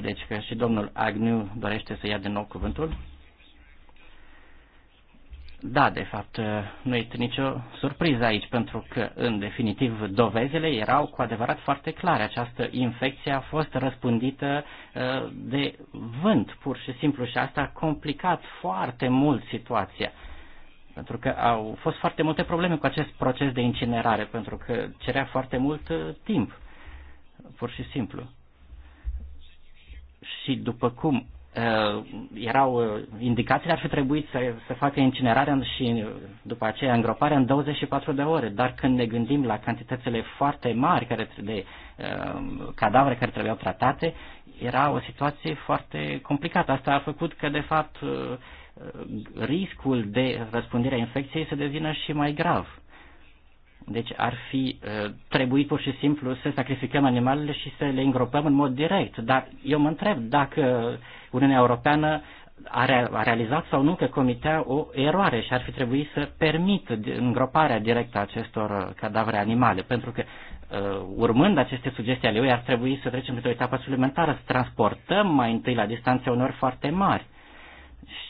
Deci că și domnul Agnew dorește să ia din nou cuvântul. Da, de fapt, nu este nicio surpriză aici, pentru că, în definitiv, dovezele erau cu adevărat foarte clare. Această infecție a fost răspândită uh, de vânt, pur și simplu, și asta a complicat foarte mult situația. Pentru că au fost foarte multe probleme cu acest proces de incinerare, pentru că cerea foarte mult uh, timp, pur și simplu și după cum uh, erau uh, indicațiile, ar fi trebuit să, să facă incinerarea și uh, după aceea îngroparea în 24 de ore. Dar când ne gândim la cantitățile foarte mari care, de uh, cadavre care trebuiau tratate, era o situație foarte complicată. Asta a făcut că, de fapt, riscul de răspândire a infecției să devină și mai grav. Deci ar fi uh, trebuit pur și simplu să sacrificăm animalele și să le îngropăm în mod direct. Dar eu mă întreb dacă Uniunea Europeană a realizat sau nu că comitea o eroare și ar fi trebuit să permită îngroparea directă a acestor uh, cadavre animale, pentru că uh, urmând aceste sugestii ale lui ar trebui să trecem într-o etapă suplimentară, să transportăm mai întâi la distanțe unor foarte mari.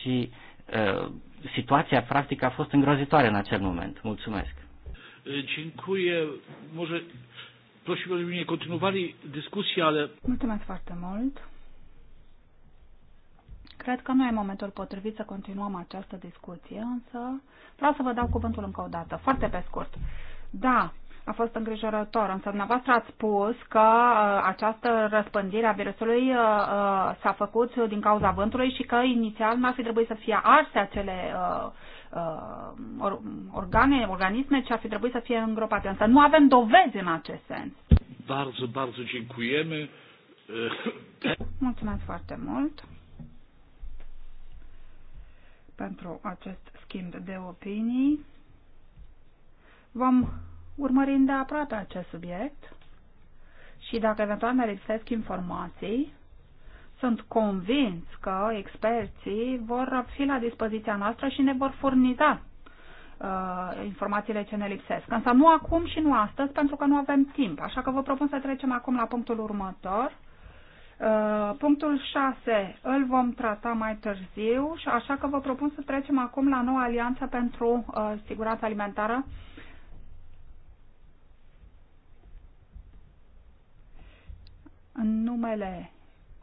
Și uh, situația practic a fost îngrozitoare în acel moment. Mulțumesc. Dziękuję. Może prosiłbym, żebyśmy nie kontynuowali dyskusji, ale... Mulțumesc foarte mult. Cred că nu e momentul potrivit să continuăm această discuție, însă vreau să vă dau cuvântul încă o dată, foarte pe scurt. Da, a fost îngrijorător, însă dumneavoastră ați spus că uh, această răspândire a virusului uh, uh, s-a făcut din cauza vântului și că inițial n-ar fi trebuit să fie arse acele uh, uh, organe, organisme ce ar fi trebuit să fie îngropate. Însă nu avem dovezi în acest sens. Bardzo, bardzo dziękujemy. Mulțumesc foarte mult pentru acest schimb de opinii. Vom urmări îndeaproape acest subiect și dacă eventual ne lipsesc informații, sunt convins că experții vor fi la dispoziția noastră și ne vor furniza uh, informațiile ce ne lipsesc. Însă nu acum și nu astăzi, pentru că nu avem timp. Așa că vă propun să trecem acum la punctul următor. Uh, punctul 6 îl vom trata mai târziu, și așa că vă propun să trecem acum la noua alianță pentru uh, siguranță alimentară. În numele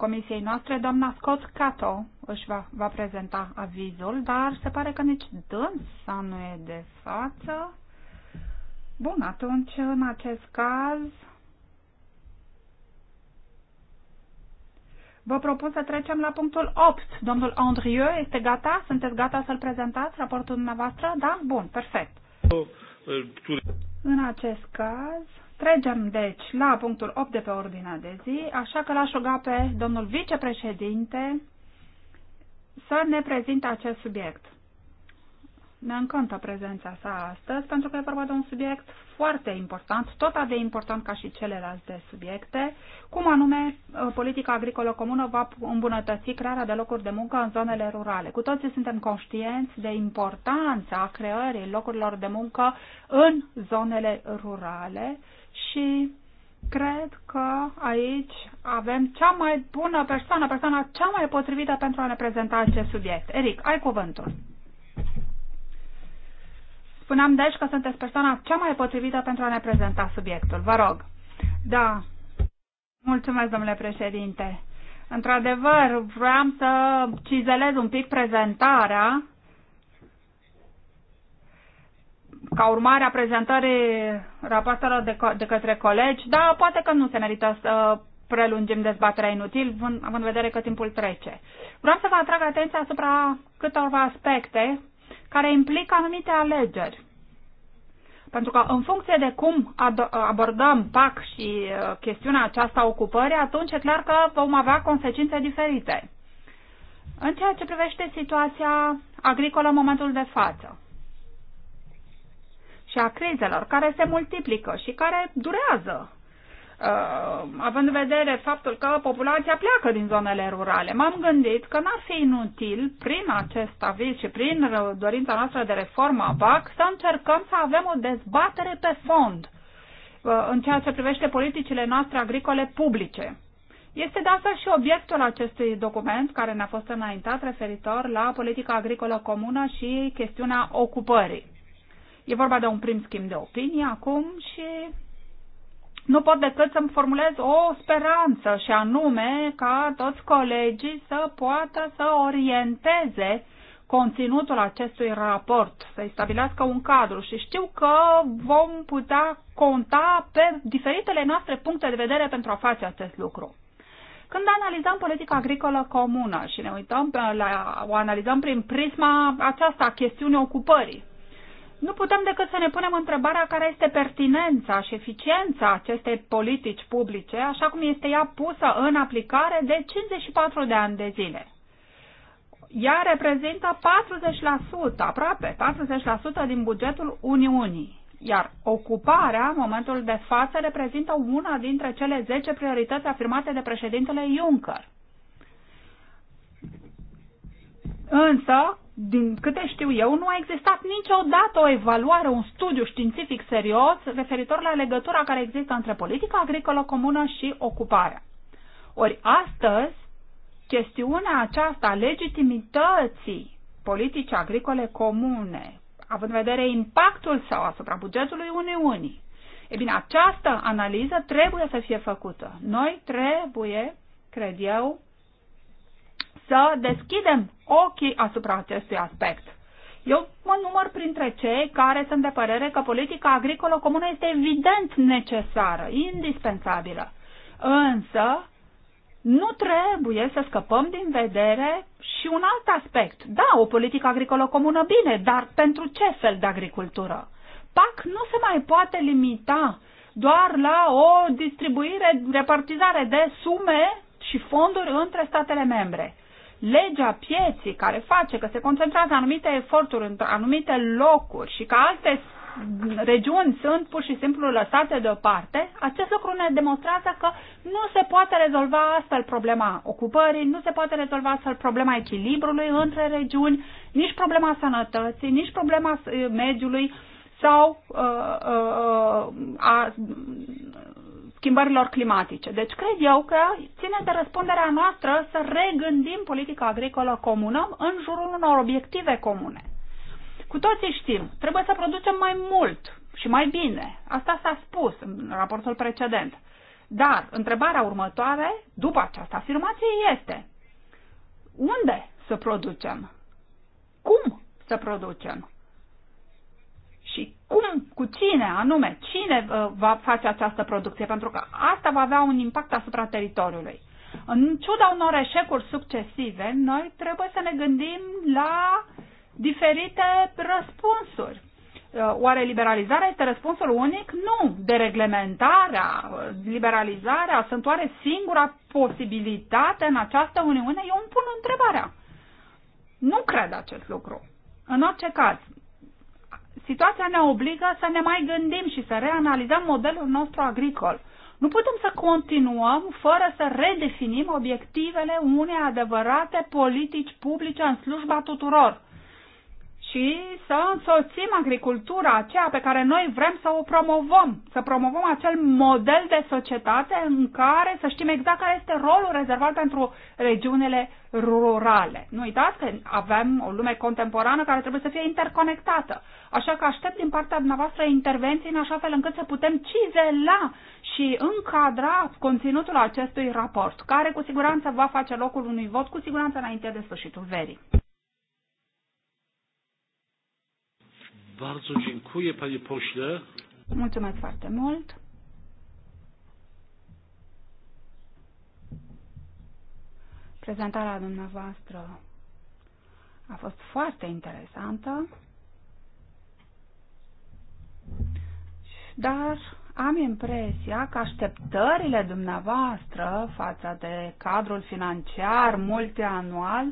comisiei noastre, doamna Scott Cato își va, va prezenta avizul, dar se pare că nici dânsa nu e de față. Bun, atunci, în acest caz, vă propun să trecem la punctul 8. Domnul Andrieu, este gata? Sunteți gata să-l prezentați, raportul dumneavoastră? Da? Bun, perfect. Uh, uh, în acest caz, Trecem, deci, la punctul 8 de pe ordinea de zi, așa că l-aș ruga pe domnul vicepreședinte să ne prezinte acest subiect. Ne încântă prezența sa astăzi, pentru că e vorba de un subiect foarte important, tot atât de important ca și celelalte subiecte, cum anume uh, politica agricolă comună va îmbunătăți crearea de locuri de muncă în zonele rurale. Cu toții suntem conștienți de importanța creării locurilor de muncă în zonele rurale și cred că aici avem cea mai bună persoană, persoana cea mai potrivită pentru a ne prezenta acest subiect. Eric, ai cuvântul. Spuneam deci că sunteți persoana cea mai potrivită pentru a ne prezenta subiectul. Vă rog. Da. Mulțumesc, domnule președinte. Într-adevăr, vreau să cizelez un pic prezentarea ca urmare a prezentării rapoartelor de, de către colegi, dar poate că nu se merită să prelungim dezbaterea inutil, având în vedere că timpul trece. Vreau să vă atrag atenția asupra câtorva aspecte care implică anumite alegeri. Pentru că în funcție de cum abordăm PAC și uh, chestiunea aceasta ocupării, atunci e clar că vom avea consecințe diferite. În ceea ce privește situația agricolă în momentul de față și a crizelor care se multiplică și care durează Uh, având în vedere faptul că populația pleacă din zonele rurale, m-am gândit că n-ar fi inutil, prin acest aviz și prin dorința noastră de reformă a PAC, să încercăm să avem o dezbatere pe fond uh, în ceea ce privește politicile noastre agricole publice. Este de asta și obiectul acestui document care ne-a fost înaintat referitor la politica agricolă comună și chestiunea ocupării. E vorba de un prim schimb de opinie acum și nu pot decât să-mi formulez o speranță și anume ca toți colegii să poată să orienteze conținutul acestui raport, să-i stabilească un cadru și știu că vom putea conta pe diferitele noastre puncte de vedere pentru a face acest lucru. Când analizăm politica agricolă comună și ne uităm la, o analizăm prin prisma aceasta a chestiunii ocupării, nu putem decât să ne punem întrebarea care este pertinența și eficiența acestei politici publice, așa cum este ea pusă în aplicare de 54 de ani de zile. Ea reprezintă 40%, aproape 40% din bugetul Uniunii, iar ocuparea, în momentul de față, reprezintă una dintre cele 10 priorități afirmate de președintele Juncker. Însă, din câte știu eu, nu a existat niciodată o evaluare, un studiu științific serios referitor la legătura care există între politica agricolă comună și ocuparea. Ori astăzi, chestiunea aceasta a legitimității politicii agricole comune, având în vedere impactul său asupra bugetului Uniunii, e bine, această analiză trebuie să fie făcută. Noi trebuie, cred eu, să deschidem ochii asupra acestui aspect. Eu mă număr printre cei care sunt de părere că politica agricolă comună este evident necesară, indispensabilă. Însă, nu trebuie să scăpăm din vedere și un alt aspect. Da, o politică agricolă comună bine, dar pentru ce fel de agricultură? PAC nu se mai poate limita doar la o distribuire, repartizare de sume și fonduri între statele membre legea pieții care face că se concentrează anumite eforturi în anumite locuri și că alte regiuni sunt pur și simplu lăsate deoparte, acest lucru ne demonstrează că nu se poate rezolva astfel problema ocupării, nu se poate rezolva astfel problema echilibrului între regiuni, nici problema sănătății, nici problema mediului sau uh, uh, uh a schimbărilor climatice. Deci cred eu că ține de răspunderea noastră să regândim politica agricolă comună în jurul unor obiective comune. Cu toții știm, trebuie să producem mai mult și mai bine. Asta s-a spus în raportul precedent. Dar întrebarea următoare, după această afirmație, este unde să producem? Cum să producem? și cum, cu cine anume, cine uh, va face această producție, pentru că asta va avea un impact asupra teritoriului. În ciuda unor eșecuri succesive, noi trebuie să ne gândim la diferite răspunsuri. Uh, oare liberalizarea este răspunsul unic? Nu. Dereglementarea, uh, liberalizarea sunt oare singura posibilitate în această Uniune? Eu îmi pun întrebarea. Nu cred acest lucru. În orice caz, situația ne obligă să ne mai gândim și să reanalizăm modelul nostru agricol. Nu putem să continuăm fără să redefinim obiectivele unei adevărate politici publice în slujba tuturor și să însoțim agricultura aceea pe care noi vrem să o promovăm, să promovăm acel model de societate în care să știm exact care este rolul rezervat pentru regiunile rurale. Nu uitați că avem o lume contemporană care trebuie să fie interconectată. Așa că aștept din partea dumneavoastră intervenții în așa fel încât să putem cizela și încadra conținutul acestui raport, care cu siguranță va face locul unui vot, cu siguranță înainte de sfârșitul verii. Bardzo dziękuję, panie pośle. Mulțumesc foarte mult. Prezentarea dumneavoastră a fost foarte interesantă, dar am impresia că așteptările dumneavoastră față de cadrul financiar multianual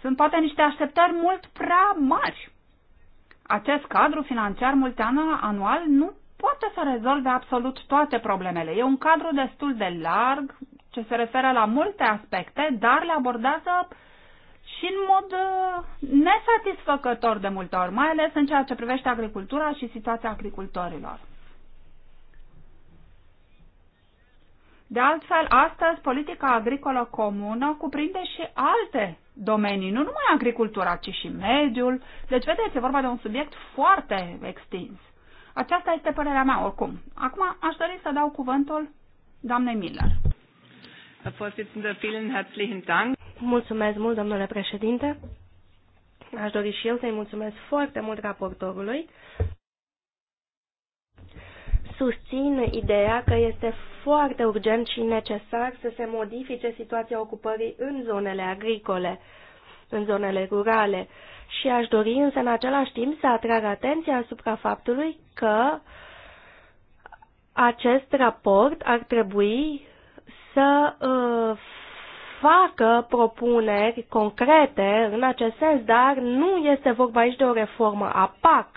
sunt poate niște așteptări mult prea mari acest cadru financiar multian anual nu poate să rezolve absolut toate problemele. E un cadru destul de larg, ce se referă la multe aspecte, dar le abordează și în mod uh, nesatisfăcător de multe ori, mai ales în ceea ce privește agricultura și situația agricultorilor. De altfel, astăzi, politica agricolă comună cuprinde și alte domenii, nu numai agricultura, ci și mediul. Deci, vedeți, e vorba de un subiect foarte extins. Aceasta este părerea mea, oricum. Acum aș dori să dau cuvântul doamnei Miller. Mulțumesc mult, domnule președinte. Aș dori și eu să-i mulțumesc foarte mult raportorului susțin ideea că este foarte urgent și necesar să se modifice situația ocupării în zonele agricole, în zonele rurale. Și aș dori însă în același timp să atrag atenția asupra faptului că acest raport ar trebui să uh, facă propuneri concrete în acest sens, dar nu este vorba aici de o reformă a PAC.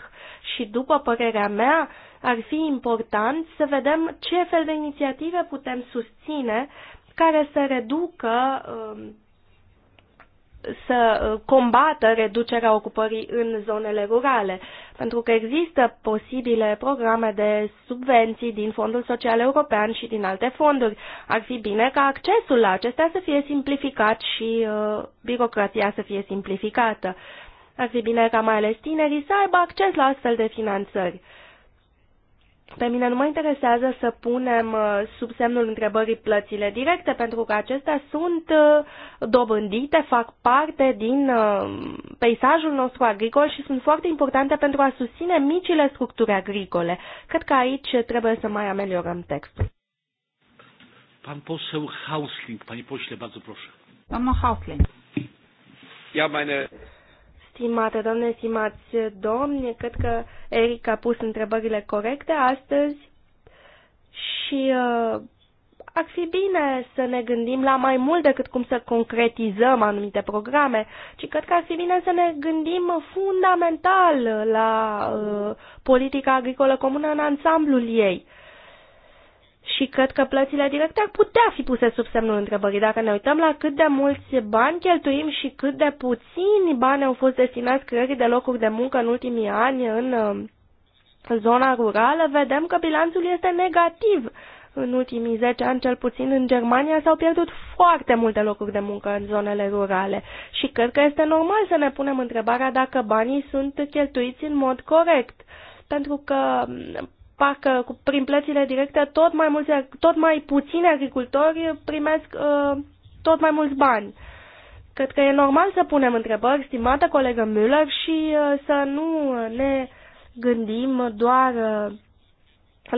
Și după părerea mea, ar fi important să vedem ce fel de inițiative putem susține care să reducă, um, să uh, combată reducerea ocupării în zonele rurale. Pentru că există posibile programe de subvenții din Fondul Social European și din alte fonduri. Ar fi bine ca accesul la acestea să fie simplificat și uh, birocrația să fie simplificată. Ar fi bine ca mai ales tinerii să aibă acces la astfel de finanțări. Uh, pe mine nu mă interesează să punem uh, sub semnul întrebării plățile directe, pentru că acestea sunt uh, dobândite, fac parte din uh, peisajul nostru agricol și sunt foarte importante pentru a susține micile structuri agricole. Cred că aici trebuie să mai ameliorăm textul. Pan poseu Hausling, pani pośle, bardzo proszę. Pan Hausling. Ja, meine Stimate doamne, stimați domni, cred că Eric a pus întrebările corecte astăzi și uh, ar fi bine să ne gândim la mai mult decât cum să concretizăm anumite programe, ci cred că ar fi bine să ne gândim fundamental la uh, politica agricolă comună în ansamblul ei. Uh, și cred că plățile directe ar putea fi puse sub semnul întrebării. Dacă ne uităm la cât de mulți bani cheltuim și cât de puțini bani au fost destinați creării de locuri de muncă în ultimii ani în um, zona rurală, vedem că bilanțul este negativ. În ultimii 10 ani, cel puțin în Germania, s-au pierdut foarte multe locuri de muncă în zonele rurale și cred că este normal să ne punem întrebarea dacă banii sunt cheltuiți în mod corect, pentru că parcă cu, prin plățile directe tot mai, mulți, tot mai puțini agricultori primesc uh, tot mai mulți bani. Cred că e normal să punem întrebări, stimată colegă Müller, și uh, să nu ne gândim doar uh,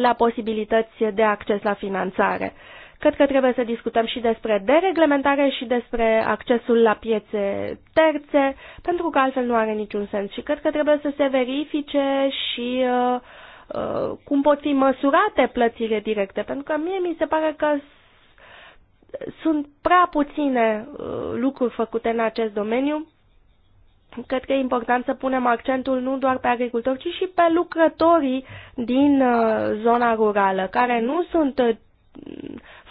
la posibilități de acces la finanțare. Cred că trebuie să discutăm și despre dereglementare și despre accesul la piețe terțe, pentru că altfel nu are niciun sens. Și cred că trebuie să se verifice și uh, Uh, cum pot fi măsurate plățile directe, pentru că mie mi se pare că sunt prea puține uh, lucruri făcute în acest domeniu. Cred că e important să punem accentul nu doar pe agricultori, ci și pe lucrătorii din uh, zona rurală, care nu sunt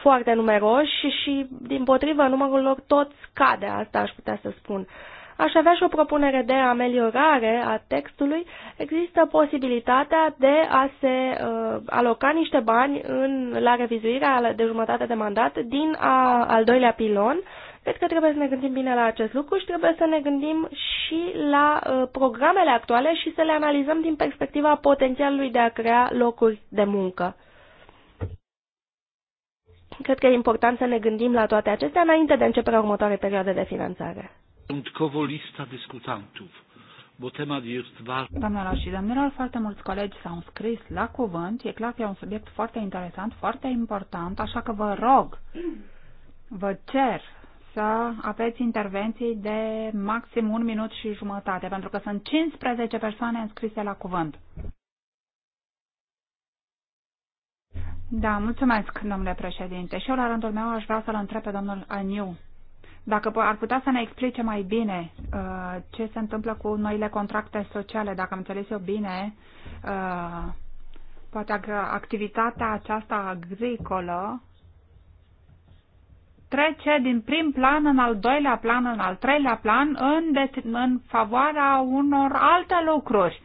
foarte numeroși și, din potrivă, numărul lor tot scade, asta aș putea să spun aș avea și o propunere de ameliorare a textului, există posibilitatea de a se uh, aloca niște bani în, la revizuirea de jumătate de mandat din a, al doilea pilon. Cred că trebuie să ne gândim bine la acest lucru și trebuie să ne gândim și la uh, programele actuale și să le analizăm din perspectiva potențialului de a crea locuri de muncă. Cred că e important să ne gândim la toate acestea înainte de începerea următoarei perioade de finanțare. Punctcovo lista discutantów, bo temat este ważny. Doamnelor și domnilor, foarte mulți colegi s-au înscris la cuvânt. E clar că e un subiect foarte interesant, foarte important, așa că vă rog, vă cer să aveți intervenții de maxim un minut și jumătate, pentru că sunt 15 persoane înscrise la cuvânt. Da, mulțumesc, domnule președinte. Și eu, la rândul meu, aș vrea să-l întreb pe domnul Aniu dacă ar putea să ne explice mai bine uh, ce se întâmplă cu noile contracte sociale, dacă am înțeles eu bine, uh, poate că activitatea aceasta agricolă trece din prim plan în al doilea plan, în al treilea plan, în, deci- în favoarea unor alte lucruri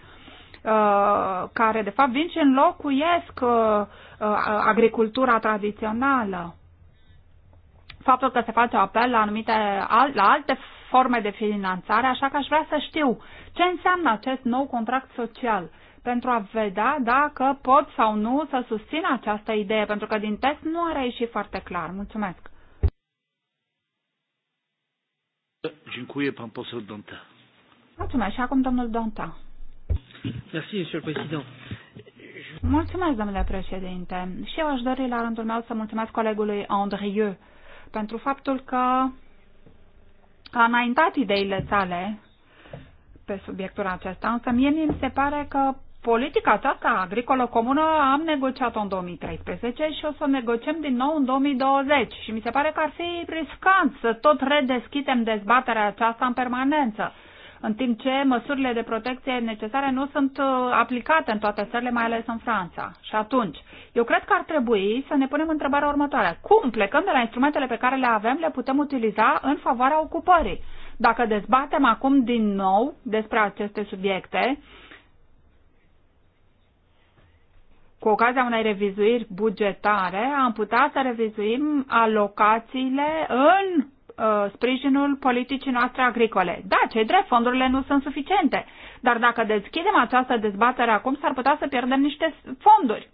uh, care, de fapt, vin și înlocuiesc uh, uh, agricultura tradițională faptul că se face apel la anumite la alte forme de finanțare, așa că aș vrea să știu ce înseamnă acest nou contract social pentru a vedea dacă pot sau nu să susțin această idee, pentru că din test nu a ieșit foarte clar. Mulțumesc. Dziękuję pan poseł Donta. Mulțumesc. Și acum domnul Donta. Merci, monsieur président. Mulțumesc, domnule președinte. Și eu aș dori la rândul meu să mulțumesc colegului Andrieu pentru faptul că a înaintat ideile sale pe subiectul acesta, însă mie mi se pare că politica aceasta agricolă comună am negociat-o în 2013 și o să o negociem din nou în 2020 și mi se pare că ar fi riscant să tot redeschidem dezbaterea aceasta în permanență în timp ce măsurile de protecție necesare nu sunt uh, aplicate în toate țările, mai ales în Franța. Și atunci, eu cred că ar trebui să ne punem întrebarea următoare. Cum plecăm de la instrumentele pe care le avem, le putem utiliza în favoarea ocupării? Dacă dezbatem acum din nou despre aceste subiecte, cu ocazia unei revizuiri bugetare, am putea să revizuim alocațiile în Uh, sprijinul politicii noastre agricole. Da, cei drept, fondurile nu sunt suficiente, dar dacă deschidem această dezbatere acum, s-ar putea să pierdem niște fonduri.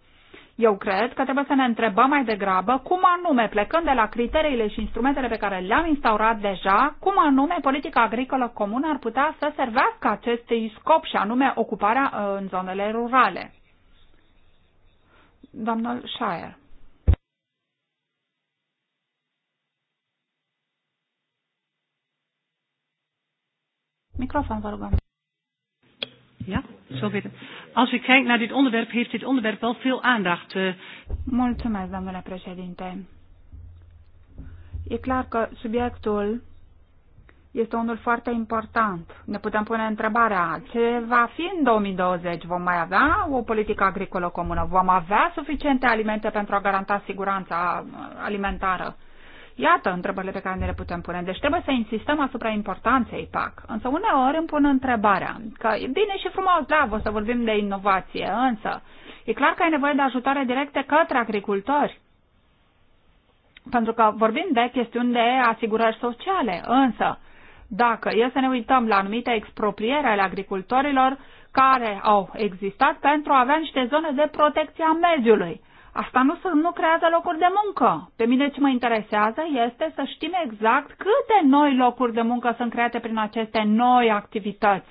Eu cred că trebuie să ne întrebăm mai degrabă cum anume, plecând de la criteriile și instrumentele pe care le-am instaurat deja, cum anume politica agricolă comună ar putea să servească acestui scop și anume ocuparea uh, în zonele rurale. Domnul Shire. Microfoon, vă rugăm. Ja, zo beter. Als ik kijk naar dit onderwerp, heeft dit onderwerp wel veel aandacht. Eh. Mulțumesc, domnule președinte. E clar că subiectul este unul foarte important. Ne putem pune întrebarea ce va fi în 2020? Vom mai avea o politică agricolă comună? Vom avea suficiente alimente pentru a garanta siguranța alimentară? Iată întrebările pe care ne le putem pune. Deci trebuie să insistăm asupra importanței PAC. Însă uneori îmi pun întrebarea că e bine și frumos, da, o să vorbim de inovație, însă e clar că ai nevoie de ajutare directe către agricultori. Pentru că vorbim de chestiuni de asigurări sociale, însă dacă e să ne uităm la anumite expropriere ale agricultorilor care au existat pentru a avea niște zone de protecție a mediului. Asta nu, nu creează locuri de muncă. Pe mine ce mă interesează este să știm exact câte noi locuri de muncă sunt create prin aceste noi activități.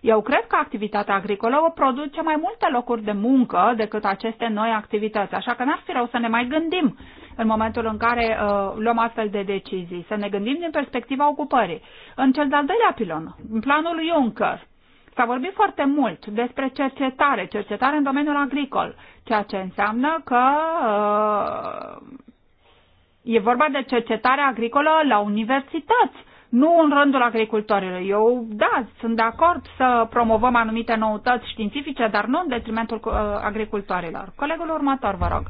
Eu cred că activitatea agricolă o produce mai multe locuri de muncă decât aceste noi activități, așa că n-ar fi rău să ne mai gândim în momentul în care uh, luăm astfel de decizii, să ne gândim din perspectiva ocupării. În cel de-al doilea pilon, în planul Juncker, S-a vorbit foarte mult despre cercetare, cercetare în domeniul agricol ceea ce înseamnă că uh, e vorba de cercetare agricolă la universități, nu în rândul agricultorilor. Eu, da, sunt de acord să promovăm anumite noutăți științifice, dar nu în detrimentul uh, agricultorilor. Colegul următor, vă rog.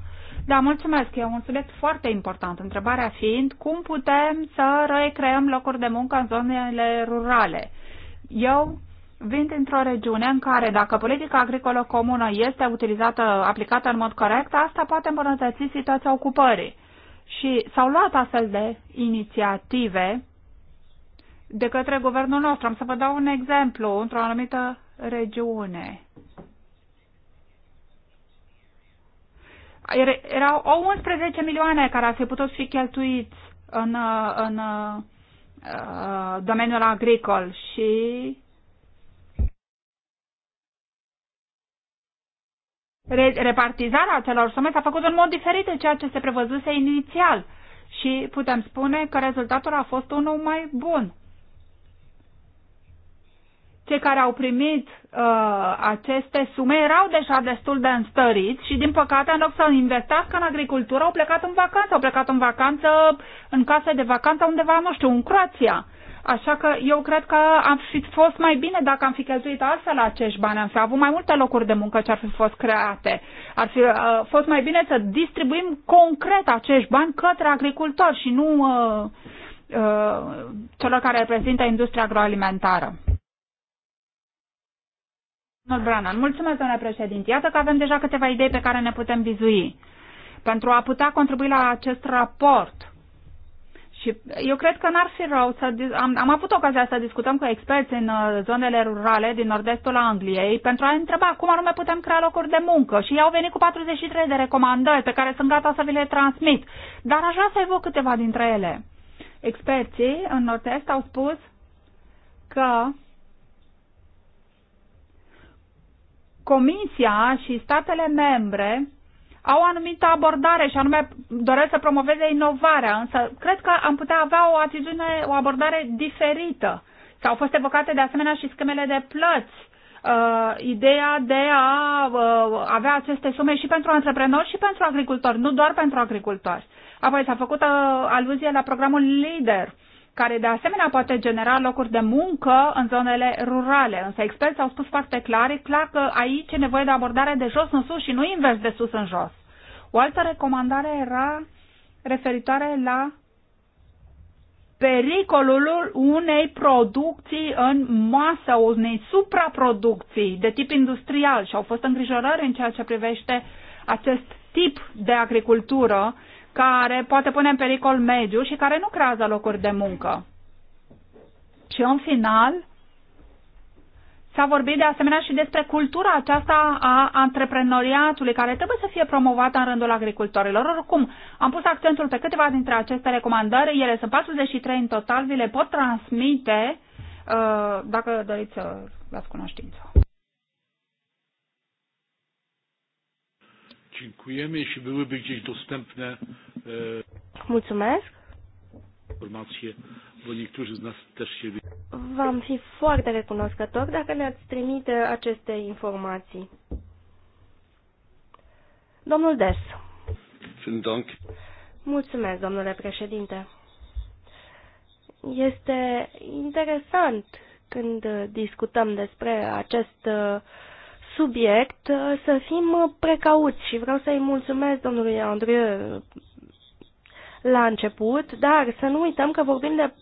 Da, mulțumesc. E un subiect foarte important. Întrebarea fiind cum putem să recreăm locuri de muncă în zonele rurale. Eu vin dintr-o regiune în care, dacă politica agricolă comună este utilizată, aplicată în mod corect, asta poate îmbunătăți situația ocupării. Și s-au luat astfel de inițiative de către guvernul nostru. Am să vă dau un exemplu într-o anumită regiune. Erau 11 milioane care ar fi putut fi cheltuiți în, în uh, domeniul agricol și repartizarea acelor sume s-a făcut în mod diferit de ceea ce se prevăzuse inițial și putem spune că rezultatul a fost unul mai bun. Cei care au primit uh, aceste sume erau deja destul de înstăriți și, din păcate, în loc să investească în agricultură, au plecat în vacanță, au plecat în vacanță, în case de vacanță undeva, nu știu, în Croația Așa că eu cred că am fi fost mai bine dacă am fi cheltuit altfel acești bani, am fi avut mai multe locuri de muncă ce ar fi fost create. Ar fi uh, fost mai bine să distribuim concret acești bani către agricultori și nu uh, uh, celor care reprezintă industria agroalimentară. Domnul Branan, mulțumesc, domnule președinte. Iată că avem deja câteva idei pe care ne putem vizui. Pentru a putea contribui la acest raport, și eu cred că n-ar fi rău să... Am, am avut ocazia să discutăm cu experți în uh, zonele rurale din nord-estul Angliei pentru a întreba cum anume putem crea locuri de muncă. Și ei au venit cu 43 de recomandări pe care sunt gata să vi le transmit. Dar aș vrea să văd câteva dintre ele. Experții în nord-est au spus că Comisia și statele membre au o anumită abordare și anume doresc să promoveze inovarea, însă cred că am putea avea o atitudine, o abordare diferită. S-au fost evocate de asemenea și schemele de plăți, uh, ideea de a uh, avea aceste sume și pentru antreprenori și pentru agricultori, nu doar pentru agricultori. Apoi s-a făcut uh, aluzie la programul LIDER, uh, care de asemenea poate genera locuri de muncă în zonele rurale. Însă experți au spus foarte clar, e clar că aici e nevoie de abordare de jos în sus și nu invers de sus în jos. O altă recomandare era referitoare la pericolul unei producții în masă, unei supraproducții de tip industrial și au fost îngrijorări în ceea ce privește acest tip de agricultură care poate pune în pericol mediul și care nu creează locuri de muncă. Și în final, S-a vorbit de asemenea și despre cultura aceasta a antreprenoriatului, care trebuie să fie promovată în rândul agricultorilor. Oricum, am pus accentul pe câteva dintre aceste recomandări, ele sunt 43 în total, vi le pot transmite uh, dacă doriți să las cunoștință. Dziękujemy. Jeśli byłyby gdzieś dostępne Mulțumesc. informacje, bo niektórzy z nas też się... V-am fi foarte recunoscător dacă ne-ați trimite aceste informații. Domnul Des. Mulțumesc, domnule președinte. Este interesant când discutăm despre acest uh, subiect uh, să fim precauți și vreau să-i mulțumesc domnului Andrei uh, la început, dar să nu uităm că vorbim de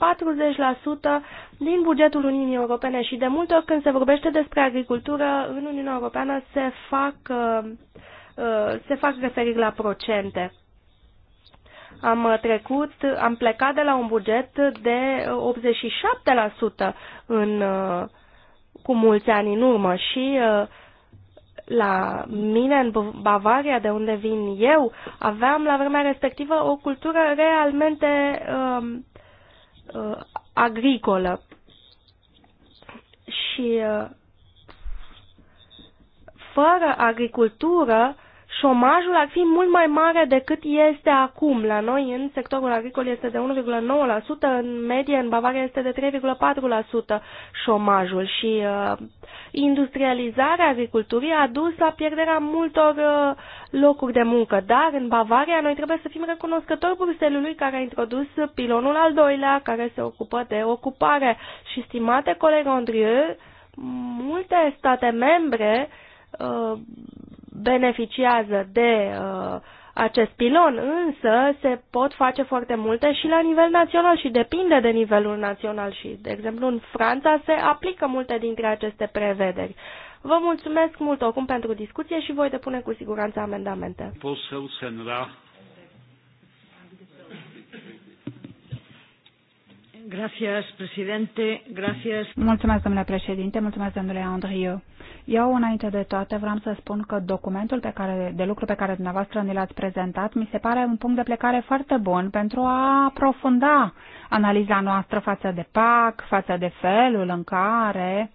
40% din bugetul Uniunii Europene și de multe ori când se vorbește despre agricultură în Uniunea Europeană se fac, uh, se fac referiri la procente. Am trecut, am plecat de la un buget de 87% în, cu mulți ani în urmă și uh, la mine, în Bavaria, de unde vin eu, aveam la vremea respectivă o cultură realmente uh, uh, agricolă. Și uh, fără agricultură, șomajul ar fi mult mai mare decât este acum. La noi, în sectorul agricol, este de 1,9%, în medie, în Bavaria, este de 3,4% șomajul și uh, industrializarea agriculturii a dus la pierderea multor uh, locuri de muncă, dar în Bavaria noi trebuie să fim recunoscători Bruselului care a introdus pilonul al doilea care se ocupă de ocupare și stimate coleg Andrieu, multe state membre uh, beneficiază de uh, acest pilon, însă se pot face foarte multe și la nivel național și depinde de nivelul național și, de exemplu, în Franța se aplică multe dintre aceste prevederi. Vă mulțumesc mult oricum pentru discuție și voi depune cu siguranță amendamente. Gracias, Gracias. Mulțumesc, domnule președinte. Mulțumesc, domnule Andriu. Eu, înainte de toate, vreau să spun că documentul pe care, de lucru pe care dumneavoastră ne l-ați prezentat mi se pare un punct de plecare foarte bun pentru a aprofunda analiza noastră față de PAC, față de felul în care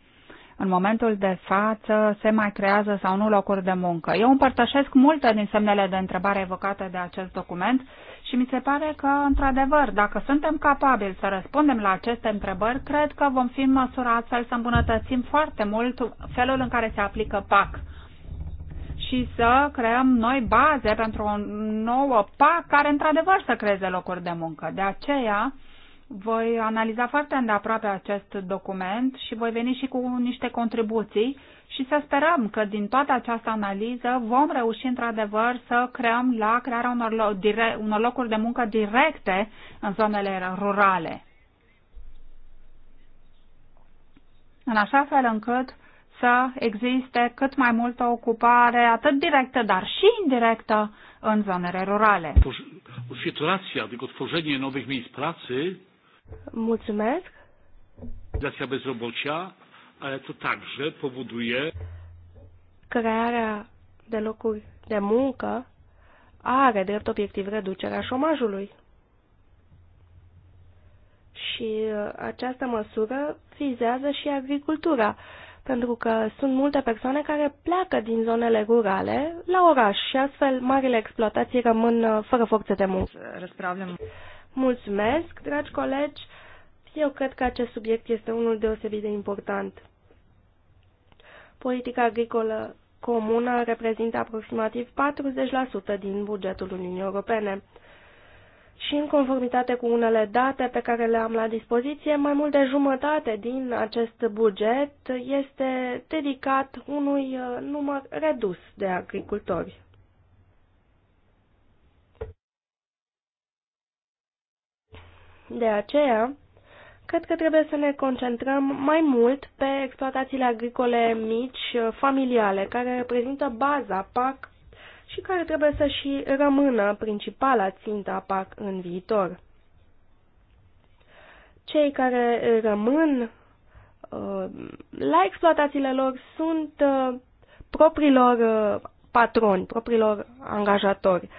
în momentul de față se mai creează sau nu locuri de muncă. Eu împărtășesc multe din semnele de întrebare evocate de acest document și mi se pare că, într-adevăr, dacă suntem capabili să răspundem la aceste întrebări, cred că vom fi în măsură astfel să îmbunătățim foarte mult felul în care se aplică PAC și să creăm noi baze pentru o nouă PAC care, într-adevăr, să creeze locuri de muncă. De aceea, voi analiza foarte îndeaproape acest document și voi veni și cu niște contribuții și să sperăm că din toată această analiză vom reuși într-adevăr să creăm la crearea unor, lo- dire- unor locuri de muncă directe în zonele rurale. În așa fel încât să existe cât mai multă ocupare, atât directă, dar și indirectă, în zonele rurale. Oświetlacja, tylko adică tworzenie nowych miejsc pracy Mulțumesc. Dația bezrobocea, ale to także powoduje... Crearea de locuri de muncă are drept obiectiv reducerea șomajului. Și uh, această măsură vizează și agricultura, pentru că sunt multe persoane care pleacă din zonele rurale la oraș și astfel marile exploatații rămân uh, fără forțe de muncă. Mulțumesc, dragi colegi. Eu cred că acest subiect este unul deosebit de important. Politica agricolă comună reprezintă aproximativ 40% din bugetul Uniunii Europene. Și în conformitate cu unele date pe care le am la dispoziție, mai mult de jumătate din acest buget este dedicat unui uh, număr redus de agricultori. De aceea, cred că trebuie să ne concentrăm mai mult pe exploatațiile agricole mici, uh, familiale, care reprezintă baza PAC și care trebuie să și rămână principala țintă a PAC în viitor. Cei care rămân uh, la exploatațiile lor sunt uh, propriilor patroni, propriilor angajatori.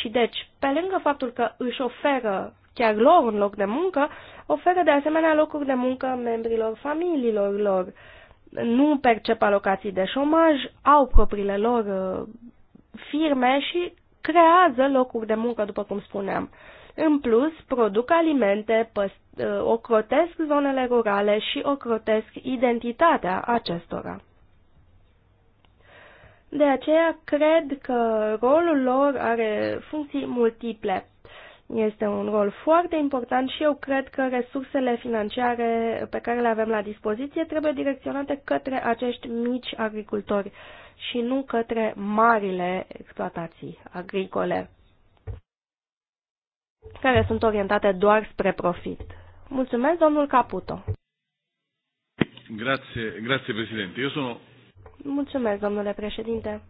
Și deci, pe lângă faptul că își oferă chiar lor un loc de muncă, oferă de asemenea locuri de muncă membrilor familiilor lor. Nu percep alocații de șomaj, au propriile lor uh, firme și creează locuri de muncă, după cum spuneam. În plus, produc alimente, uh, ocrotesc zonele rurale și ocrotesc identitatea acestora. De aceea, cred că rolul lor are funcții multiple. Este un rol foarte important și eu cred că resursele financiare pe care le avem la dispoziție trebuie direcționate către acești mici agricultori și nu către marile exploatații agricole care sunt orientate doar spre profit. Mulțumesc, domnul Caputo. Grazie, grazie președinte. Eu sunt. Mulțumesc, domnule președinte.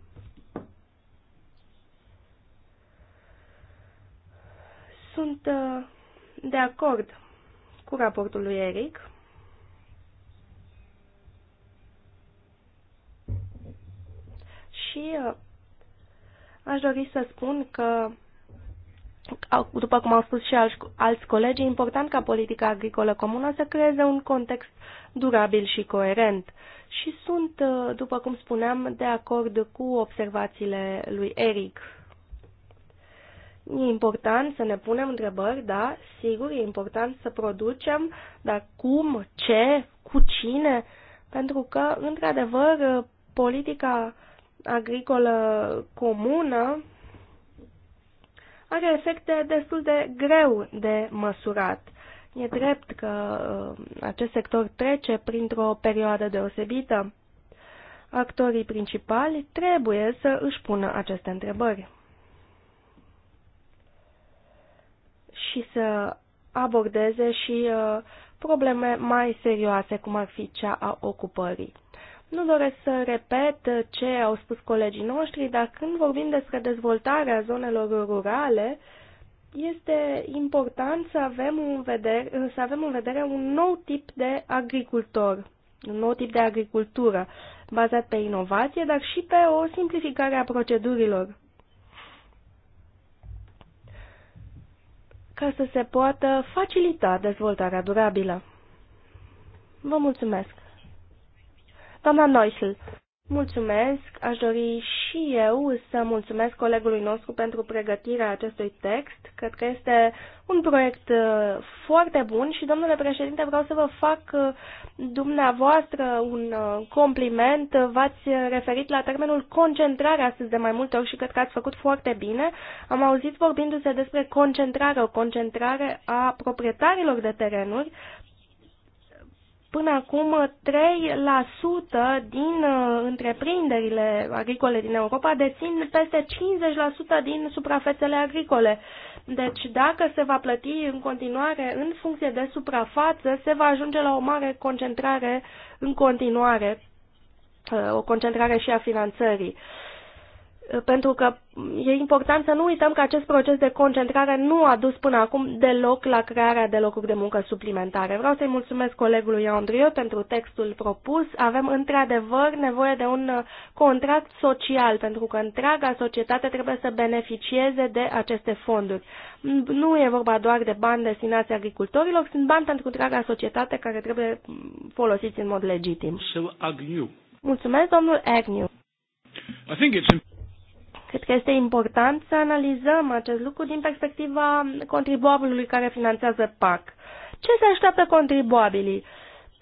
Sunt uh, de acord cu raportul lui Eric. Și uh, aș dori să spun că, după cum au spus și alți colegi, e important ca politica agricolă comună să creeze un context durabil și coerent. Și sunt, uh, după cum spuneam, de acord cu observațiile lui Eric. E important să ne punem întrebări, da, sigur, e important să producem, dar cum, ce, cu cine, pentru că, într-adevăr, politica agricolă comună are efecte destul de greu de măsurat. E drept că uh, acest sector trece printr-o perioadă deosebită. Actorii principali trebuie să își pună aceste întrebări. și să abordeze și uh, probleme mai serioase, cum ar fi cea a ocupării. Nu doresc să repet ce au spus colegii noștri, dar când vorbim despre dezvoltarea zonelor rurale, este important să avem în vedere, să avem în vedere un nou tip de agricultor, un nou tip de agricultură, bazat pe inovație, dar și pe o simplificare a procedurilor. ca să se poată facilita dezvoltarea durabilă. Vă mulțumesc. Doamna Neusel, Mulțumesc. Aș dori și eu să mulțumesc colegului nostru pentru pregătirea acestui text. Cred că este un proiect uh, foarte bun și, domnule președinte, vreau să vă fac uh, dumneavoastră un uh, compliment. V-ați referit la termenul concentrare astăzi de mai multe ori și cred că ați făcut foarte bine. Am auzit vorbindu-se despre concentrare, o concentrare a proprietarilor de terenuri, Până acum, 3% din uh, întreprinderile agricole din Europa dețin peste 50% din suprafețele agricole. Deci, dacă se va plăti în continuare în funcție de suprafață, se va ajunge la o mare concentrare în continuare, uh, o concentrare și a finanțării pentru că e important să nu uităm că acest proces de concentrare nu a dus până acum deloc la crearea de locuri de muncă suplimentare. Vreau să-i mulțumesc colegului Andrieu pentru textul propus. Avem într-adevăr nevoie de un uh, contract social, pentru că întreaga societate trebuie să beneficieze de aceste fonduri. Nu e vorba doar de bani destinați agricultorilor, sunt bani pentru întreaga societate care trebuie mm, folosiți în mod legitim. Mulțumesc, domnul Agnew. I think it's Cred că este important să analizăm acest lucru din perspectiva contribuabilului care finanțează PAC. Ce se așteaptă contribuabilii?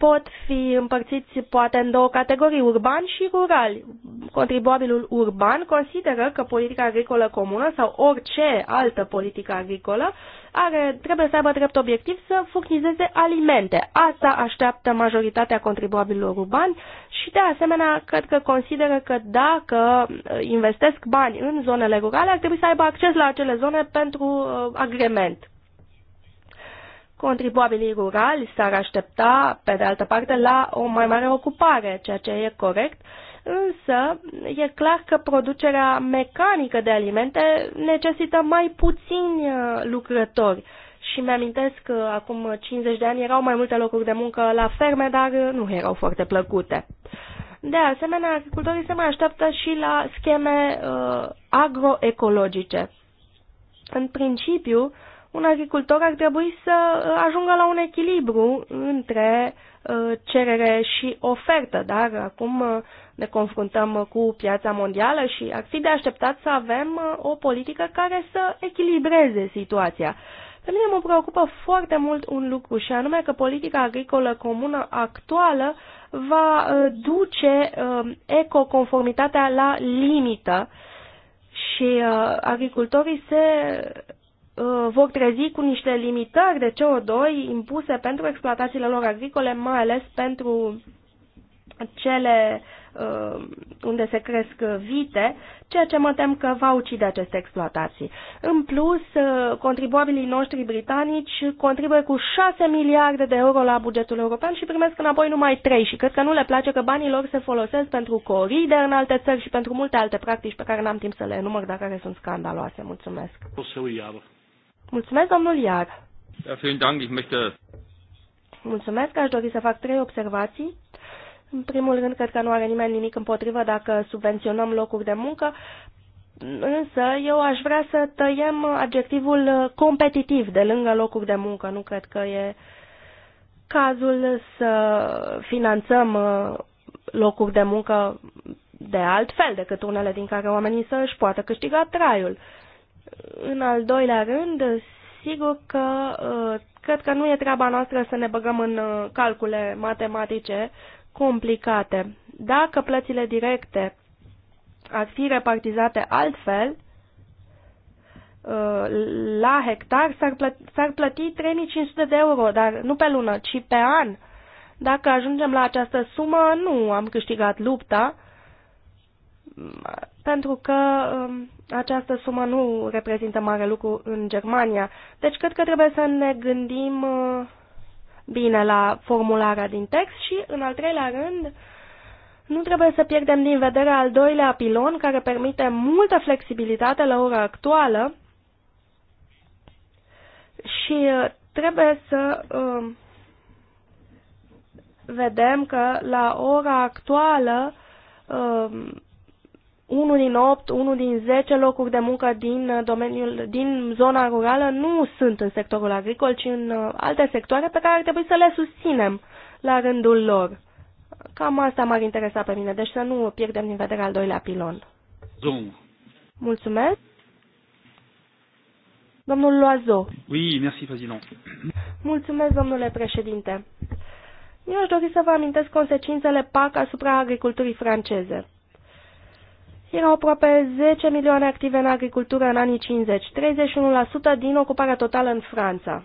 pot fi împărțiți poate în două categorii, urban și rural. Contribuabilul urban consideră că politica agricolă comună sau orice altă politică agricolă are, trebuie să aibă drept obiectiv să furnizeze alimente. Asta așteaptă majoritatea contribuabililor urbani și de asemenea cred că consideră că dacă uh, investesc bani în zonele rurale ar trebui să aibă acces la acele zone pentru uh, agrement. Contribuabilii rurali s-ar aștepta, pe de altă parte, la o mai mare ocupare, ceea ce e corect, însă e clar că producerea mecanică de alimente necesită mai puțini uh, lucrători. Și mi-amintesc că acum 50 de ani erau mai multe locuri de muncă la ferme, dar uh, nu erau foarte plăcute. De asemenea, agricultorii se mai așteaptă și la scheme uh, agroecologice. În principiu, uh, un agricultor ar trebui să uh, ajungă la un echilibru între uh, cerere și ofertă, dar acum uh, ne confruntăm cu piața mondială și ar fi de așteptat să avem o politică care să echilibreze situația. Pe mine mă preocupă foarte mult un lucru și anume că politica agricolă comună actuală va duce ecoconformitatea la limită și agricultorii se Uh, vor trezi cu niște limitări de CO2 impuse pentru exploatațiile lor agricole, mai ales pentru cele uh, unde se cresc vite, ceea ce mă tem că va ucide aceste exploatații. În plus, uh, contribuabilii noștri britanici contribuie cu 6 miliarde de euro la bugetul european și primesc înapoi numai 3 și cred că nu le place că banii lor se folosesc pentru coride în alte țări și pentru multe alte practici pe care n-am timp să le enumăr, dar care sunt scandaloase. Mulțumesc. O să Mulțumesc, domnul Iar. Da, vielen Dank. Ich möchte... Mulțumesc, aș dori să fac trei observații. În primul rând, cred că nu are nimeni nimic împotrivă dacă subvenționăm locuri de muncă, însă eu aș vrea să tăiem adjectivul competitiv de lângă locuri de muncă. Nu cred că e cazul să finanțăm uh, locuri de muncă de altfel decât unele din care oamenii să își poată câștiga traiul. În al doilea rând, sigur că uh, cred că nu e treaba noastră să ne băgăm în uh, calcule matematice complicate. Dacă plățile directe ar fi repartizate altfel, uh, la hectar s-ar plăti, plăti 3500 de euro, dar nu pe lună, ci pe an. Dacă ajungem la această sumă, nu am câștigat lupta, pentru că um, această sumă nu reprezintă mare lucru în Germania. Deci cred că trebuie să ne gândim uh, bine la formularea din text și, în al treilea rând, nu trebuie să pierdem din vedere al doilea pilon care permite multă flexibilitate la ora actuală și uh, trebuie să uh, vedem că la ora actuală uh, 1 din 8, 1 din 10 locuri de muncă din, uh, domeniul, din zona rurală nu sunt în sectorul agricol, ci în uh, alte sectoare pe care ar trebui să le susținem la rândul lor. Cam asta m-ar interesa pe mine, deci să nu pierdem din vedere al doilea pilon. Zoom. Mulțumesc. Domnul Loazo. Oui, merci, président. Mulțumesc, domnule președinte. Eu aș dori să vă amintesc consecințele PAC asupra agriculturii franceze. Erau aproape 10 milioane active în agricultură în anii 50, 31% din ocuparea totală în Franța.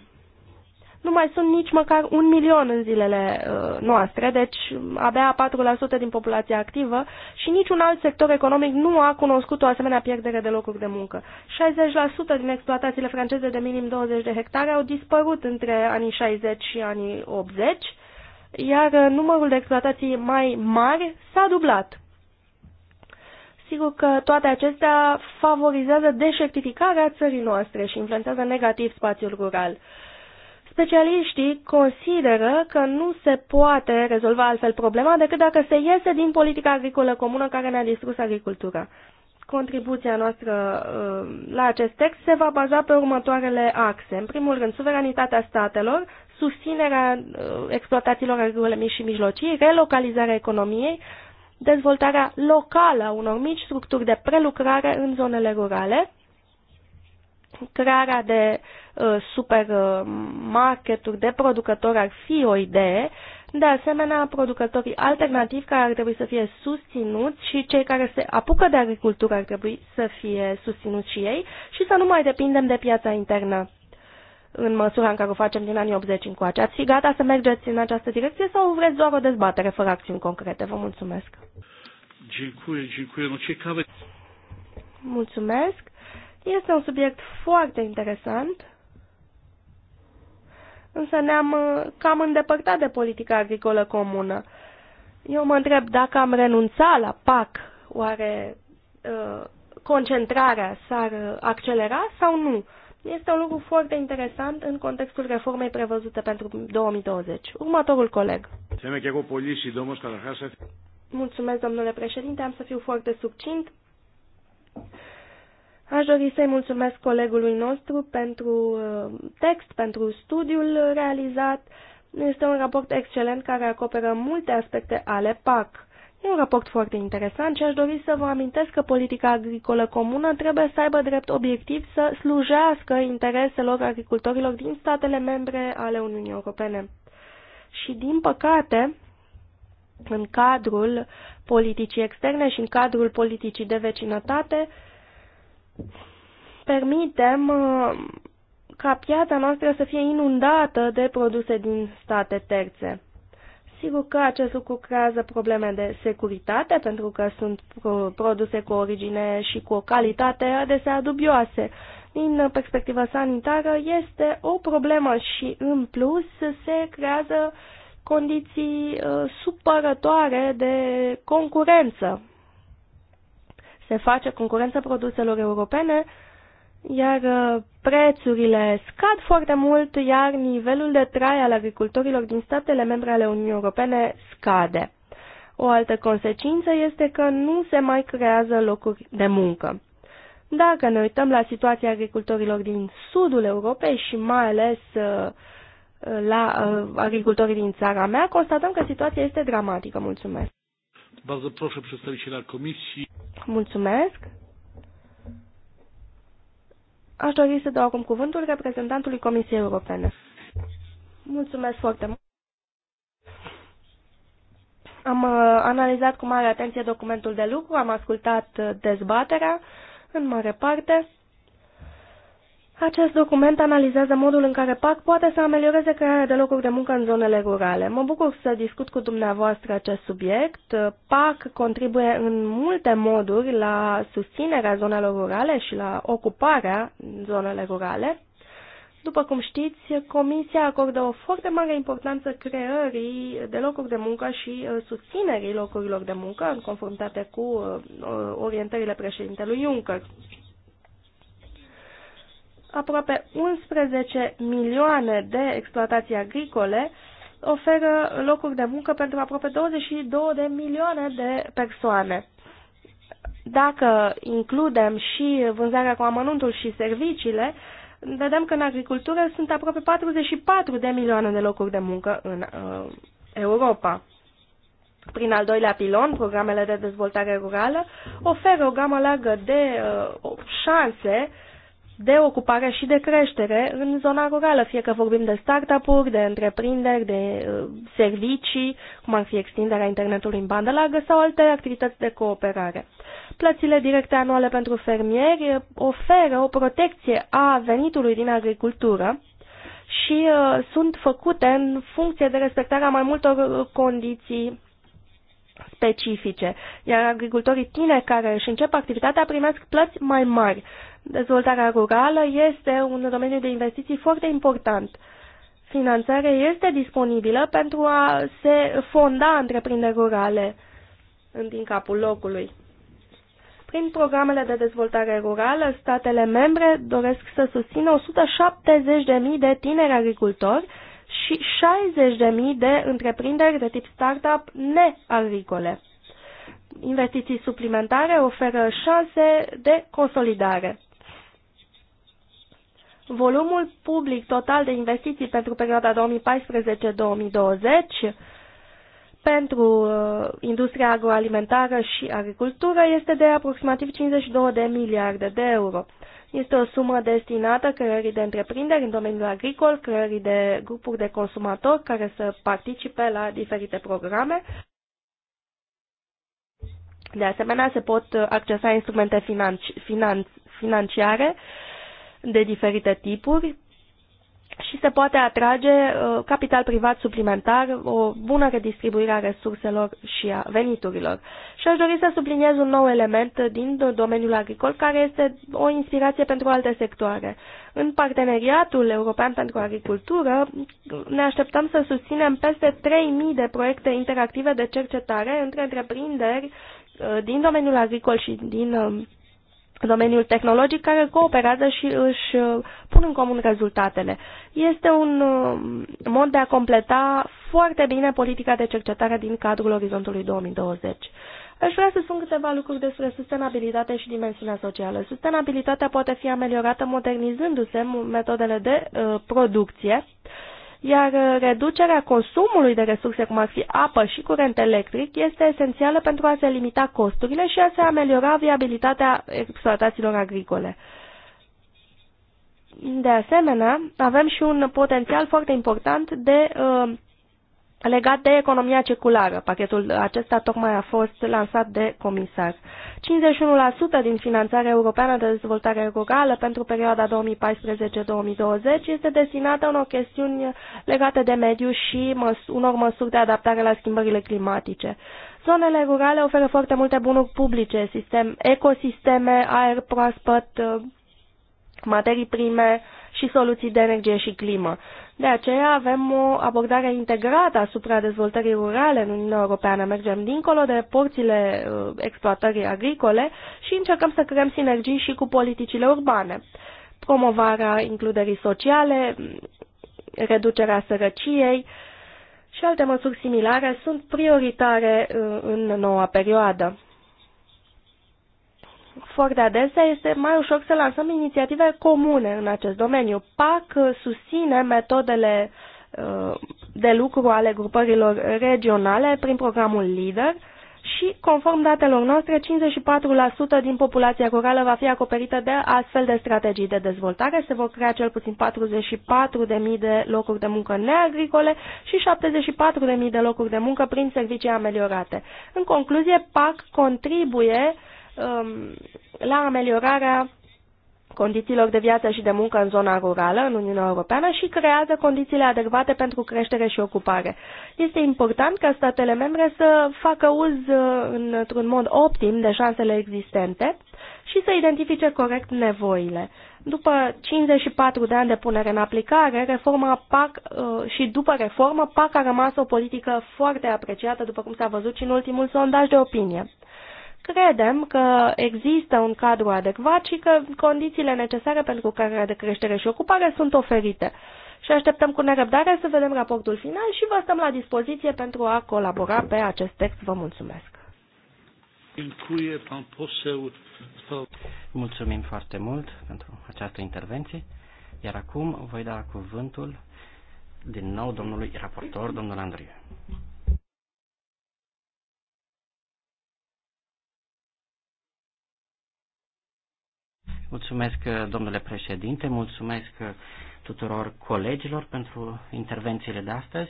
Nu mai sunt nici măcar un milion în zilele uh, noastre, deci abia 4% din populația activă și niciun alt sector economic nu a cunoscut o asemenea pierdere de locuri de muncă. 60% din exploatațiile franceze de minim 20 de hectare au dispărut între anii 60 și anii 80, iar uh, numărul de exploatații mai mari s-a dublat. Sigur că toate acestea favorizează deșertificarea țării noastre și influențează negativ spațiul rural. Specialiștii consideră că nu se poate rezolva altfel problema decât dacă se iese din politica agricolă comună care ne-a distrus agricultura. Contribuția noastră uh, la acest text se va baza pe următoarele axe. În primul rând, suveranitatea statelor, susținerea uh, exploatațiilor agricole mici și mijlocii, relocalizarea economiei, dezvoltarea locală a unor mici structuri de prelucrare în zonele rurale, crearea de uh, supermarketuri de producători ar fi o idee, de asemenea, producătorii alternativi care ar trebui să fie susținuți și cei care se apucă de agricultură ar trebui să fie susținuți și ei și să nu mai depindem de piața internă în măsura în care o facem din anii 80 încoace. Ați fi gata să mergeți în această direcție sau vreți doar o dezbatere fără acțiuni concrete? Vă mulțumesc. Dziękuję, dziękuję. No ciekawe. Mulțumesc. Este un subiect foarte interesant, însă ne-am uh, cam îndepărtat de politica agricolă comună. Eu mă întreb dacă am renunțat la PAC, oare uh, concentrarea s-ar uh, accelera sau nu? Este un lucru foarte interesant în contextul reformei prevăzute pentru 2020. Următorul coleg. Mulțumesc, domnule președinte, am să fiu foarte succint. Aș dori să-i mulțumesc colegului nostru pentru uh, text, pentru studiul realizat. Este un raport excelent care acoperă multe aspecte ale PAC. E un raport foarte interesant și aș dori să vă amintesc că politica agricolă comună trebuie să aibă drept obiectiv să slujească intereselor agricultorilor din statele membre ale Uniunii Europene. Și, din păcate, în cadrul politicii externe și în cadrul politicii de vecinătate, permitem uh, ca piața noastră să fie inundată de produse din state terțe. Sigur că acest lucru creează probleme de securitate, pentru că sunt produse cu origine și cu o calitate adesea dubioase. Din perspectivă sanitară este o problemă și, în plus, se creează condiții uh, supărătoare de concurență. Se face concurență produselor europene iar uh, prețurile scad foarte mult, iar nivelul de trai al agricultorilor din statele membre ale Uniunii Europene scade. O altă consecință este că nu se mai creează locuri de muncă. Dacă ne uităm la situația agricultorilor din sudul Europei și mai ales uh, la uh, agricultorii din țara mea, constatăm că situația este dramatică. Mulțumesc! Mulțumesc! Aș dori să dau acum cuvântul reprezentantului Comisiei Europene. Mulțumesc foarte mult. Am uh, analizat cu mare atenție documentul de lucru, am ascultat uh, dezbaterea în mare parte acest document analizează modul în care PAC poate să amelioreze crearea de locuri de muncă în zonele rurale. Mă bucur să discut cu dumneavoastră acest subiect. PAC contribuie în multe moduri la susținerea zonelor rurale și la ocuparea zonele rurale. După cum știți, Comisia acordă o foarte mare importanță creării de locuri de muncă și uh, susținerii locurilor de muncă în conformitate cu uh, uh, orientările președintelui Juncker aproape 11 milioane de exploatații agricole oferă locuri de muncă pentru aproape 22 de milioane de persoane. Dacă includem și vânzarea cu amănuntul și serviciile, vedem că în agricultură sunt aproape 44 de milioane de locuri de muncă în uh, Europa. Prin al doilea pilon, programele de dezvoltare rurală oferă o gamă largă de uh, șanse de ocupare și de creștere în zona rurală, fie că vorbim de startup-uri, de întreprinderi, de uh, servicii, cum ar fi extinderea internetului în bandă largă sau alte activități de cooperare. Plățile directe anuale pentru fermieri uh, oferă o protecție a venitului din agricultură și uh, sunt făcute în funcție de respectarea mai multor condiții specifice, iar agricultorii tineri care își încep activitatea primesc plăți mai mari. Dezvoltarea rurală este un domeniu de investiții foarte important. Finanțarea este disponibilă pentru a se fonda întreprinderi rurale din capul locului. Prin programele de dezvoltare rurală, statele membre doresc să susțină 170.000 de tineri agricultori și 60.000 de întreprinderi de tip startup neagricole. Investiții suplimentare oferă șanse de consolidare. Volumul public total de investiții pentru perioada 2014-2020 pentru uh, industria agroalimentară și agricultură este de aproximativ 52 de miliarde de euro. Este o sumă destinată creării de întreprinderi în domeniul agricol, creării de grupuri de consumatori care să participe la diferite programe. De asemenea, se pot accesa instrumente financi, finanț, financiare de diferite tipuri și se poate atrage uh, capital privat suplimentar, o bună redistribuire a resurselor și a veniturilor. Și aș dori să subliniez un nou element din domeniul agricol, care este o inspirație pentru alte sectoare. În parteneriatul european pentru agricultură ne așteptăm să susținem peste 3.000 de proiecte interactive de cercetare între întreprinderi uh, din domeniul agricol și din um, domeniul tehnologic care cooperează și își uh, pun în comun rezultatele. Este un uh, mod de a completa foarte bine politica de cercetare din cadrul orizontului 2020. Aș vrea să spun câteva lucruri despre sustenabilitate și dimensiunea socială. Sustenabilitatea poate fi ameliorată modernizându-se metodele de uh, producție, uh, iar uh, reducerea consumului de resurse, cum ar fi apă și curent electric, este esențială pentru a se limita costurile și a se ameliora viabilitatea exploatațiilor agricole. De asemenea, avem și un potențial foarte important de uh, Legat de economia circulară, pachetul acesta tocmai a fost lansat de comisar. 51% din finanțarea europeană de dezvoltare rurală pentru perioada 2014-2020 este destinată unor chestiuni legate de mediu și măs- unor măsuri de adaptare la schimbările climatice. Zonele rurale oferă foarte multe bunuri publice, sistem, ecosisteme, aer proaspăt, materii prime și soluții de energie și climă. De aceea avem o abordare integrată asupra dezvoltării rurale în Uniunea Europeană. Mergem dincolo de porțile uh, exploatării agricole și încercăm să creăm sinergii și cu politicile urbane. Promovarea includerii sociale, reducerea sărăciei și alte măsuri similare sunt prioritare uh, în noua perioadă foarte adesea este mai ușor să lansăm inițiative comune în acest domeniu. PAC susține metodele uh, de lucru ale grupărilor regionale prin programul LIDER și, conform datelor noastre, 54% din populația rurală va fi acoperită de astfel de strategii de dezvoltare. Se vor crea cel puțin 44.000 de locuri de muncă neagricole și 74.000 de locuri de muncă prin servicii ameliorate. În concluzie, PAC contribuie Um, la ameliorarea condițiilor de viață și de muncă în zona rurală, în Uniunea Europeană, și creează condițiile adecvate pentru creștere și ocupare. Este important ca statele membre să facă uz uh, într-un mod optim de șansele existente și să identifice corect nevoile. După 54 de ani de punere în aplicare, reforma PAC uh, și după reformă, PAC a rămas o politică foarte apreciată, după cum s-a văzut și în ultimul sondaj de opinie. Credem că există un cadru adecvat și că condițiile necesare pentru care de creștere și ocupare sunt oferite. Și așteptăm cu nerăbdare să vedem raportul final și vă stăm la dispoziție pentru a colabora pe acest text. Vă mulțumesc! Mulțumim foarte mult pentru această intervenție. Iar acum voi da cuvântul din nou domnului raportor, domnul Andriu. Mulțumesc, uh, domnule președinte, mulțumesc uh, tuturor colegilor pentru intervențiile de astăzi.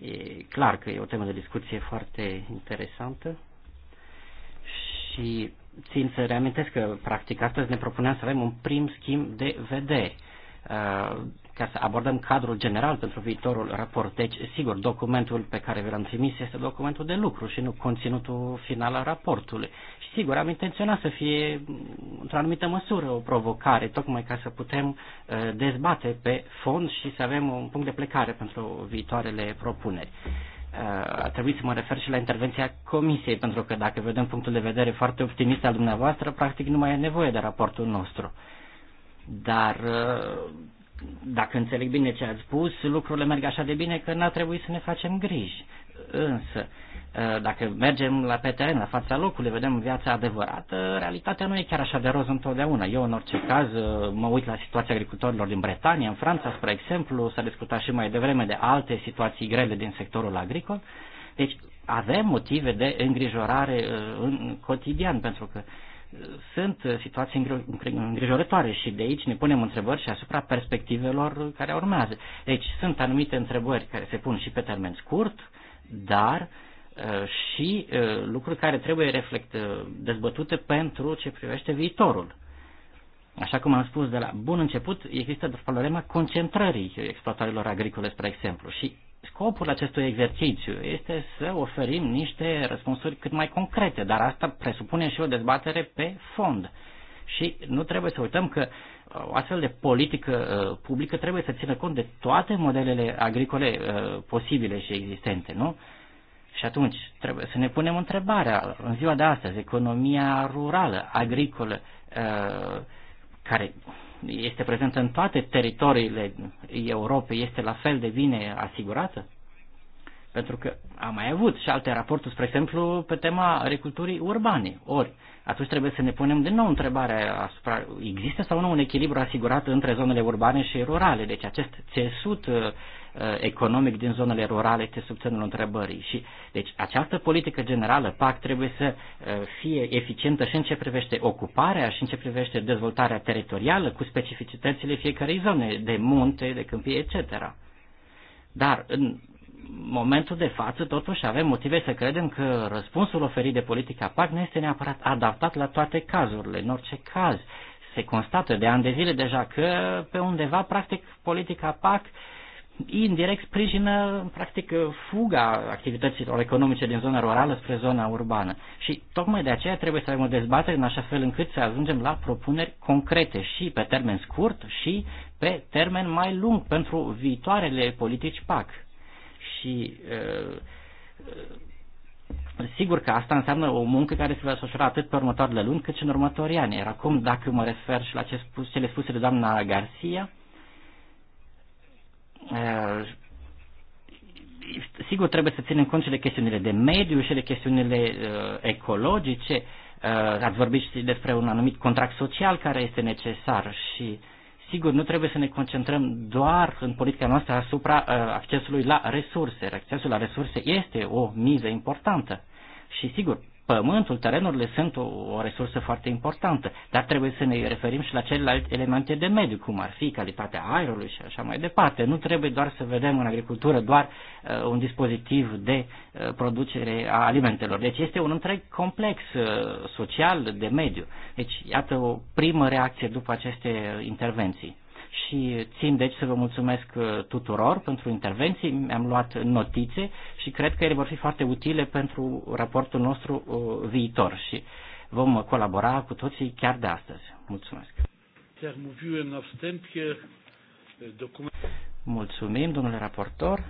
E clar că e o temă de discuție foarte interesantă și țin să reamintesc că, practic, astăzi ne propuneam să avem un prim schimb de vedere. Uh, ca să abordăm cadrul general pentru viitorul raport. Deci, sigur, documentul pe care vi l-am trimis este documentul de lucru și nu conținutul final al raportului. Și sigur, am intenționat să fie, într-o anumită măsură, o provocare, tocmai ca să putem uh, dezbate pe fond și să avem un punct de plecare pentru viitoarele propuneri uh, a trebuit să mă refer și la intervenția Comisiei, pentru că dacă vedem punctul de vedere foarte optimist al dumneavoastră, practic nu mai e nevoie de raportul nostru. Dar uh, dacă înțeleg bine ce ați spus, lucrurile merg așa de bine că n-a trebuit să ne facem griji. Însă, ă, dacă mergem la pe teren, la fața locului, vedem viața adevărată, realitatea nu e chiar așa de roz întotdeauna. Eu, în orice caz, ă, mă uit la situația agricultorilor din Bretania, în Franța, spre exemplu, s-a discutat și mai devreme de alte situații grele din sectorul agricol. Deci, avem motive de îngrijorare ă, în cotidian, pentru că uh, sunt situații îngrijorătoare și de aici ne punem întrebări și asupra perspectivelor care urmează. Deci sunt anumite întrebări care se pun și pe termen scurt, dar uh, și uh, lucruri care trebuie reflect, uh, dezbătute pentru ce privește viitorul. Așa cum am spus de la bun început, există problema concentrării exploatărilor agricole, spre exemplu, și Scopul acestui exercițiu este să oferim niște răspunsuri cât mai concrete, dar asta presupune și o dezbatere pe fond. Și nu trebuie să uităm că uh, o astfel de politică uh, publică trebuie să țină cont de toate modelele agricole uh, posibile și existente, nu? Și atunci trebuie să ne punem întrebarea în ziua de astăzi, economia rurală, agricolă, care este prezentă în toate teritoriile Europei, este la fel de bine asigurată? Pentru că am mai avut și alte raporturi, spre exemplu, pe tema agriculturii urbane. Ori, atunci trebuie să ne punem din nou întrebarea asupra, există sau nu un echilibru asigurat între zonele urbane și rurale? Deci acest țesut Uh, economic din zonele rurale este sub semnul întrebării. Și, deci această politică generală, PAC, trebuie să uh, fie eficientă și în ce privește ocuparea și în ce privește dezvoltarea teritorială cu specificitățile fiecarei zone, de munte, de câmpie, etc. Dar în momentul de față, totuși, avem motive să credem că răspunsul oferit de politica PAC nu este neapărat adaptat la toate cazurile. În orice caz, se constată de ani de zile deja că pe undeva, practic, politica PAC uh, indirect sprijină, practic, fuga activităților economice din zona rurală spre zona urbană. Și tocmai de aceea trebuie să avem o dezbatere în așa fel încât să ajungem la propuneri concrete și pe termen scurt și pe termen mai lung pentru viitoarele politici PAC. Și sigur că asta înseamnă o muncă care se va desfășura atât pe următoarele luni cât și în următorii ani. Iar acum, dacă mă refer și la ce spus, cele spuse de doamna Garcia, sigur trebuie să ținem cont și de chestiunile de mediu și de chestiunile uh, ecologice. Uh, ați vorbit și despre un anumit contract social care este necesar și sigur nu trebuie să ne concentrăm doar în politica noastră asupra uh, accesului la resurse. Accesul la resurse este o miză importantă și sigur pământul, terenurile sunt o, o resursă foarte importantă, dar trebuie să ne referim și la celelalte elemente de mediu, cum ar fi calitatea aerului și așa mai departe. Nu trebuie doar să vedem în agricultură doar uh, un dispozitiv de uh, producere a alimentelor. Deci este un întreg complex uh, social de mediu. Deci, iată o primă reacție după aceste uh, intervenții și țin deci să vă mulțumesc uh, tuturor pentru intervenții, mi-am luat notițe și cred că ele vor fi foarte utile pentru raportul nostru uh, viitor și vom colabora cu toții chiar de astăzi. Mulțumesc! Uh, Mulțumim, domnule raportor.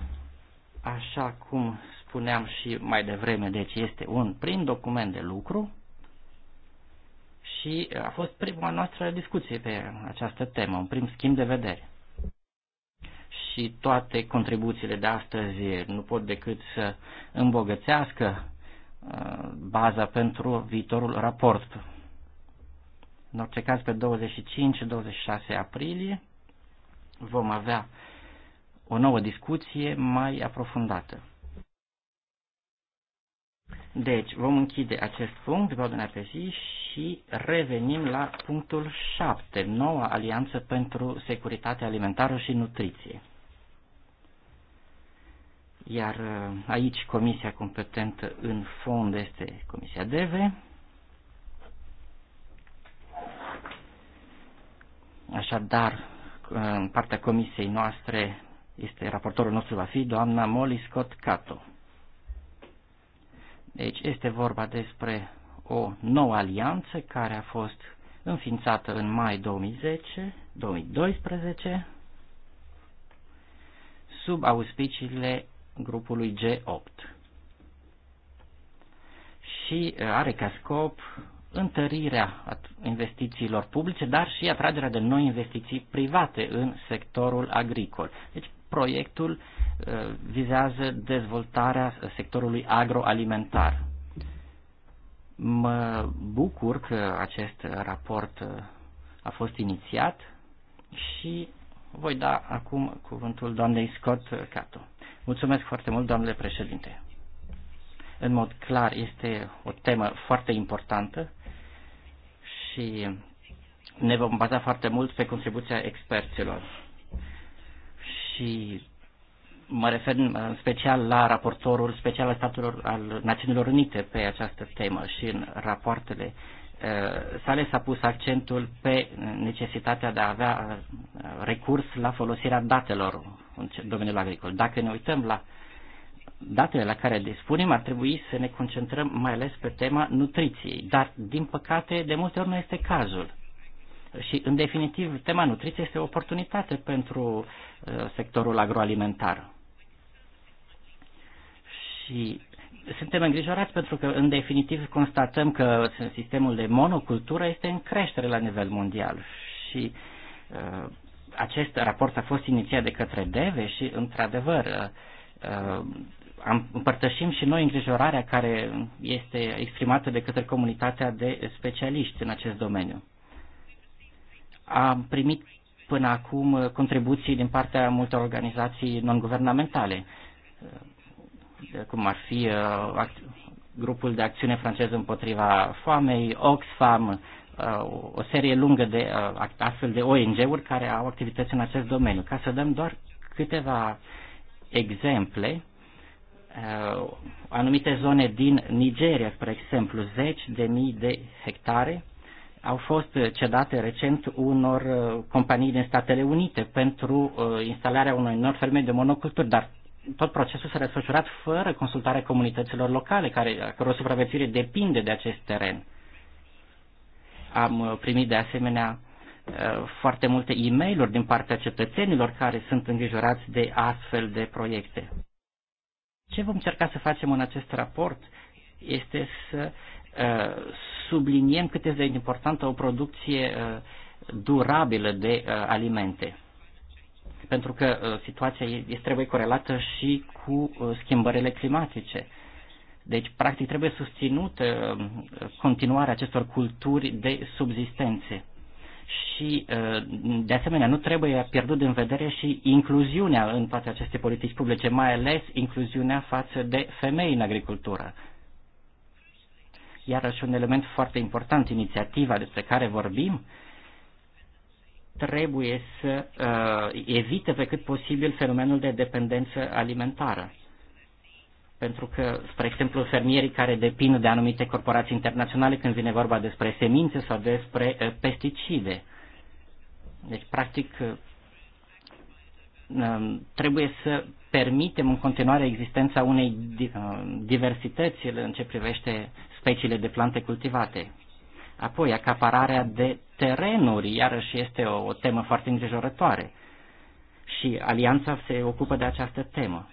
Așa cum spuneam și mai devreme, deci este un prim document de lucru și uh, a fost prima noastră discuție pe această temă, un prim schimb de vedere. Și toate contribuțiile de astăzi nu pot decât să îmbogățească uh, baza pentru viitorul raport. În orice caz, pe 25-26 aprilie vom avea o nouă discuție mai aprofundată. Deci, vom închide acest punct vă ordinea pe zi și și revenim la punctul 7, noua alianță pentru securitate alimentară și nutriție. Iar uh, aici comisia competentă în fond este Comisia DEVE. Așadar, uh, în partea comisiei noastre este raportorul nostru va fi doamna Molly Scott Cato. Deci este vorba despre o nouă alianță care a fost înființată în mai 2010, 2012, sub auspiciile grupului G8 și uh, are ca scop întărirea investițiilor publice, dar și atragerea de noi investiții private în sectorul agricol. Deci proiectul uh, vizează dezvoltarea uh, sectorului agroalimentar. Mă bucur că acest raport uh, a fost inițiat și voi da acum cuvântul doamnei Scott Cato. Mulțumesc foarte mult, doamnele președinte. În mod clar, este o temă foarte importantă și ne vom baza foarte mult pe contribuția experților. Și mă refer în uh, special la raportorul special al statelor al Națiunilor Unite pe această temă și în rapoartele uh, sale s-a pus accentul pe necesitatea de a avea uh, recurs la folosirea datelor în domeniul agricol. Dacă ne uităm la datele la care dispunem, ar trebui să ne concentrăm mai ales pe tema nutriției, dar din păcate de multe ori nu este cazul. Și, în definitiv, tema nutriției este o oportunitate pentru sectorul agroalimentar. Și suntem îngrijorați pentru că, în definitiv, constatăm că sistemul de monocultură este în creștere la nivel mondial și uh, acest raport a fost inițiat de către DEVE și, într-adevăr, uh, uh am, împărtășim și noi îngrijorarea care este exprimată de către comunitatea de specialiști în acest domeniu. Am primit până acum contribuții din partea multor organizații non-guvernamentale. Uh, cum ar fi uh, grupul de acțiune francez împotriva foamei, Oxfam, uh, o serie lungă de uh, astfel de ONG-uri care au activități în acest domeniu. Ca să dăm doar câteva exemple, anumite zone din Nigeria, spre exemplu, zeci de mii de hectare au fost cedate recent unor companii din Statele Unite pentru instalarea unor ferme de monoculturi, dar tot procesul s-a desfășurat fără consultarea comunităților locale, care, a o supraviețuire depinde de acest teren. Am uh, primit de asemenea uh, foarte multe e mail din partea cetățenilor care sunt îngrijorați de astfel de proiecte. Ce vom încerca să facem în acest raport este să uh, subliniem cât este de importantă o producție durabilă de alimente pentru că uh, situația este, trebuie corelată și cu uh, schimbările climatice. Deci, practic, trebuie susținută uh, continuarea acestor culturi de subzistențe. Și, de asemenea, nu trebuie pierdut în vedere și incluziunea în toate aceste politici publice, mai ales incluziunea față de femei în agricultură. Iarăși un element foarte important, inițiativa despre care vorbim, trebuie să uh, evite pe cât posibil fenomenul de dependență alimentară. Pentru că, spre exemplu, fermierii care depind de anumite corporații internaționale când vine vorba despre semințe sau despre uh, pesticide. Deci, practic, uh, um, trebuie să permitem în continuare existența unei uh, diversități în ce privește speciile de plante cultivate. Apoi, acapararea de terenuri, iarăși este o, o temă foarte îngrijorătoare. Și Alianța se ocupă de această temă.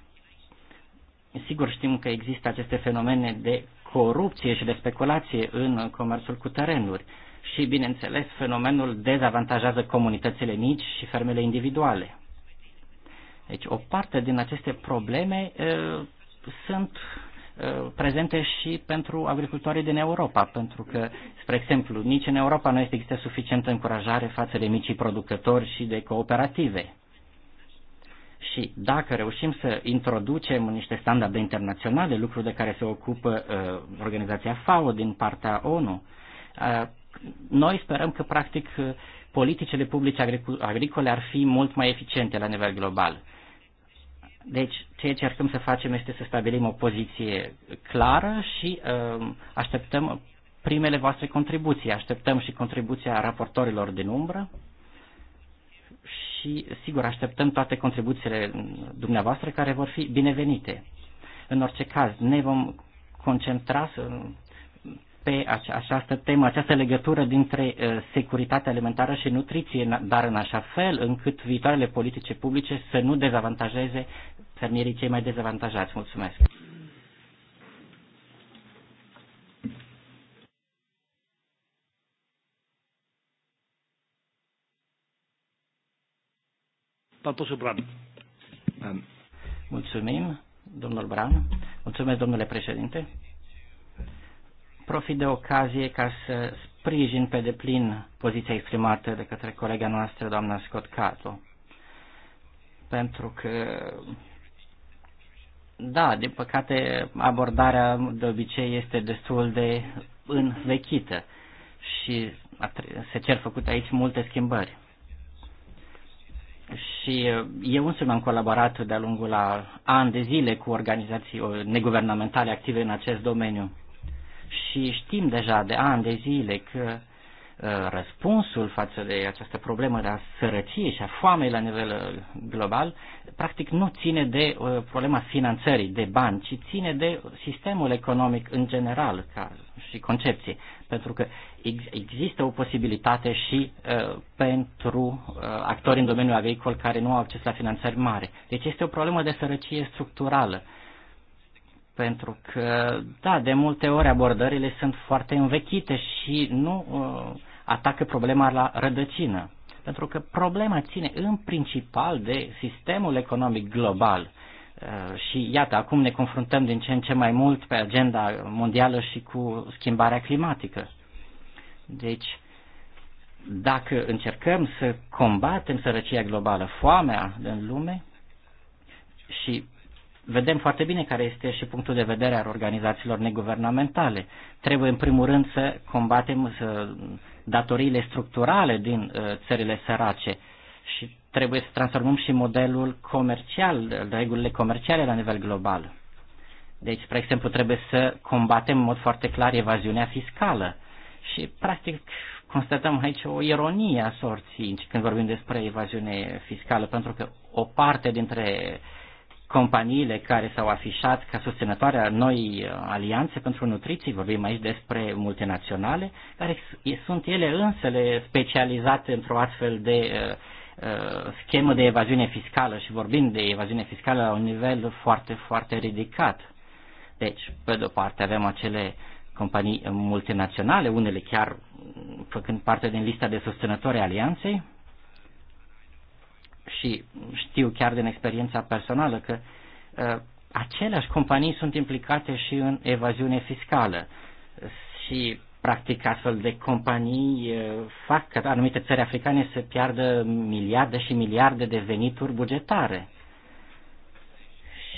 Sigur știm că există aceste fenomene de corupție și de speculație în comerțul cu terenuri și, bineînțeles, fenomenul dezavantajează comunitățile mici și fermele individuale. Deci o parte din aceste probleme e, sunt Uh, prezente și pentru agricultorii din Europa, pentru că, spre exemplu, nici în Europa nu există suficientă încurajare față de micii producători și de cooperative. Și dacă reușim să introducem niște standarde internaționale, lucru de care se ocupă uh, organizația FAO din partea ONU, uh, noi sperăm că, practic, uh, politicile publice agricole ar fi mult mai eficiente la nivel global. Deci, ce încercăm să facem este să stabilim o poziție clară și uh, așteptăm primele voastre contribuții. Așteptăm și contribuția raportorilor din umbră și, sigur, așteptăm toate contribuțiile dumneavoastră care vor fi binevenite. În orice caz, ne vom concentra să pe această temă, această legătură dintre uh, securitatea alimentară și nutriție, dar în așa fel încât viitoarele politice publice să nu dezavantajeze fermierii cei mai dezavantajați. Mulțumesc! Mulțumim, domnul Bran. Mulțumesc, domnule președinte profit de ocazie ca să sprijin pe deplin poziția exprimată de către colega noastră, doamna Scott Cato. Pentru că, da, din păcate, abordarea de obicei este destul de învechită și se cer făcut aici multe schimbări. Și eh, eu însumi am colaborat de-a lungul la ani de zile cu organizații neguvernamentale active în acest domeniu și știm deja de ani de zile că uh, răspunsul față de această problemă de a sărăciei și a foamei la nivel uh, global, practic nu ține de uh, problema finanțării, de bani, ci ține de sistemul economic în general ca și concepție. Pentru că există o posibilitate și pentru actori în domeniul agricol care nu au acces la finanțări mare. Deci este o problemă de sărăcie structurală. Pentru că, da, de multe ori abordările sunt foarte învechite și nu uh, atacă problema la rădăcină. Pentru că problema ține în principal de sistemul economic global. Uh, și iată, acum ne confruntăm din ce în ce mai mult pe agenda mondială și cu schimbarea climatică. Deci, dacă încercăm să combatem sărăcia globală, foamea în lume și Vedem foarte bine care este și punctul de vedere al organizațiilor neguvernamentale. Trebuie în primul rând să combatem datoriile structurale din uh, țările sărace și trebuie să transformăm și modelul comercial, regulile comerciale la nivel global. Deci, spre exemplu, trebuie să combatem în mod foarte clar evaziunea fiscală. Și, practic, constatăm aici o ironie a sorții când vorbim despre evaziune fiscală, pentru că o parte dintre uh, companiile care s-au afișat ca susținătoare a noi uh, alianțe pentru nutriții, vorbim aici despre multinaționale, care sunt ele însele specializate într-o astfel de uh, uh, schemă de evaziune fiscală și vorbim de evaziune fiscală la un nivel foarte, foarte ridicat. Deci, pe de-o parte avem acele companii multinaționale, unele chiar făcând parte din lista de susținători alianței, și știu chiar din experiența personală că uh, aceleași companii sunt implicate și în evaziune fiscală și practic astfel de companii uh, fac ca anumite țări africane să piardă miliarde și miliarde de venituri bugetare.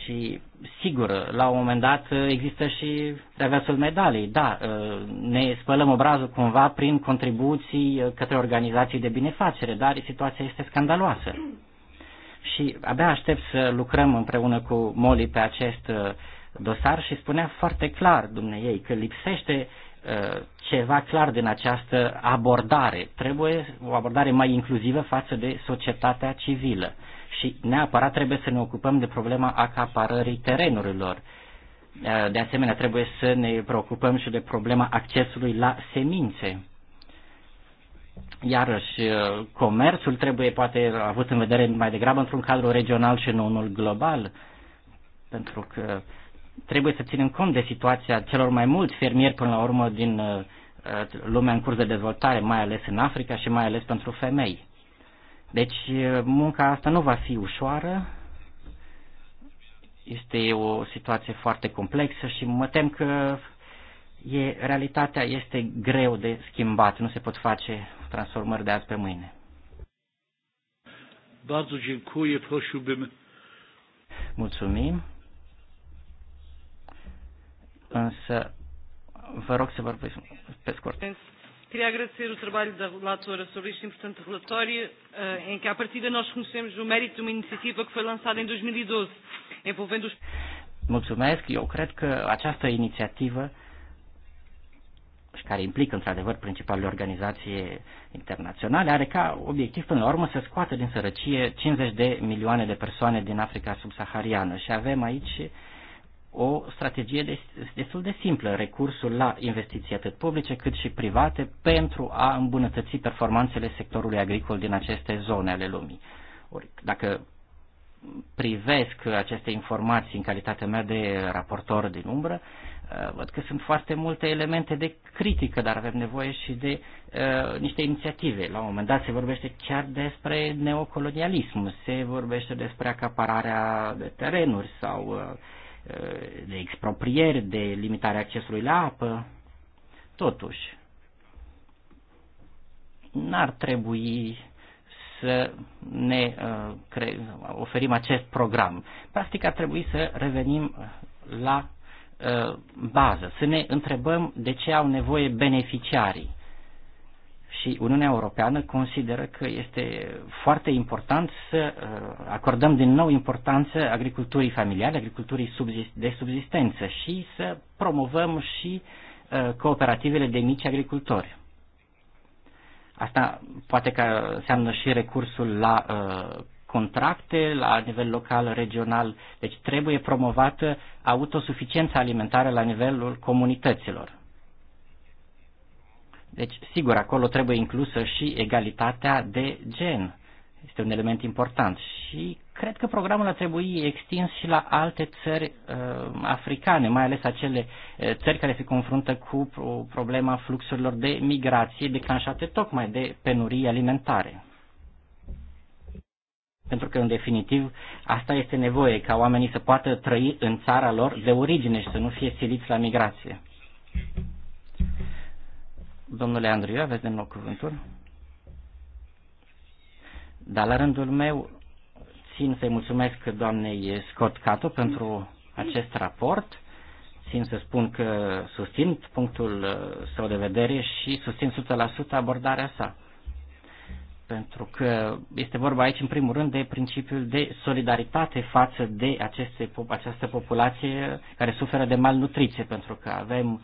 Și sigur, la un moment dat uh, există și reversul medalii. Da, uh, ne spălăm obrazul cumva prin contribuții uh, către organizații de binefacere, dar situația este scandaloasă. Și abia aștept să lucrăm împreună cu Moli pe acest dosar și spunea foarte clar ei, că lipsește ceva clar din această abordare. Trebuie o abordare mai inclusivă față de societatea civilă și neapărat trebuie să ne ocupăm de problema acaparării terenurilor. Eh, de asemenea, trebuie să ne preocupăm și de problema accesului la semințe. Iarăși, eh, comerțul trebuie poate avut în vedere mai degrabă într-un cadru regional și nu unul global, pentru că trebuie să ținem cont de situația celor mai mulți fermieri până la urmă din eh, lumea în curs de dezvoltare, mai ales în Africa și mai ales pentru femei. Deci munca asta nu va fi ușoară, este o situație foarte complexă și mă tem că e, realitatea este greu de schimbat, nu se pot face transformări de azi pe mâine. Mulțumim. Însă vă rog să vorbesc pe scurt. Queria agradecer o trabalho da relatora da sobre este importante relatório, eh, em que, à partida, nós conhecemos o mérito de uma iniciativa que foi lançada em 2012, envolvendo os... Mulțumesc, eu cred că această inițiativă care implică într-adevăr principalele organizații internaționale, are ca obiectiv până la urmă să scoată din sărăcie 50 de milioane de persoane din Africa subsahariană și avem aici uh, o strategie destul de simplă, recursul la investiții atât publice cât și private pentru a îmbunătăți performanțele sectorului agricol din aceste zone ale lumii. Ori, dacă privesc aceste informații în calitatea mea de raportor din umbră, uh, văd că sunt foarte multe elemente de critică, dar avem nevoie și de uh, niște inițiative. La un moment dat se vorbește chiar despre neocolonialism, se vorbește despre acapararea de terenuri sau uh, Eh, de exproprieri, de limitarea accesului la apă. Totuși, n-ar trebui să ne uh, oferim acest program. Practic ar trebui să revenim la uh, bază, să ne întrebăm de ce au nevoie beneficiarii și Uniunea Europeană consideră că este foarte important să uh, acordăm din nou importanță agriculturii familiale, agriculturii de subzistență și să promovăm și uh, cooperativele de mici agricultori. Asta poate că înseamnă și recursul la uh, contracte la nivel local, regional, deci trebuie promovată autosuficiența alimentară la nivelul comunităților. Deci, sigur, acolo trebuie inclusă și egalitatea de gen. Este un element important și cred că programul a trebui extins și la alte țări uh, africane, mai ales acele uh, țări care se confruntă cu problema fluxurilor de migrație declanșate tocmai de penurii alimentare. Pentru că, în definitiv, asta este nevoie, ca oamenii să poată trăi în țara lor de origine și să nu fie siliți la migrație. Domnule Andrei, aveți din nou cuvântul? Dar la rândul meu țin să-i mulțumesc doamnei Scott Cato pentru acest raport. Țin să spun că susțin punctul uh, său de vedere și susțin 100% abordarea sa. Pentru că este vorba aici, în primul rând, de principiul de solidaritate față de aceste, această populație care suferă de malnutriție, pentru că avem uh,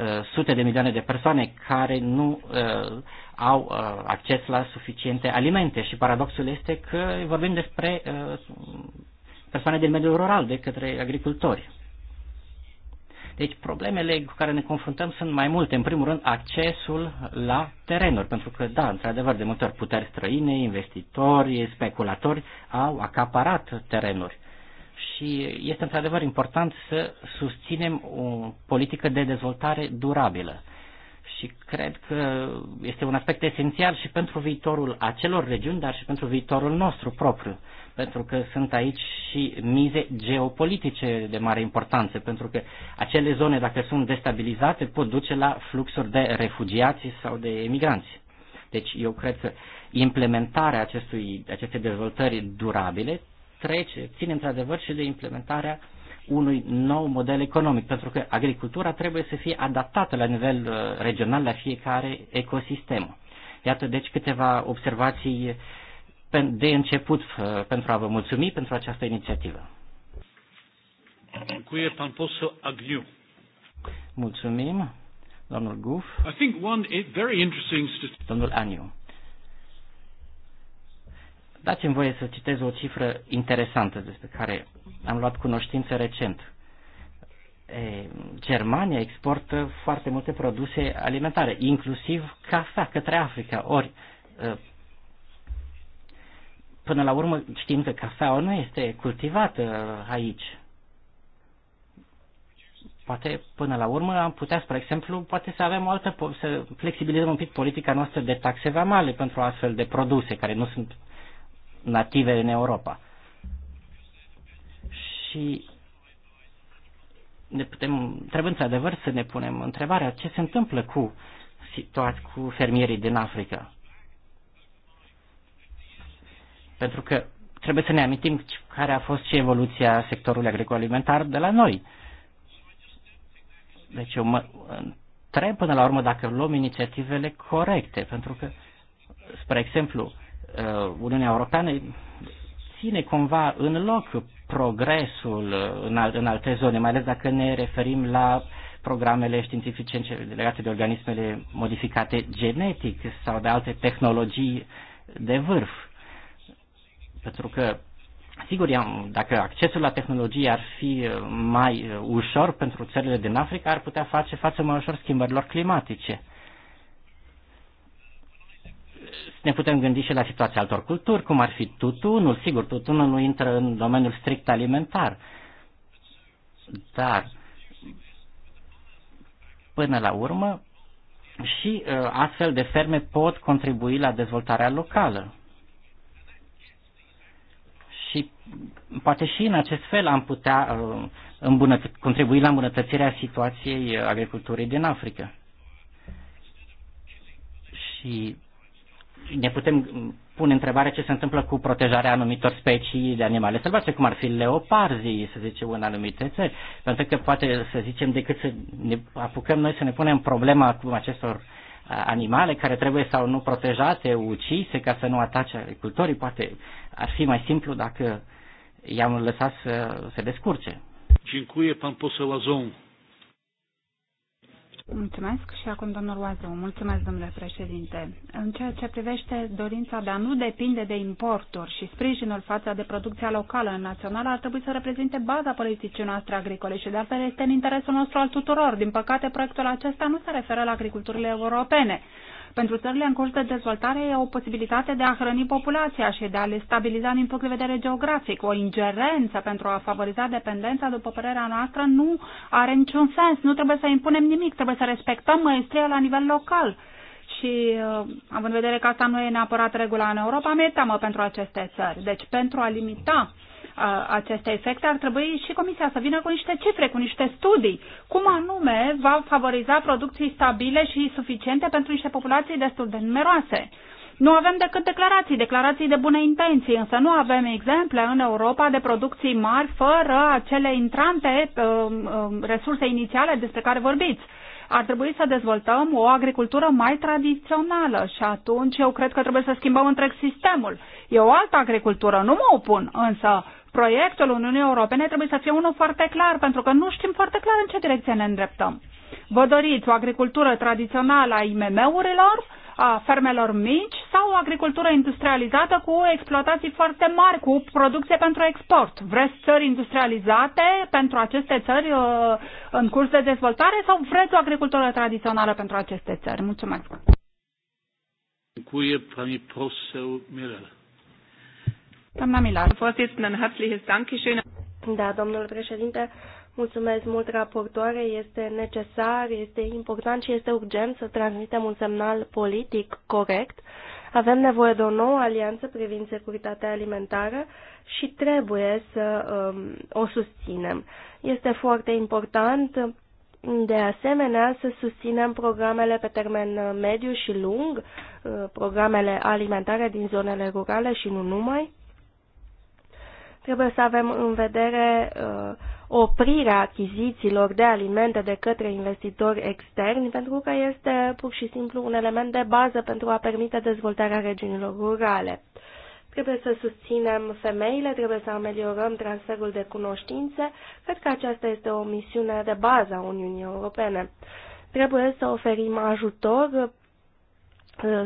Uh, sute de milioane de persoane care nu uh, au uh, acces la suficiente alimente și paradoxul este că vorbim despre persoane din mediul rural, de către agricultori. Deci problemele cu care ne confruntăm sunt mai multe. În primul rând, accesul la terenuri, pentru că, da, într-adevăr, de multe ori puteri străine, investitori, speculatori au acaparat terenuri și este într-adevăr important să susținem o politică de dezvoltare durabilă. Și cred că este un aspect esențial și pentru viitorul acelor regiuni, dar și pentru viitorul nostru propriu. Pentru că sunt aici și mize geopolitice de mare importanță, pentru că acele zone, dacă sunt destabilizate, pot duce la fluxuri de refugiați sau de emigranți. Deci eu cred că implementarea acestui, acestei dezvoltări durabile trece, ține într-adevăr și de implementarea unui nou model economic, pentru că agricultura trebuie să fie adaptată la nivel uh, regional la fiecare ecosistem. Iată deci câteva observații de început uh, pentru a vă mulțumi pentru această inițiativă. Mulțumim, domnul Guf. I think one very interesting Domnul Aniu. Dați-mi voie să citez o cifră interesantă despre care am luat cunoștință recent. E, Germania exportă foarte multe produse alimentare, inclusiv cafea către Africa. Ori, până la urmă știm că cafeaua nu este cultivată aici. Poate până la urmă am putea, spre exemplu, poate să avem o altă, să flexibilizăm un pic politica noastră de taxe vamale pentru astfel de produse care nu sunt uh, native în Europa. Și ne putem, trebuie într-adevăr să ne punem întrebarea ce se întâmplă cu situați cu fermierii din Africa. Pentru că trebuie să ne amintim care a fost și evoluția sectorului agricol-alimentar de la noi. Deci eu mă întreb până la urmă dacă luăm inițiativele corecte, pentru că, spre exemplu, Uh, Uniunea Europeană ține cumva în loc progresul în, al, în alte zone, mai ales dacă ne referim la programele științifice legate de organismele modificate genetic sau de alte tehnologii de vârf. Pentru că, sigur, dacă accesul la tehnologie ar fi mai ușor pentru țările din Africa, ar putea face față mai ușor schimbărilor climatice ne putem gândi și la situația altor culturi, cum ar fi tutunul. Sigur, tutunul nu intră în domeniul strict alimentar, dar până la urmă și uh, astfel de ferme pot contribui la dezvoltarea locală. Și poate și în acest fel am putea uh, contribui la îmbunătățirea situației uh, agriculturii din Africa. Și ne putem pune întrebarea ce se întâmplă cu protejarea anumitor specii de animale sălbatice, cum ar fi leoparzii, să zicem, în anumite țări. Pentru că poate, să zicem, decât să ne apucăm noi să ne punem problema cu acestor animale care trebuie sau nu protejate, ucise ca să nu atace agricultorii, poate ar fi mai simplu dacă i-am lăsat să se descurce. Dziękuję pan poseł Azon. Mulțumesc și acum domnul Oazău. Mulțumesc, domnule președinte. În ceea ce privește dorința de a nu depinde de importuri și sprijinul față de producția locală națională ar trebui să reprezinte baza politicii noastre agricole și de altfel este în interesul nostru al tuturor. Din păcate, proiectul acesta nu se referă la agriculturile europene. Pentru țările în curs de dezvoltare e o posibilitate de a hrăni populația și de a le stabiliza din punct de vedere geografic. O ingerență pentru a favoriza dependența, după părerea noastră, nu are niciun sens. Nu trebuie să impunem nimic, trebuie să respectăm măestria la nivel local și uh, având în vedere că asta nu e neapărat regula în Europa, teamă pentru aceste țări. Deci pentru a limita uh, aceste efecte, ar trebui și Comisia să vină cu niște cifre, cu niște studii. Cum anume va favoriza producții stabile și suficiente pentru niște populații destul de numeroase? Nu avem decât declarații, declarații de bune intenții, însă nu avem exemple în Europa de producții mari fără acele intrante, um, um, resurse inițiale despre care vorbiți. Ar trebui să dezvoltăm o agricultură mai tradițională și atunci eu cred că trebuie să schimbăm întreg sistemul. E o altă agricultură, nu mă opun, însă proiectul Uniunii Europene trebuie să fie unul foarte clar, pentru că nu știm foarte clar în ce direcție ne îndreptăm. Vă doriți o agricultură tradițională a IMM-urilor, a fermelor mici sau o agricultură industrializată cu exploatații foarte mari, cu producție pentru export? Vreți țări industrializate pentru aceste țări uh, în curs de dezvoltare sau vreți o agricultură tradițională pentru aceste țări? Mulțumesc! Dziękuję pani poseł Mirela. Doamna Milar. Da, domnul președinte, mulțumesc mult raportoare. Este necesar, este important și este urgent să transmitem un semnal politic corect. Avem nevoie de o nouă alianță privind securitatea alimentară și trebuie să um, o susținem. Este foarte important de asemenea, să susținem programele pe termen uh, mediu și lung, uh, programele alimentare din zonele rurale și nu numai. Trebuie să avem în vedere uh, oprirea achizițiilor de alimente de către investitori externi, pentru că este pur și simplu un element de bază pentru a permite dezvoltarea regiunilor rurale. Trebuie să susținem femeile, trebuie să ameliorăm transferul de cunoștințe. Cred că aceasta este o misiune de bază a Uniunii Europene. Trebuie să oferim ajutor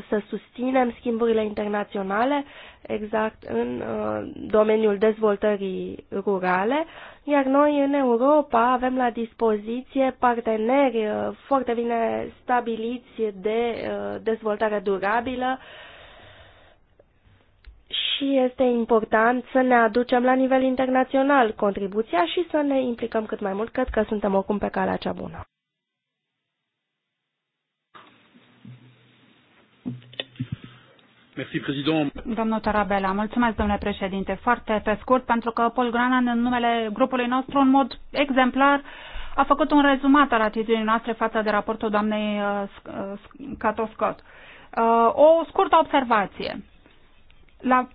să susținem schimburile internaționale exact în uh, domeniul dezvoltării rurale, iar noi în Europa avem la dispoziție parteneri uh, foarte bine stabiliți de uh, dezvoltare durabilă și este important să ne aducem la nivel internațional contribuția și să ne implicăm cât mai mult. Cred că suntem oricum pe calea cea bună. Domnul Tarabela, mulțumesc, domnule președinte. Foarte pe scurt, pentru că Paul Granan, în numele grupului nostru, în mod exemplar, a făcut un rezumat al atitudinii noastre față de raportul doamnei uh, uh, Cato Scott. Uh, o scurtă observație. La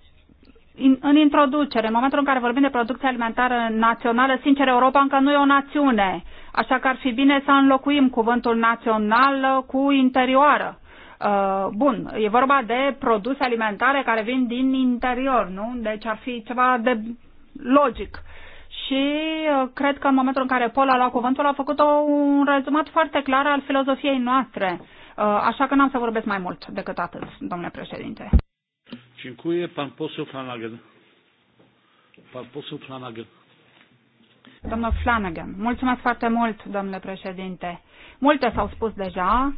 in, în introducere, în momentul în care vorbim de producție alimentară națională, sincer, Europa încă nu e o națiune, așa că ar fi bine să înlocuim cuvântul național cu interioară. Uh, bun, e vorba de produse alimentare care vin din interior, nu? Deci ar fi ceva de logic. Și uh, cred că în momentul în care Paul a luat cuvântul a făcut un rezumat foarte clar al filozofiei noastre. Uh, așa că n-am să vorbesc mai mult decât atât, domnule președinte. Dziękuję. Pan poseł Flanagan. Pan Flanagan. Domnul Flanagan, mulțumesc foarte mult, domnule președinte. Multe s-au spus deja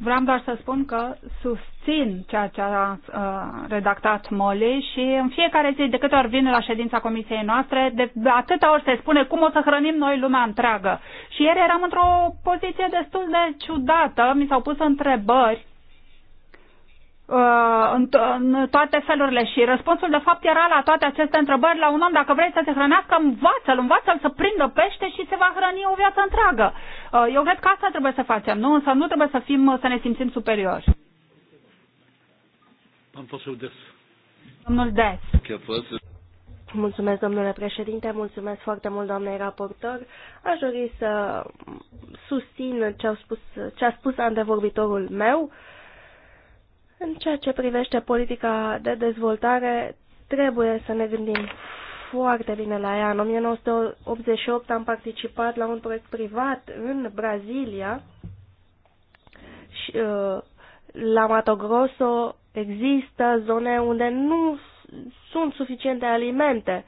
Vreau doar să spun că susțin ceea ce a uh, redactat Molly și în fiecare zi, de câte ori vin la ședința comisiei noastre, de atâta ori se spune cum o să hrănim noi lumea întreagă. Și ieri eram într-o poziție destul de ciudată, mi s-au pus întrebări Uh, în, în toate felurile și răspunsul de fapt era la toate aceste întrebări la un om, dacă vrei să se hrănească, învață-l, învață-l să prindă pește și se va hrăni o viață întreagă. Uh, eu cred că asta trebuie să facem, nu? Însă nu trebuie să, fim, să ne simțim superiori. Am fost des. Domnul Des. Mulțumesc, domnule președinte, mulțumesc foarte mult, doamnei raportor. Aș dori să susțin ce, -au spus, ce a spus antevorbitorul meu. Uh, în ceea ce privește politica de dezvoltare, trebuie să ne gândim foarte bine la ea. În 1988 am participat la un proiect privat în Brazilia și uh, la Mato Grosso există zone unde nu sunt suficiente alimente.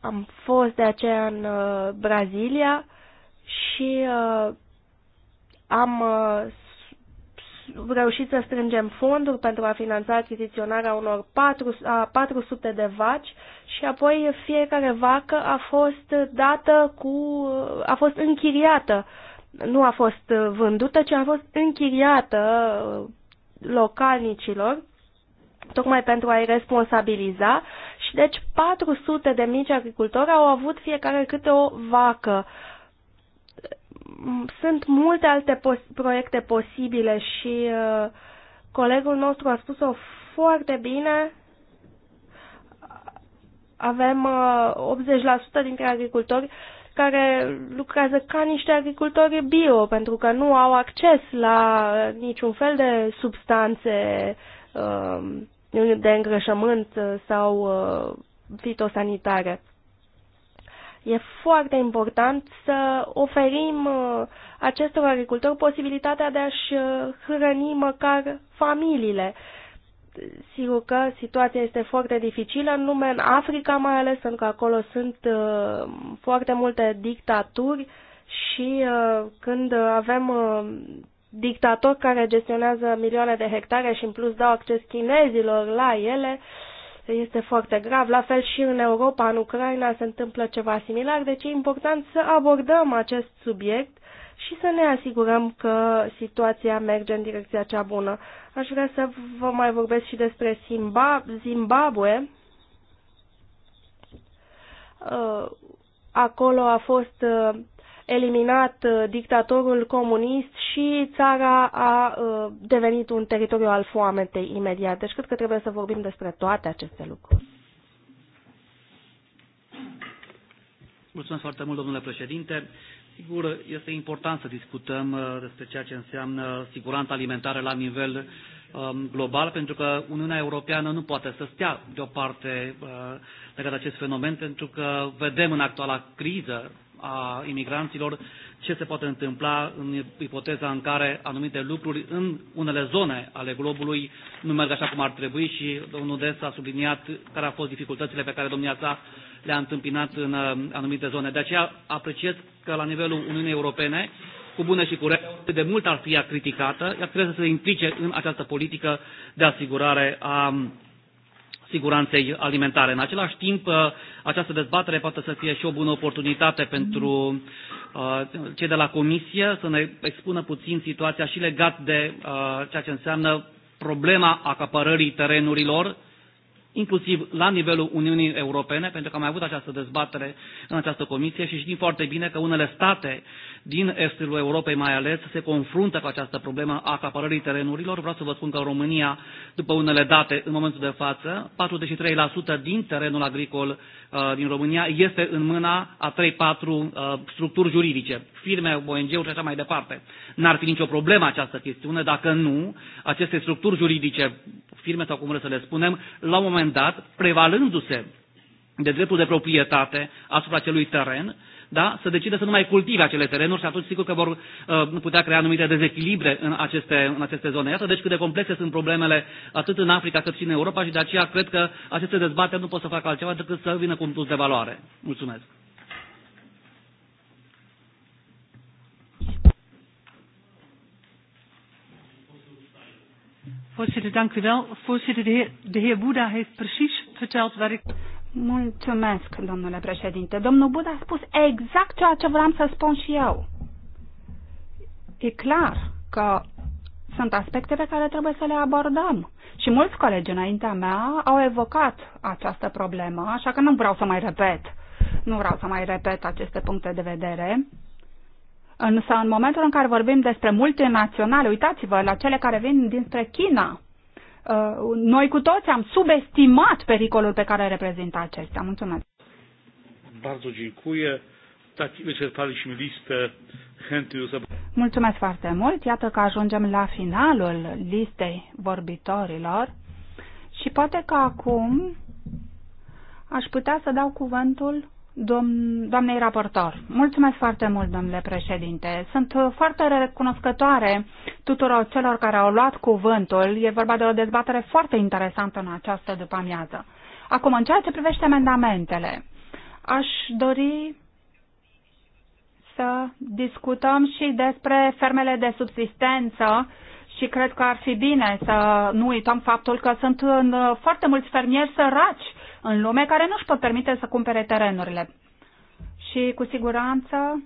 Am fost de aceea în uh, Brazilia și uh, am reușit să strângem fonduri pentru a finanța achiziționarea unor 4, a 400 de vaci și apoi fiecare vacă a fost dată cu a fost închiriată. Nu a fost vândută, ci a fost închiriată localnicilor tocmai pentru a-i responsabiliza și deci 400 de mici agricultori au avut fiecare câte o vacă. Uh, sunt multe alte pos- proiecte posibile și uh, colegul nostru a spus-o foarte bine. Avem uh, 80% dintre agricultori care lucrează ca niște agricultori bio, pentru că nu au acces la niciun fel de substanțe uh, de îngrășământ sau uh, fitosanitare. E foarte important să oferim uh, acestor agricultori posibilitatea de a-și uh, hrăni măcar familiile. Sigur că situația este foarte dificilă în lume, în Africa mai ales, pentru că acolo sunt uh, foarte multe dictaturi și când avem dictatori care gestionează milioane de hectare și în plus dau acces chinezilor la ele, uh, este foarte grav. La fel și în Europa, în Ucraina se întâmplă ceva similar, deci e important să abordăm acest subiect și să ne asigurăm că situația merge în direcția cea bună. Aș vrea să vă mai vorbesc și despre Zimbabwe. Uh, acolo a fost uh, eliminat uh, dictatorul comunist și țara a uh, devenit un teritoriu al foametei imediat. Deci cred că trebuie să vorbim despre toate aceste lucruri. Mulțumesc foarte mult, domnule președinte. Sigur, este important să discutăm uh, despre ceea ce înseamnă siguranța alimentară la nivel um, global, pentru că Uniunea Europeană nu poate să stea deoparte legat de acest fenomen, pentru că vedem în actuala criză a imigranților ce se poate întâmpla în ipoteza în care anumite lucruri în unele zone ale globului nu merg așa cum ar trebui și domnul Des a subliniat care au fost dificultățile pe care domnia sa le-a întâmpinat în uh, anumite zone. De aceea apreciez că la nivelul Uniunii Europene cu bune și cu rele, de mult ar fi ea criticată, ea trebuie să se implice în această politică de asigurare a siguranței alimentare. În același timp, uh, această dezbatere poate să fie și o bună oportunitate pentru uh, cei de la Comisie să ne expună puțin situația și legat de uh, ceea ce înseamnă problema acapărării terenurilor, inclusiv la nivelul Uniunii Europene, pentru că am mai avut această dezbatere în această comisie și știm foarte bine că unele state din estul Europei mai ales se confruntă cu această problemă a acapărării terenurilor. Vreau să vă spun că în România, după unele date, în momentul de față, 43% din terenul agricol uh, din România este în mâna a 3-4 uh, structuri juridice, firme, ONG-uri și așa mai departe. N-ar fi nicio problemă această chestiune dacă nu aceste structuri juridice, firme sau cum vreți să le spunem, la un moment dat, prevalându-se de dreptul de proprietate asupra acelui teren, da, să decide să nu mai cultive acele terenuri și atunci sigur că vor uh, putea crea anumite dezechilibre în aceste, în aceste zone. Iată deci cât de complexe sunt problemele atât în Africa cât și în Europa și de aceea cred că aceste dezbateri nu pot să facă altceva decât să vină cu un plus de valoare. Mulțumesc! Voorzitter, dank u wel. Voorzitter, de heer, de heer Boeddha heeft precies verteld waar ik... Mulțumesc, domnule președinte. Domnul Bud a spus exact ceea ce vreau să spun și eu. E clar că sunt aspecte pe care trebuie să le abordăm. Și mulți colegi înaintea mea au evocat această problemă, așa că nu vreau să mai repet. Nu vreau să mai repet aceste puncte de vedere. Însă în momentul în care vorbim despre multinaționale, uitați-vă la cele care vin dinspre China, Uh, noi cu toți am subestimat pericolul pe care reprezintă acesta. Mulțumesc. Bardzo dziękuję. Tak, wyczerpaliśmy listę chętnych do Mulțumesc foarte mult. Iată că ajungem la finalul listei vorbitorilor. Și poate că acum aș putea să dau cuvântul doamnei raportor. Mulțumesc foarte mult, domnule președinte. Sunt foarte recunoscătoare tuturor celor care au luat cuvântul. E vorba de o dezbatere foarte interesantă în această după-amiază. Acum, în ceea ce privește amendamentele, aș dori să discutăm și despre fermele de subsistență și cred că ar fi bine să nu uităm faptul că sunt uh, foarte mulți fermieri săraci în lume care nu își pot permite să cumpere terenurile. Și cu siguranță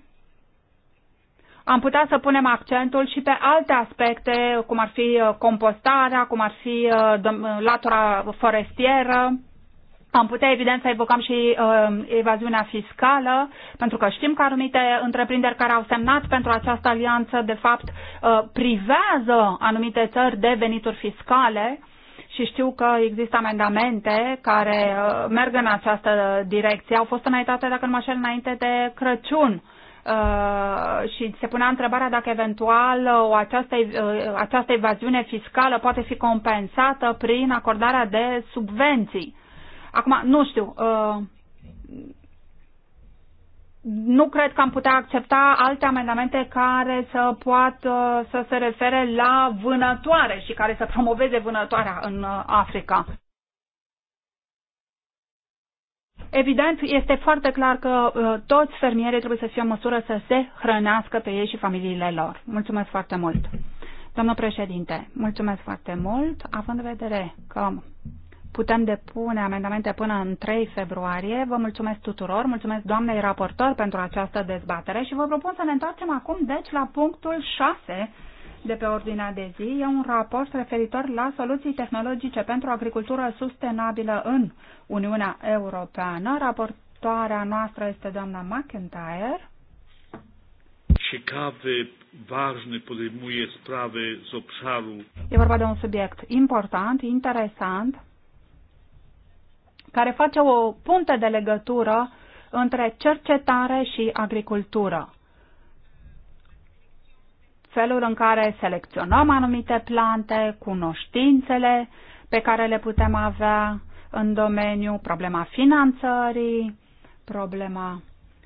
am putea să punem accentul și pe alte aspecte, cum ar fi uh, compostarea, cum ar fi uh, uh, latura forestieră. Am putea, evident, să evocăm și uh, evaziunea fiscală, pentru că știm că anumite întreprinderi care au semnat pentru această alianță, de fapt, uh, privează anumite țări de venituri fiscale și știu că există amendamente care uh, merg în această direcție. Au fost înaintate, dacă nu mă așa, înainte de Crăciun. Uh, și se punea întrebarea dacă eventual uh, o această, uh, această evaziune fiscală poate fi compensată prin acordarea de subvenții. Acum, nu știu, uh, nu cred că am putea accepta alte amendamente care să poată să se refere la vânătoare și care să promoveze vânătoarea în uh, Africa. Evident, este foarte clar că uh, toți fermierii trebuie să fie în măsură să se hrănească pe ei și familiile lor. Mulțumesc foarte mult! Domnul președinte, mulțumesc foarte mult, având în vedere că Putem depune amendamente până în 3 februarie. Vă mulțumesc tuturor, mulțumesc doamnei raportor pentru această dezbatere și vă propun să ne întoarcem acum, deci, la punctul 6 de pe ordinea de zi. E un raport referitor la soluții tehnologice pentru agricultură sustenabilă în Uniunea Europeană. Raportoarea noastră este doamna McIntyre. Ciekawy, ważne podejmuje sprawy z obszaru. E vorba de un subiect important, interesant, care face o punte de legătură între cercetare și agricultură. Felul în care selecționăm anumite plante, cunoștințele pe care le putem avea în domeniu, problema finanțării, problema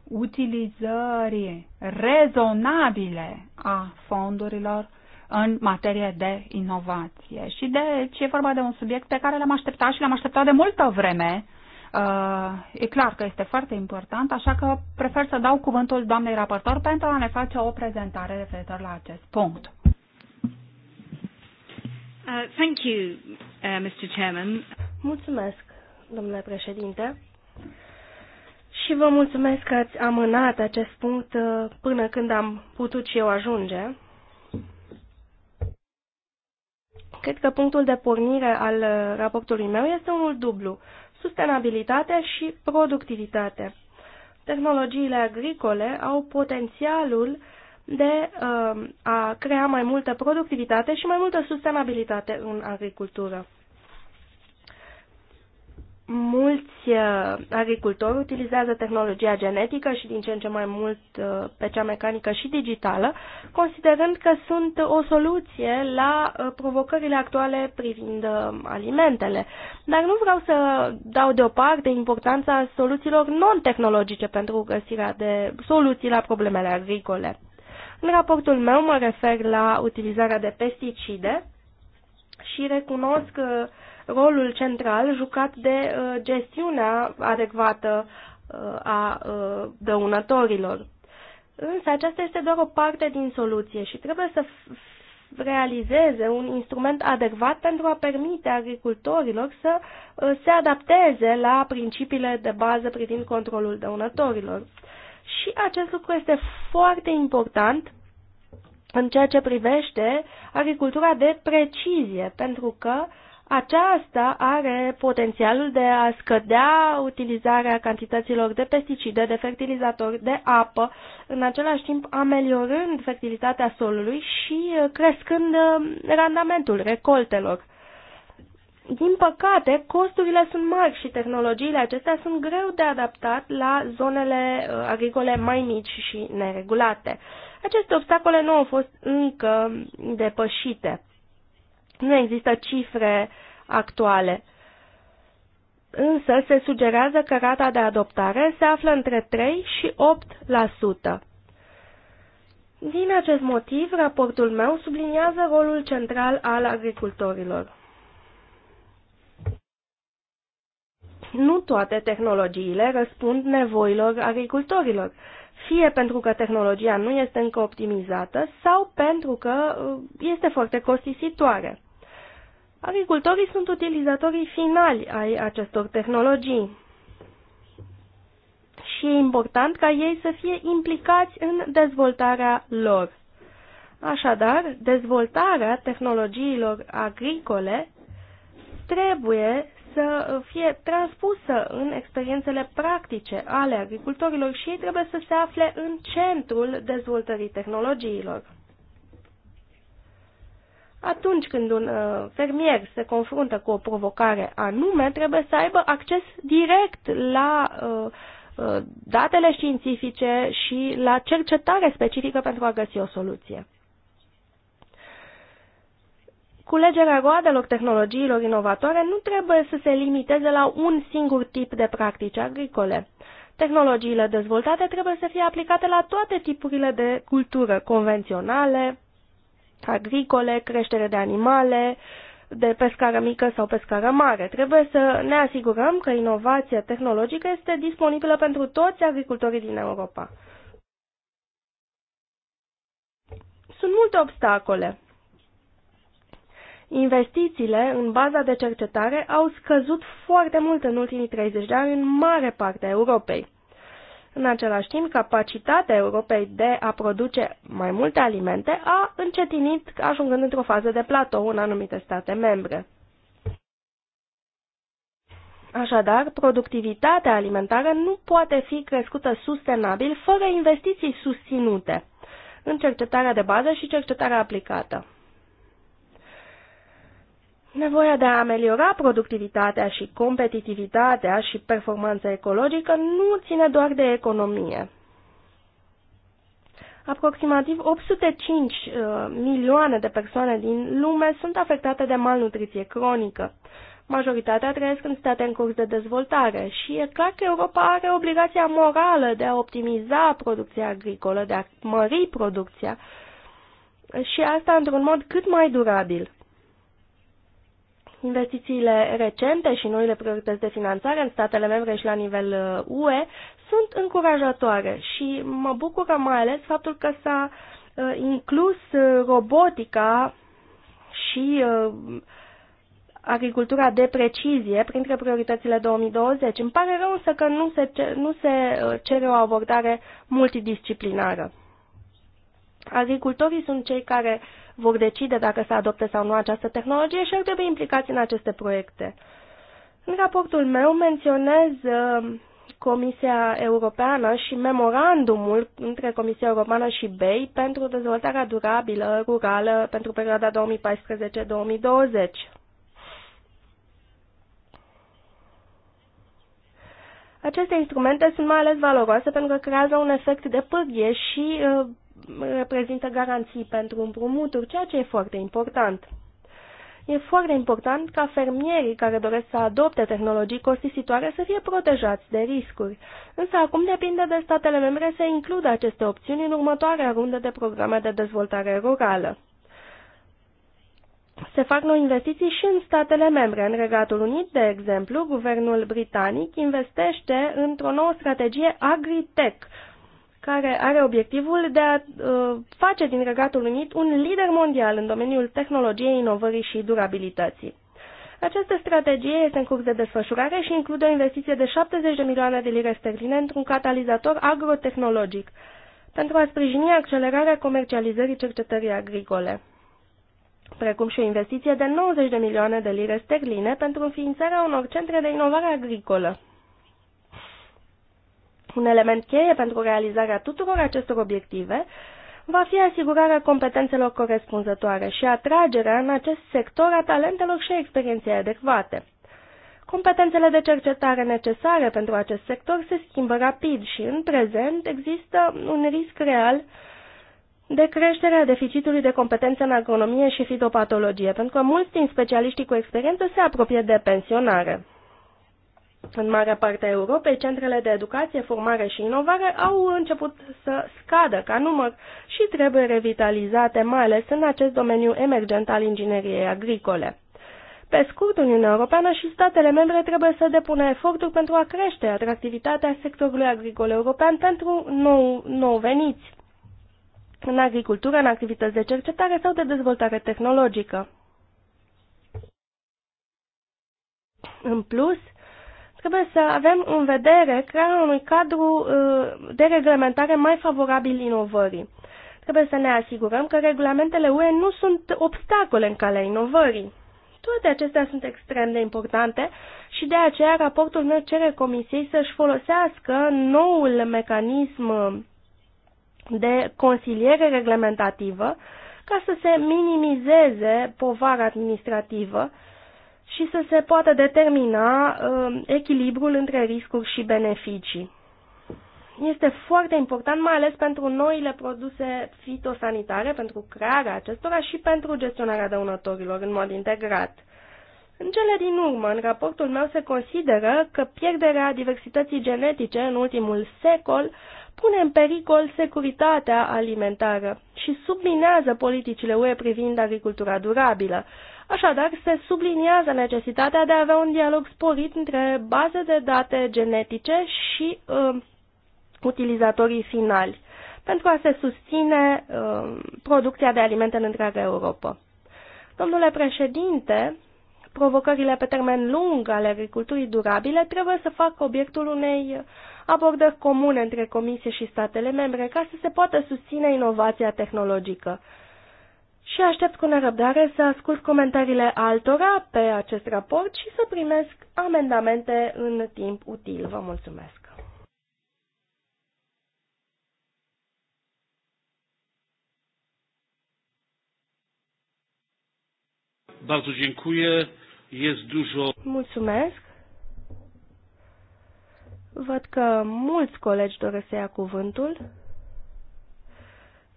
utilizării rezonabile a fondurilor în materie de inovație. Și deci e vorba de un subiect pe care l-am așteptat și l-am așteptat de multă vreme. Uh, e clar că este foarte important, așa că prefer să dau cuvântul doamnei raportor pentru a ne face o prezentare referitor la acest punct. Uh, thank you, uh, Mr. Chairman. Mulțumesc, domnule președinte. Și vă mulțumesc că ați amânat acest punct uh, până când am putut și eu ajunge. Cred că punctul de pornire al uh, raportului meu este unul dublu, sustenabilitate și productivitate. Tehnologiile agricole au potențialul de uh, a crea mai multă productivitate și mai multă sustenabilitate în agricultură mulți uh, agricultori utilizează tehnologia genetică și din ce în ce mai mult uh, pe cea mecanică și digitală, considerând că sunt o soluție la uh, provocările actuale privind alimentele. Dar nu vreau să dau deoparte importanța soluțiilor non-tehnologice pentru găsirea de soluții la problemele agricole. În raportul meu mă refer la utilizarea de pesticide și recunosc că rolul central jucat de uh, gestiunea adecvată uh, a uh, dăunătorilor. Însă aceasta este doar o parte din soluție și trebuie să realizeze un instrument adecvat pentru a permite agricultorilor să se adapteze la principiile de bază privind controlul dăunătorilor. Și acest lucru este foarte important în ceea ce privește agricultura de precizie, pentru că aceasta are potențialul de a scădea utilizarea cantităților de pesticide, de fertilizatori, de apă, în același timp ameliorând fertilitatea solului și uh, crescând uh, randamentul recoltelor. Din păcate, costurile sunt mari și tehnologiile acestea sunt greu de adaptat la zonele uh, agricole mai mici și neregulate. Aceste obstacole nu au fost încă depășite. Nu există cifre actuale. Însă se sugerează că rata de adoptare se află între 3 și 8%. Din acest motiv, raportul meu subliniază rolul central al agricultorilor. Nu toate tehnologiile răspund nevoilor agricultorilor, fie pentru că tehnologia nu este încă optimizată sau pentru că uh, este foarte costisitoare. Agricultorii sunt utilizatorii finali ai acestor tehnologii și e important ca ei să fie implicați în dezvoltarea lor. Așadar, dezvoltarea tehnologiilor agricole trebuie să fie transpusă în experiențele practice ale agricultorilor și ei trebuie să se afle în centrul dezvoltării tehnologiilor. Atunci când un uh, fermier se confruntă cu o provocare anume, trebuie să aibă acces direct la uh, uh, datele științifice și la cercetare specifică pentru a găsi o soluție. Culegerea roadelor tehnologiilor inovatoare nu trebuie să se limiteze la un singur tip de practici agricole. Tehnologiile dezvoltate trebuie să fie aplicate la toate tipurile de cultură, convenționale, agricole, creștere de animale, de pescară mică sau pescară mare. Trebuie să ne asigurăm că inovația tehnologică este disponibilă pentru toți agricultorii din Europa. Sunt multe obstacole. Investițiile în baza de cercetare au scăzut foarte mult în ultimii 30 de ani în mare parte a Europei. În același timp, capacitatea Europei de a produce mai multe alimente a încetinit, ajungând într-o fază de platou în anumite state membre. Așadar, productivitatea alimentară nu poate fi crescută sustenabil fără investiții susținute în cercetarea de bază și cercetarea aplicată. Nevoia de a ameliora productivitatea și competitivitatea și performanța ecologică nu ține doar de economie. Aproximativ 805 uh, milioane de persoane din lume sunt afectate de malnutriție cronică. Majoritatea trăiesc în state în curs de dezvoltare și e clar că Europa are obligația morală de a optimiza producția agricolă, de a mări producția și asta într-un mod cât mai durabil. Investițiile recente și noile priorități de finanțare în statele membre și la nivel UE uh, sunt încurajatoare și mă bucură mai ales faptul că s-a uh, inclus uh, robotica și agricultura de precizie printre prioritățile 2020. Îmi pare rău însă că nu se, nu se cere o abordare multidisciplinară. Agricultorii sunt cei care uh, vor decide dacă să adopte sau nu această tehnologie și ar trebui implicați în aceste proiecte. În raportul meu menționez uh, Comisia Europeană și memorandumul între Comisia Europeană și BEI pentru dezvoltarea durabilă rurală pentru perioada 2014-2020. Aceste instrumente sunt mai ales valoroase pentru că creează un efect de pârghie și uh, reprezintă garanții pentru împrumuturi, ceea ce e foarte important. E foarte important ca fermierii care doresc să adopte tehnologii costisitoare să fie protejați de riscuri. Însă acum depinde de statele membre să includă aceste opțiuni în următoarea rundă de programe de dezvoltare rurală. Se fac noi investiții și în statele membre. În Regatul Unit, de exemplu, guvernul britanic investește într-o nouă strategie Agritech, care are obiectivul de a uh, face din Regatul Unit un lider mondial în domeniul tehnologiei, inovării și durabilității. Această strategie este în curs de desfășurare și include o investiție de 70 de milioane de lire sterline într-un catalizator agrotehnologic pentru a sprijini accelerarea comercializării cercetării agricole, precum și o investiție de 90 de milioane de lire sterline pentru înființarea unor centre de inovare agricolă un element cheie pentru realizarea tuturor acestor obiective va fi asigurarea competențelor corespunzătoare și atragerea în acest sector a talentelor și a experienței adecvate. Competențele de cercetare necesare pentru acest sector se schimbă rapid și, în prezent, există un risc real de creșterea deficitului de competențe în agronomie și fitopatologie, pentru că mulți din specialiștii cu experiență se apropie de pensionare. În mare parte a Europei, centrele de educație, formare și inovare au început să scadă ca număr și trebuie revitalizate, mai ales în acest domeniu emergent al ingineriei agricole. Pe scurt, Uniunea Europeană și statele membre trebuie să depună eforturi pentru a crește atractivitatea sectorului agricol european pentru nou, nou veniți în agricultură, în activități de cercetare sau de dezvoltare tehnologică. În plus, Trebuie să avem în vedere crearea unui cadru uh, de reglementare mai favorabil inovării. Trebuie să ne asigurăm că regulamentele UE nu sunt obstacole în calea inovării. Toate acestea sunt extrem de importante și de aceea raportul meu cere Comisiei să-și folosească noul mecanism de consiliere reglementativă ca să se minimizeze povara administrativă și să se poată determina uh, echilibrul între riscuri și beneficii. Este foarte important, mai ales pentru noile produse fitosanitare, pentru crearea acestora și pentru gestionarea dăunătorilor în mod integrat. În cele din urmă, în raportul meu se consideră că pierderea diversității genetice în ultimul secol pune în pericol securitatea alimentară și subminează politicile UE privind agricultura durabilă, Așadar, se subliniază necesitatea de a avea un dialog sporit între baze de date genetice și uh, utilizatorii finali pentru a se susține uh, producția de alimente în întreaga Europa. Domnule președinte, provocările pe termen lung ale agriculturii durabile trebuie să facă obiectul unei abordări comune între Comisie și statele membre ca să se poată susține inovația tehnologică și aștept cu nerăbdare să ascult comentariile altora pe acest raport și să primesc amendamente în timp util. Vă mulțumesc! Bardzo dziękuję. Jest dużo. Mulțumesc. Văd că mulți colegi doresc să ia cuvântul.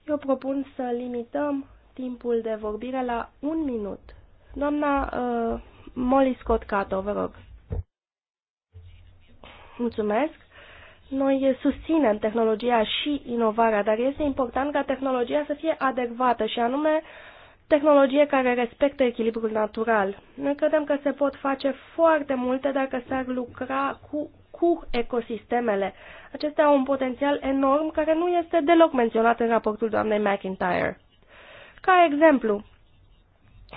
Eu propun să limităm timpul de vorbire la un minut. Doamna uh, Molly Scott Cato, vă rog. Mulțumesc. Noi susținem tehnologia și inovarea, dar este important ca tehnologia să fie adecvată și anume tehnologie care respectă echilibrul natural. Noi credem că se pot face foarte multe dacă s-ar lucra cu, cu ecosistemele. Acestea au un potențial enorm care nu este deloc menționat în raportul doamnei McIntyre. Ca exemplu,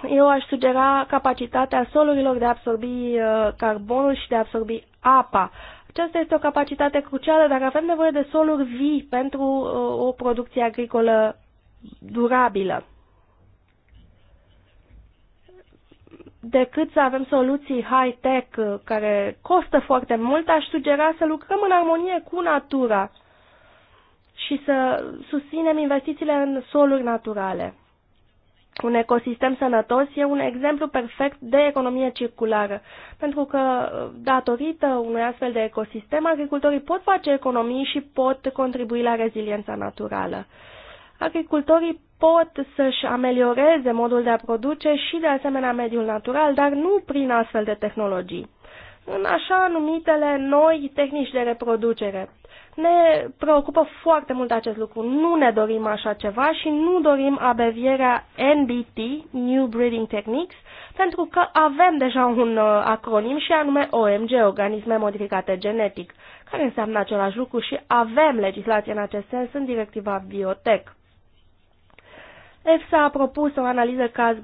eu aș sugera capacitatea solurilor de a absorbi uh, carbonul și de a absorbi apa. Aceasta este o capacitate crucială dar avem nevoie de soluri vii pentru uh, o producție agricolă durabilă. Decât să avem soluții high-tech uh, care costă foarte mult, aș sugera să lucrăm în armonie cu natura și să susținem investițiile în soluri naturale un ecosistem sănătos e un exemplu perfect de economie circulară, pentru că datorită unui astfel de ecosistem, agricultorii pot face economii și pot contribui la reziliența naturală. Agricultorii pot să-și amelioreze modul de a produce și de asemenea mediul natural, dar nu prin astfel de tehnologii. În așa numitele noi tehnici de reproducere, ne preocupă foarte mult acest lucru. Nu ne dorim așa ceva și nu dorim abevierea NBT, New Breeding Techniques, pentru că avem deja un uh, acronim și anume OMG, Organisme Modificate Genetic, care înseamnă același lucru și avem legislație în acest sens în directiva Biotech. EFSA a propus o analiză caz,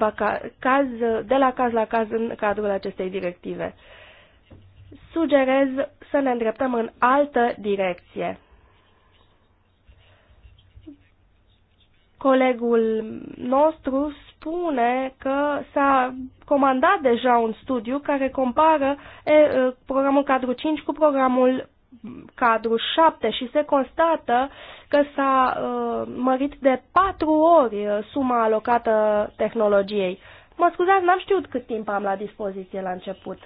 caz de la caz la caz în cadrul acestei directive sugerez să ne îndreptăm în altă direcție. Colegul nostru spune că s-a comandat deja un studiu care compară programul cadru 5 cu programul cadru 7 și se constată că s-a mărit de patru ori suma alocată tehnologiei. Mă scuzați, n-am știut cât timp am la dispoziție la început.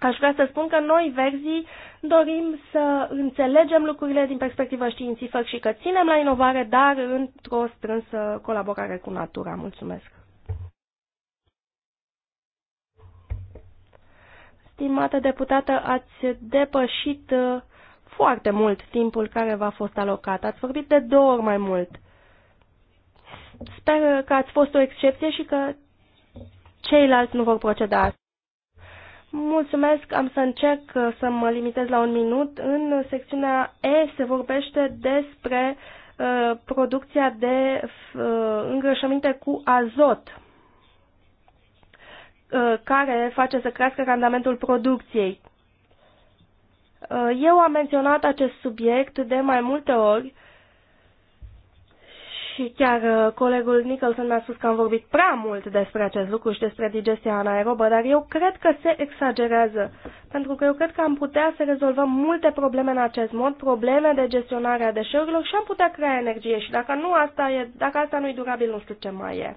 Aș vrea să spun că noi, verzii, dorim să înțelegem lucrurile din perspectivă științifică și că ținem la inovare, dar într-o strânsă colaborare cu natura. Mulțumesc! Stimată deputată, ați depășit uh, foarte mult timpul care v-a fost alocat. Ați vorbit de două ori mai mult. Sper că ați fost o excepție și că ceilalți nu vor proceda Mulțumesc, am să încerc uh, să mă limitez la un minut. În secțiunea E se vorbește despre uh, producția de uh, îngrășăminte cu azot uh, care face să crească randamentul producției. Uh, eu am menționat acest subiect de mai multe ori și chiar uh, colegul Nicholson mi-a spus că am vorbit prea mult despre acest lucru și despre digestia anaerobă, dar eu cred că se exagerează, pentru că eu cred că am putea să rezolvăm multe probleme în acest mod, probleme de gestionare a deșeurilor și am putea crea energie și dacă, nu asta e, dacă asta nu e durabil, nu știu ce mai e.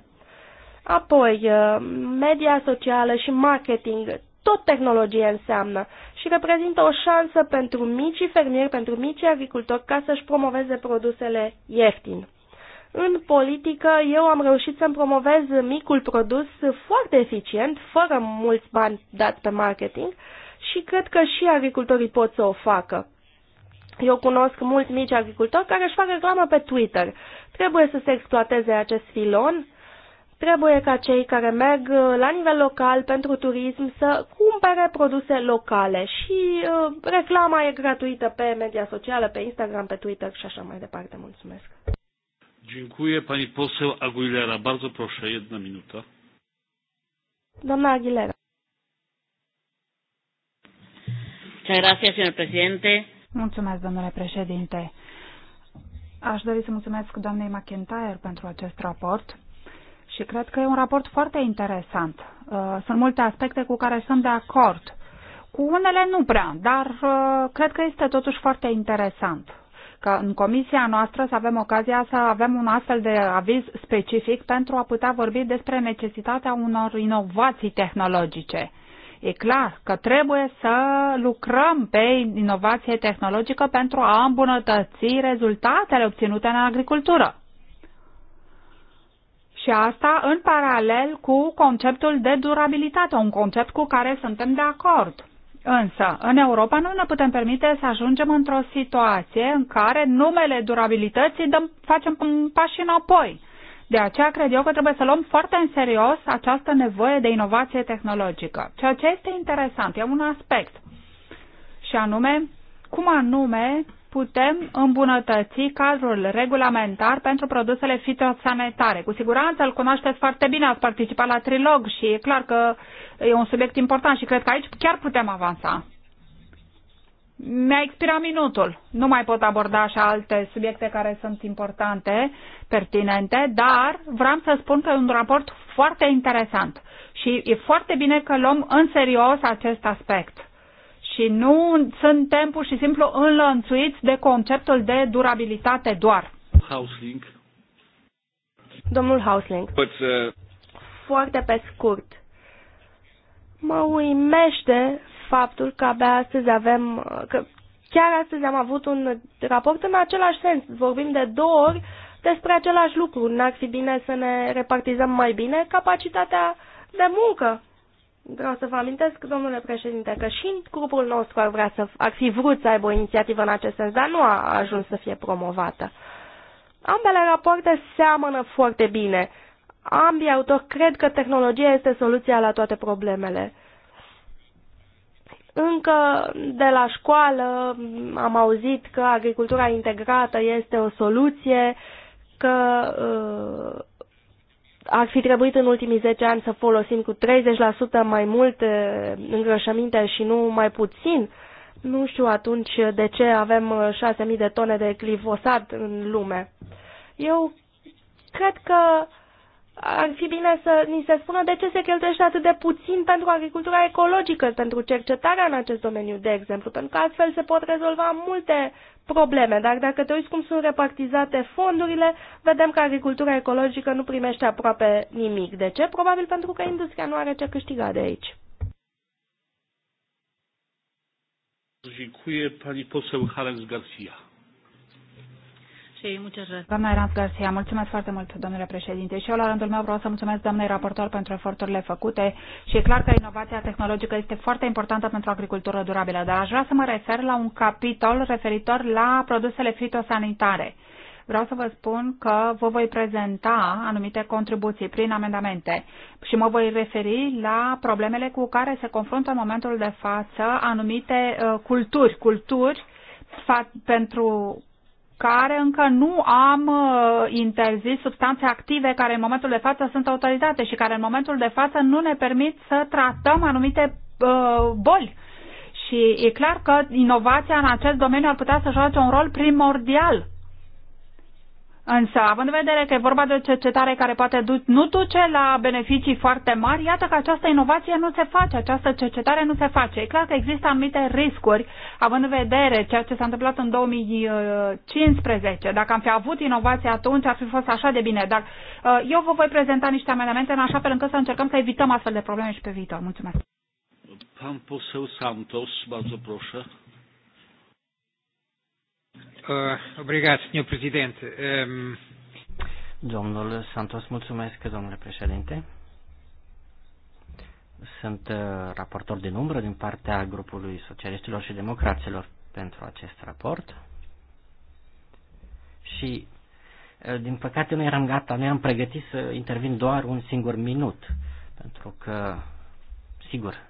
Apoi, uh, media socială și marketing, tot tehnologie înseamnă și reprezintă o șansă pentru micii fermieri, pentru micii agricultori ca să-și promoveze produsele ieftin. În politică eu am reușit să-mi promovez micul produs foarte eficient, fără mulți bani dați pe marketing și cred că și agricultorii pot să o facă. Eu cunosc mulți mici agricultori care își fac reclamă pe Twitter. Trebuie să se exploateze acest filon, trebuie ca cei care merg uh, la nivel local pentru turism să cumpere produse locale și uh, reclama e gratuită pe media socială, pe Instagram, pe Twitter și așa mai departe. Mulțumesc! Dziękuję. Pani poseł Aguilera, bardzo proszę, jedna minuta. Aguilera. Mulțumesc, domnule președinte. Aș dori să mulțumesc doamnei McIntyre pentru acest raport și cred că e un raport foarte interesant. Uh, sunt multe aspecte cu care sunt de acord. Cu unele nu prea, dar uh, cred că este totuși foarte interesant ca în comisia noastră să avem ocazia să avem un astfel de aviz specific pentru a putea vorbi despre necesitatea unor inovații tehnologice. E clar că trebuie să lucrăm pe inovație tehnologică pentru a îmbunătăți rezultatele obținute în agricultură. Și asta în paralel cu conceptul de durabilitate, un concept cu care suntem de acord. Însă, în Europa nu ne putem permite să ajungem într-o situație în care numele durabilității dăm, facem pași înapoi. De aceea cred eu că trebuie să luăm foarte în serios această nevoie de inovație tehnologică. Ceea ce este interesant e un aspect și anume cum anume putem îmbunătăți cadrul regulamentar pentru produsele fitosanitare. Cu siguranță îl cunoașteți foarte bine, ați participat la trilog și e clar că e un subiect important și cred că aici chiar putem avansa. Mi-a expirat minutul. Nu mai pot aborda și alte subiecte care sunt importante, pertinente, dar vreau să spun că e un raport foarte interesant și e foarte bine că luăm în serios acest aspect și nu suntem pur și simplu înlănțuiți de conceptul de durabilitate doar. Hausling. Domnul Hausling. Uh, foarte pe scurt. Mă uimește faptul că abia astăzi avem, că chiar astăzi am avut un raport în același sens. Vorbim de două ori despre același lucru. N-ar fi bine să ne repartizăm mai bine capacitatea de muncă. Vreau să vă amintesc, domnule președinte, că și în grupul nostru ar, vrea să, ar fi vrut să aibă o inițiativă în acest sens, dar nu a ajuns să fie promovată. Ambele rapoarte seamănă foarte bine Ambii autori cred că tehnologia este soluția la toate problemele. Încă de la școală am auzit că agricultura integrată este o soluție, că uh, ar fi trebuit în ultimii 10 ani să folosim cu 30% mai mult uh, îngrășăminte și nu mai puțin. Nu știu atunci de ce avem 6.000 uh, de tone de glifosat în lume. Eu cred că ar fi bine să ni se spună de ce se cheltuiește atât de puțin pentru agricultura ecologică, pentru cercetarea în acest domeniu, de exemplu, pentru că astfel se pot rezolva multe probleme. Dar dacă te uiți cum sunt repartizate fondurile, vedem că agricultura ecologică nu primește aproape nimic. De ce? Probabil pentru că industria nu are ce câștiga de aici. Dziękuję pani poseł Harens Garcia. Sí, Doamna Garcia, mulțumesc foarte mult, domnule președinte. Și eu, la rândul meu, vreau să mulțumesc doamnei raportor pentru eforturile făcute și e clar că inovația tehnologică este foarte importantă pentru agricultură durabilă, dar aș vrea să mă refer la un capitol referitor la produsele fitosanitare. Vreau să vă spun că vă voi prezenta anumite contribuții prin amendamente și mă voi referi la problemele cu care se confruntă în momentul de față anumite uh, culturi, culturi pentru care încă nu am uh, interzis substanțe active care în momentul de față sunt autorizate și care în momentul de față nu ne permit să tratăm anumite uh, boli. Și e clar că inovația în acest domeniu ar putea să joace un rol primordial Însă, având în vedere că e vorba de o cercetare care poate du- nu duce la beneficii foarte mari, iată că această inovație nu se face, această cercetare nu se face. E clar că există anumite riscuri, având în vedere ceea ce s-a întâmplat în 2015. Dacă am fi avut inovație atunci, ar fi fost așa de bine. Dar uh, eu vă voi prezenta niște amendamente în așa fel încât să încercăm să evităm astfel de probleme și pe viitor. Mulțumesc. Pan Poseu Santos, bardzo proszę. Uh, obrigat, domnul um, Domnul Santos, mulțumesc, domnule președinte. Sunt uh, raportor din umbră din partea grupului socialiștilor și democraților pentru acest raport. Și, uh, din păcate, nu eram gata, nu am pregătit să intervin doar un singur minut, pentru că, sigur,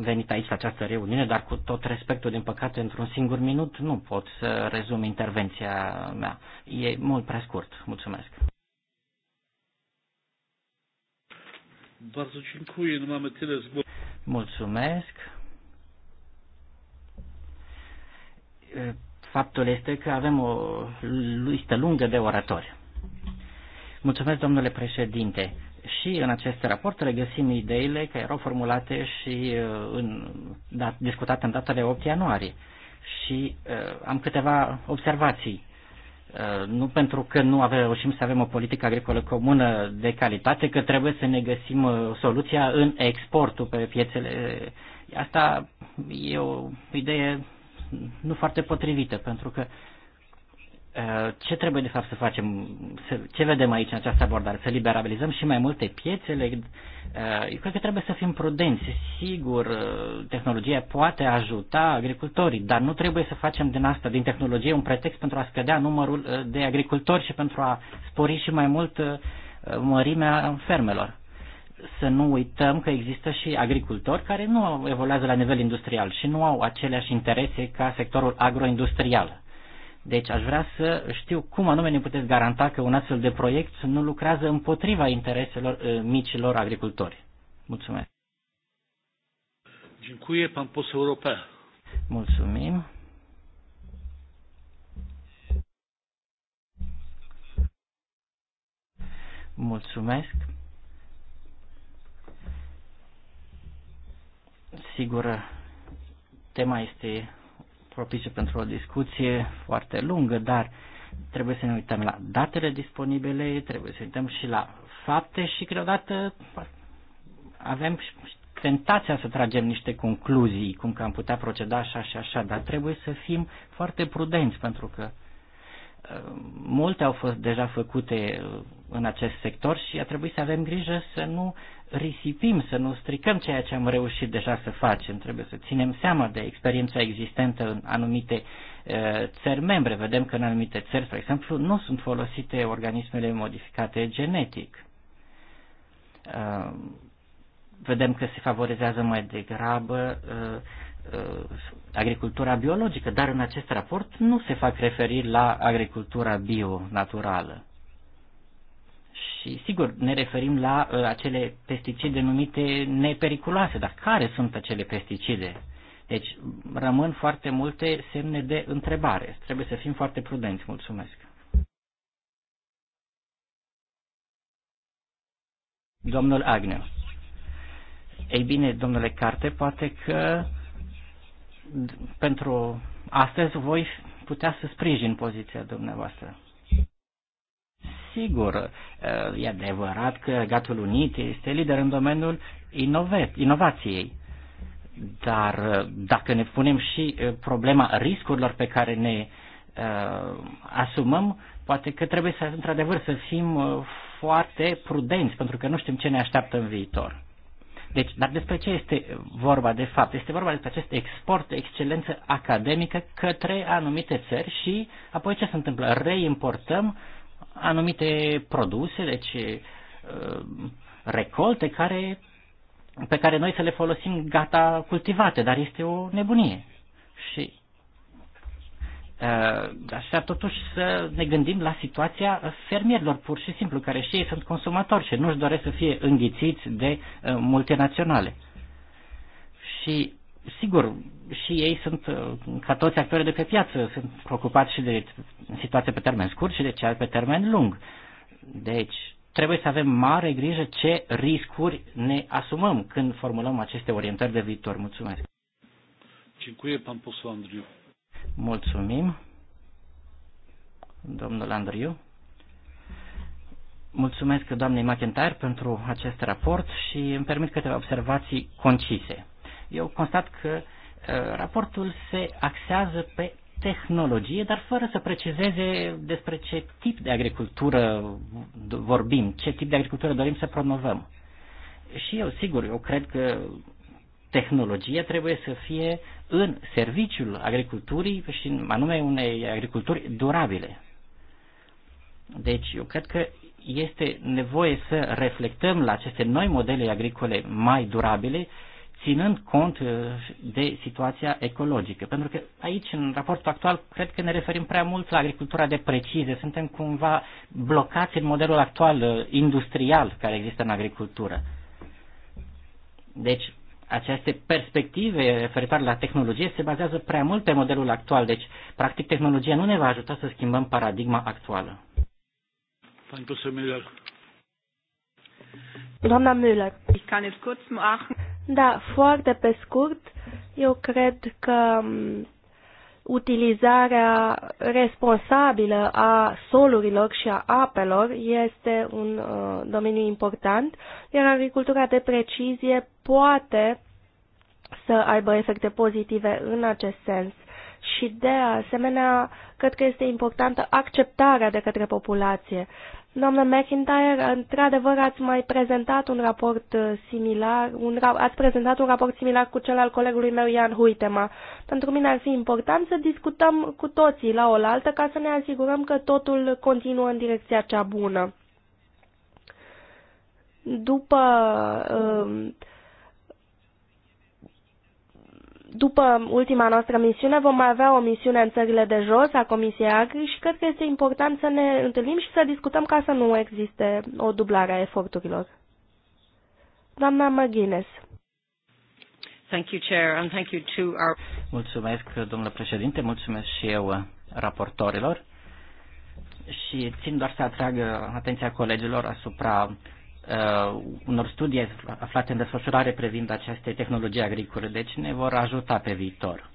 venit aici la această reuniune, dar cu tot respectul, din păcate, într-un singur minut nu pot să rezum intervenția mea. E mult prea scurt. Mulțumesc. Mulțumesc. Faptul este că avem o listă lungă de oratori. Mulțumesc, domnule președinte și în aceste rapoarte regăsim ideile care erau formulate și uh, în, dat, discutate în data de 8 ianuarie. Și uh, am câteva observații. Uh, nu pentru că nu avem, reușim să avem o politică agricolă comună de calitate, că trebuie să ne găsim uh, soluția în exportul pe piețele. Asta e o idee nu foarte potrivită, pentru că uh, Eh, ce trebuie de fapt să facem, ce vedem aici în această abordare, să liberalizăm și mai multe piețele. Eh, eu cred că trebuie să fim prudenți. Sigur, eh, tehnologia poate ajuta agricultorii, dar nu trebuie să facem din asta, din tehnologie, un pretext pentru a scădea numărul de agricultori și pentru a spori și mai mult mărimea fermelor. Să nu uităm că există și agricultori care nu evoluează la nivel industrial și nu au aceleași interese ca sectorul agroindustrial deci aș vrea să știu cum anume ne puteți garanta că un astfel de proiect nu lucrează împotriva intereselor eh, micilor agricultori. Mulțumesc. Dziękuję, pan poseł Europea. Mulțumim. Mulțumesc. Sigur, tema este propice pentru o discuție foarte lungă, dar trebuie să ne uităm la datele disponibile, trebuie să ne uităm și la fapte și câteodată avem tentația să tragem niște concluzii, cum că am putea proceda așa și așa, dar trebuie să fim foarte prudenți, pentru că uh, multe au fost deja făcute uh, în acest sector și a trebuit să avem grijă să nu risipim, să nu stricăm ceea ce am reușit deja să facem. Trebuie să ținem seama de experiența existentă în anumite țări membre. Vedem că în anumite țări, spre exemplu, nu sunt folosite organismele modificate genetic. Vedem că se favorizează mai degrabă agricultura biologică, dar în acest raport nu se fac referiri la agricultura bio-naturală. Și sigur, ne referim la uh, acele pesticide numite nepericuloase, dar care sunt acele pesticide? Deci rămân foarte multe semne de întrebare. Trebuie să fim foarte prudenți. Mulțumesc. Domnul Agneu. Ei bine, domnule Carte, poate că pentru astăzi voi putea să sprijin poziția dumneavoastră. Sigur, uh, e adevărat că Gatul Unit este lider în domeniul inovației. Dar uh, dacă ne punem și uh, problema riscurilor pe care ne uh, asumăm, poate că trebuie să, într-adevăr, să fim foarte prudenți, pentru că nu știm ce ne așteaptă în viitor. Deci, dar despre ce este vorba de fapt? Este vorba despre acest export de excelență academică către anumite țări și apoi ce se întâmplă? Reimportăm uh, anumite produse, deci uh, recolte care, pe care noi să le folosim gata cultivate, dar este o nebunie. Și uh, așa totuși să ne gândim la situația fermierilor pur și simplu, care și ei sunt consumatori și nu-și doresc să fie înghițiți de uh, multinaționale. Și sigur, și ei sunt, uh, ca toți actorii de pe piață, sunt preocupați și de situația pe termen scurt și de cea pe termen lung. Deci, trebuie să avem mare grijă ce riscuri ne asumăm când formulăm aceste orientări de viitor. Mulțumesc. Dziękuję pan Andriu. Mulțumim. Domnul Andriu. Mulțumesc doamnei McIntyre pentru acest raport și îmi permit câteva observații concise eu constat că uh, raportul se axează pe tehnologie, dar fără să precizeze despre ce tip de agricultură vorbim, ce tip de agricultură dorim să promovăm. Și eu, sigur, eu cred că tehnologia trebuie să fie în serviciul agriculturii și anume unei agriculturi durabile. Deci eu cred că este nevoie să reflectăm la aceste noi modele agricole mai durabile ținând cont uh, de situația ecologică. Pentru că aici, în raportul actual, cred că ne referim prea mult la agricultura de precizie. Suntem cumva blocați în modelul actual uh, industrial care există în agricultură. Deci, aceste perspective referitoare la tehnologie se bazează prea mult pe modelul actual. Deci, practic, tehnologia nu ne va ajuta să schimbăm paradigma actuală. Doamna Müller. Ich kann es kurz machen. Da, foarte pe scurt, eu cred că um, utilizarea responsabilă a solurilor și a apelor este un uh, domeniu important, iar agricultura de precizie poate să aibă efecte pozitive în acest sens. Și de asemenea, cred că este importantă acceptarea de către populație. Doamnă McIntyre, într-adevăr ați mai prezentat un raport uh, similar, un, ați prezentat un raport similar cu cel al colegului meu Ian Huitema. Pentru mine ar fi important să discutăm cu toții la oaltă ca să ne asigurăm că totul continuă în direcția cea bună. După uh, după ultima noastră misiune vom mai avea o misiune în țările de jos a Comisiei Agri și cred că este important să ne întâlnim și să discutăm ca să nu existe o dublare a eforturilor. Doamna McGuinness. Thank you, Chair, and thank you to our... Mulțumesc, domnule președinte, mulțumesc și eu raportorilor și țin doar să atrag atenția colegilor asupra uh, unor studii aflate în desfășurare privind aceste tehnologii agricole, deci ne vor ajuta pe viitor.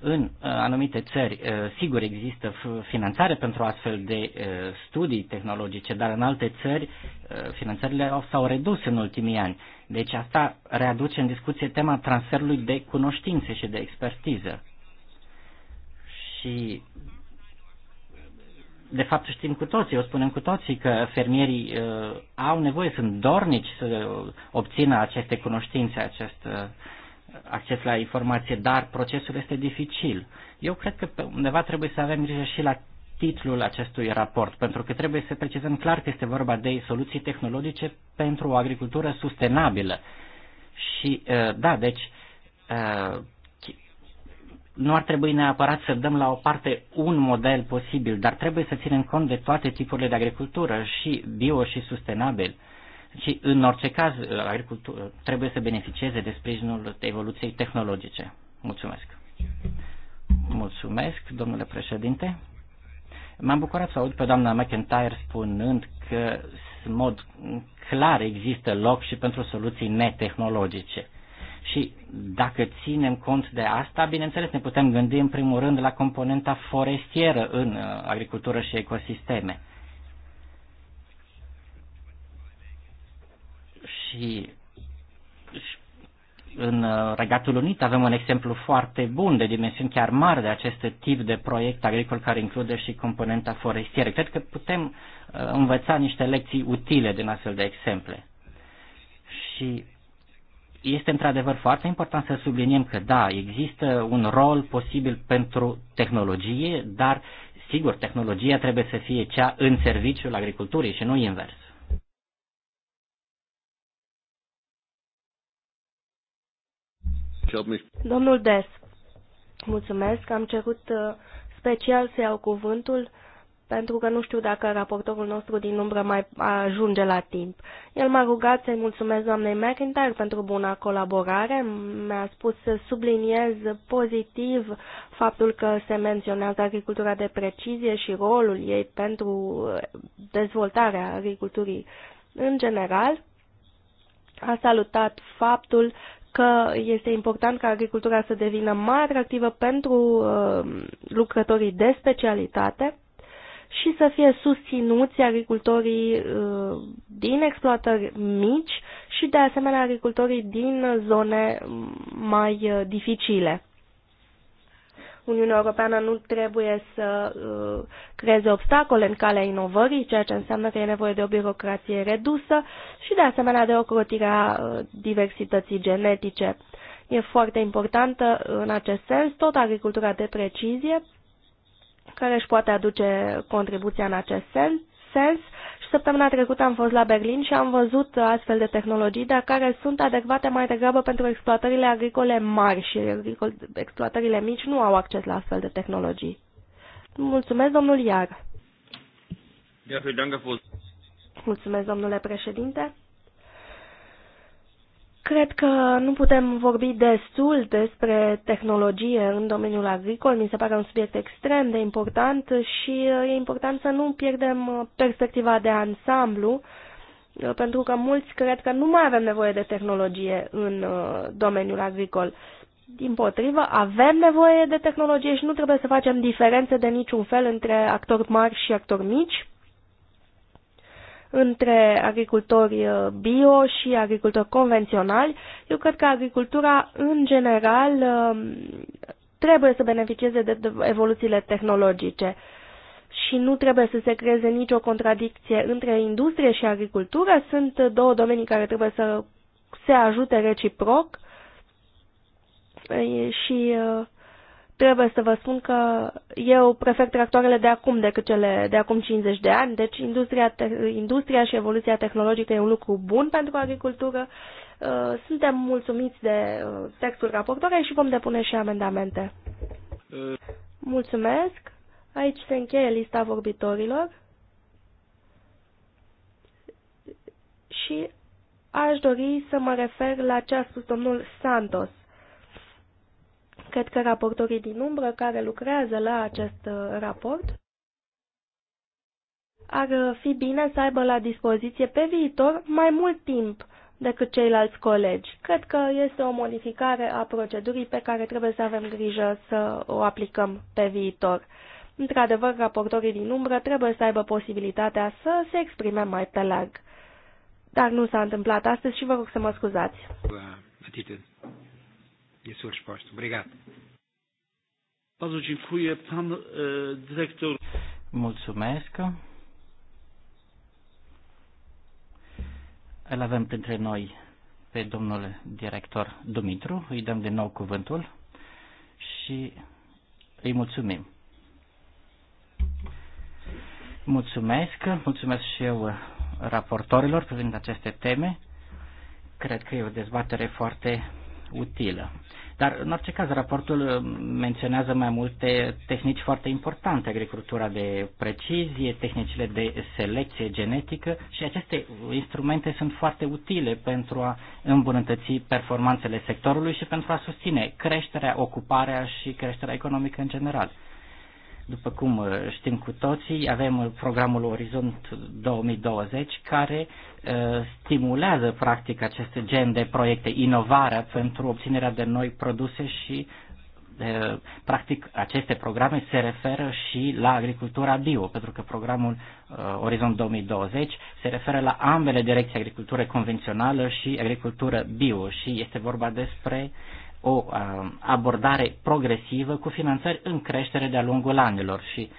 În uh, anumite țări, uh, sigur, există finanțare pentru astfel de uh, studii tehnologice, dar în alte țări uh, finanțările s-au redus în ultimii ani. Deci asta readuce în discuție tema transferului de cunoștințe și de expertiză. Și de fapt știm cu toții, o spunem cu toții că fermierii uh, au nevoie, sunt dornici să obțină aceste cunoștințe, acest uh, acces la informație, dar procesul este dificil. Eu cred că pe undeva trebuie să avem grijă și la titlul acestui raport, pentru că trebuie să precizăm clar că este vorba de soluții tehnologice pentru o agricultură sustenabilă. Și, uh, da, deci, uh, nu ar trebui neapărat să dăm la o parte un model posibil, dar trebuie să ținem cont de toate tipurile de agricultură, și bio și sustenabil. Și în orice caz, agricultura trebuie să beneficieze de sprijinul evoluției tehnologice. Mulțumesc. Mulțumesc, domnule președinte. M-am bucurat să aud pe doamna McIntyre spunând că, în mod clar, există loc și pentru soluții netehnologice și dacă ținem cont de asta, bineînțeles, ne putem gândi în primul rând la componenta forestieră în uh, agricultură și ecosisteme. Și, în uh, Regatul Unit avem un exemplu foarte bun de dimensiuni chiar mari de acest tip de proiect agricol care include și componenta forestieră. Cred că putem uh, învăța niște lecții utile din astfel de exemple. Și este într-adevăr foarte important să subliniem că da, există un rol posibil pentru tehnologie, dar sigur, tehnologia trebuie să fie cea în serviciul agriculturii și nu invers. Domnul Des, mulțumesc. Am cerut uh, special să iau cuvântul pentru că nu știu dacă raportorul nostru din umbră mai ajunge la timp. El m-a rugat să-i mulțumesc doamnei McIntyre pentru buna colaborare, mi-a spus să subliniez pozitiv faptul că se menționează agricultura de precizie și rolul ei pentru dezvoltarea agriculturii în general. A salutat faptul că este important ca agricultura să devină mai atractivă pentru uh, lucrătorii de specialitate și să fie susținuți agricultorii uh, din exploatări mici și de asemenea agricultorii din zone mai uh, dificile. Uniunea Europeană nu trebuie să uh, creeze obstacole în calea inovării, ceea ce înseamnă că e nevoie de o birocrație redusă și de asemenea de o a diversității genetice. E foarte importantă în acest sens tot agricultura de precizie care își poate aduce contribuția în acest sens. sens. Și săptămâna trecută am fost la Berlin și am văzut astfel de tehnologii, dar care sunt adecvate mai degrabă pentru exploatările agricole mari și exploatările mici nu au acces la astfel de tehnologii. Mulțumesc, domnul Iar. Mulțumesc, domnule președinte. Cred că nu putem vorbi destul despre tehnologie în domeniul agricol. Mi se pare un subiect extrem de important și uh, e important să nu pierdem uh, perspectiva de ansamblu, uh, pentru că mulți cred că nu mai avem nevoie de tehnologie în domeniul agricol. Din potrivă, avem nevoie de tehnologie și nu trebuie să facem diferențe de niciun fel între actori mari și actori mici între agricultori uh, bio și agricultori convenționali. Eu cred că agricultura, în general, um, trebuie să beneficieze de evoluțiile tehnologice și nu trebuie să se creeze nicio contradicție între industrie și agricultură. Sunt două domenii care trebuie să se ajute reciproc și uh, Trebuie să vă spun că eu prefer tractoarele de acum decât cele de acum 50 de ani, deci industria, industria și evoluția tehnologică e un lucru bun pentru agricultură. Uh, suntem mulțumiți de uh, textul raportoarei și vom depune și amendamente. Mulțumesc. Aici se încheie lista vorbitorilor. Și aș dori să mă refer la ce a spus domnul Santos Cred că raportorii din umbră care lucrează la acest uh, raport ar uh, fi bine să aibă la dispoziție pe viitor mai mult timp decât ceilalți colegi. Cred că este o modificare a procedurii pe care trebuie să avem grijă să o aplicăm pe viitor. Într-adevăr, raportorii din umbră trebuie să aibă posibilitatea să se exprime mai pe larg. Dar nu s-a întâmplat astăzi și vă rog să mă scuzați e sua resposta. Obrigado. Bardzo dziękuję. Pan dyrektor. Mulțumesc. Îl avem printre noi pe domnul director Dumitru. Îi dăm din nou cuvântul și îi mulțumim. Mulțumesc, mulțumesc și eu raportorilor privind aceste teme. Cred că e o dezbatere foarte utilă. Dar, în orice caz, raportul uh, menționează mai multe tehnici foarte importante, agricultura de precizie, tehnicile de selecție genetică și aceste instrumente sunt foarte utile pentru a îmbunătăți performanțele sectorului și pentru a susține creșterea, ocuparea și creșterea economică în general. După cum uh, știm cu toții, avem uh, programul Orizont 2020 care uh, stimulează practic acest gen de proiecte, inovarea pentru obținerea de noi produse și practic aceste programe se referă și la agricultura bio, pentru că programul Orizont 2020 se referă la ambele direcții, agricultură convențională și agricultură bio și este vorba despre uh, o uh, abordare progresivă cu finanțări în creștere de-a lungul anilor și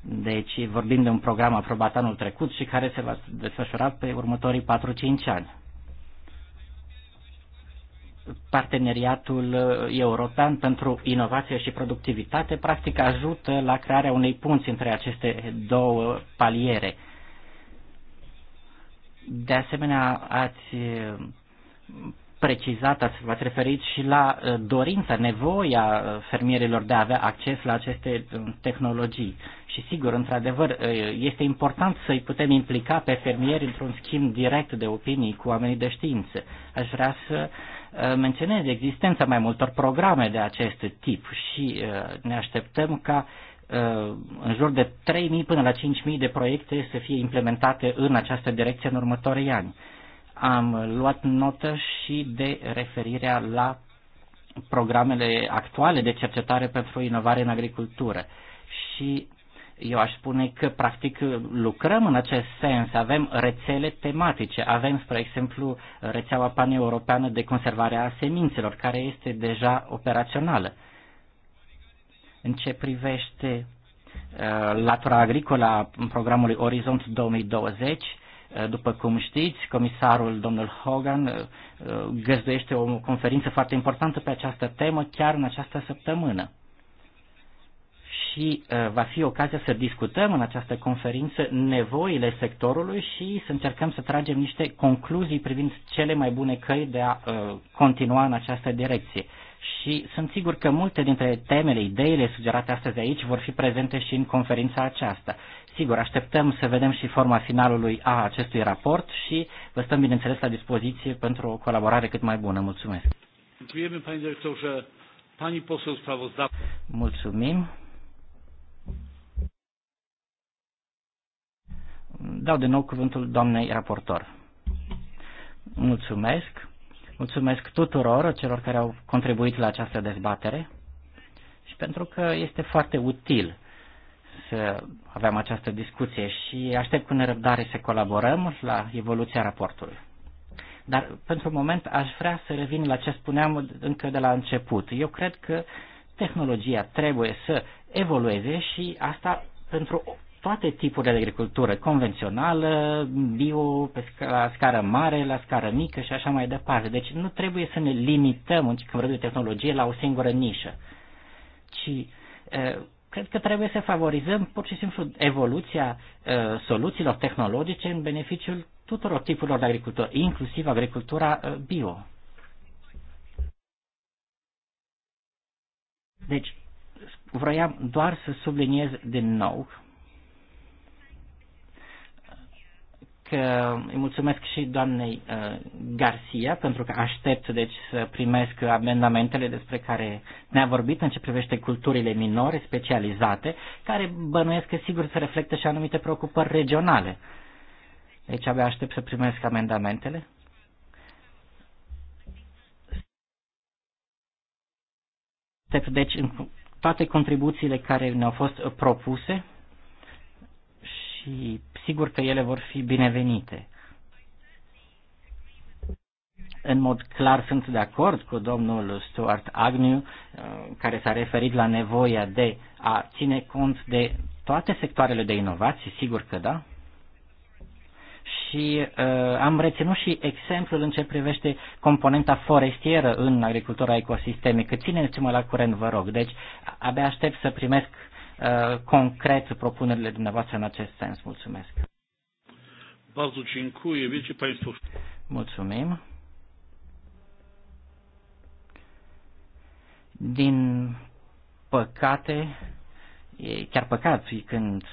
deci vorbim de un program aprobat anul trecut și care se va desfășura pe următorii 4-5 ani. Parteneriatul uh, European pentru Inovație și Productivitate practic ajută la crearea unei punți între aceste două paliere. De asemenea, ați precizat, v-ați referit și la uh, dorința, nevoia uh, fermierilor de a avea acces la aceste uh, tehnologii. Și sigur, într-adevăr, este important să-i putem implica pe fermieri într-un schimb direct de opinii cu oamenii de știință. Aș vrea să menționez existența mai multor programe de acest tip și ne așteptăm ca în jur de 3.000 până la 5.000 de proiecte să fie implementate în această direcție în următorii ani. Am luat notă și de referirea la programele actuale de cercetare pentru inovare în agricultură. Și eu aș spune că practic lucrăm în acest sens, avem rețele tematice, avem, spre exemplu, rețeaua paneuropeană de conservare a semințelor, care este deja operațională. În ce privește uh, latura agricolă a programului Orizont 2020, după cum știți, comisarul domnul Hogan uh, găzduiește o conferință foarte importantă pe această temă chiar în această săptămână. Și uh, va fi ocazia să discutăm în această conferință nevoile sectorului și să încercăm să tragem niște concluzii privind cele mai bune căi de a uh, continua în această direcție și sunt sigur că multe dintre temele, ideile sugerate astăzi aici vor fi prezente și în conferința aceasta. Sigur, așteptăm să vedem și forma finalului a acestui raport și vă stăm, bineînțeles, la dispoziție pentru o colaborare cât mai bună. Mulțumesc! Mulțumim! Dau de nou cuvântul doamnei raportor. Mulțumesc! Mulțumesc tuturor celor care au contribuit la această dezbatere și pentru că este foarte util să avem această discuție și aștept cu nerăbdare să colaborăm la evoluția raportului. Dar pentru moment aș vrea să revin la ce spuneam încă de la început. Eu cred că tehnologia trebuie să evolueze și asta pentru toate tipurile de agricultură, convențională, bio, pe sc- la scară mare, la scară mică și așa mai departe. Deci nu trebuie să ne limităm când vorbim de tehnologie la o singură nișă, ci Cred că trebuie să favorizăm pur și simplu evoluția uh, soluțiilor tehnologice în beneficiul tuturor tipurilor de agricultură, inclusiv agricultura uh, bio. Deci, vroiam doar să subliniez din nou îi mulțumesc și doamnei uh, Garcia pentru că aștept deci să primesc amendamentele despre care ne-a vorbit în ce privește culturile minore specializate, care bănuiesc că sigur se reflectă și anumite preocupări regionale. Deci abia aștept să primesc amendamentele. Aștept deci în toate contribuțiile care ne-au fost propuse și sigur că ele vor fi binevenite. În mod clar sunt de acord cu domnul Stuart Agnew, uh, care s-a referit la nevoia de a ține cont de toate sectoarele de inovații, sigur că da, și uh, am reținut și exemplul în ce privește componenta forestieră în agricultura ecosistemică. Țineți-mă la curent, vă rog. Deci, abia aștept să primesc concret propunerile dumneavoastră în acest sens. Mulțumesc. Bardzo dziękuję. Wiecie Państwo. Mulțumim. Din păcate, e chiar păcat, când,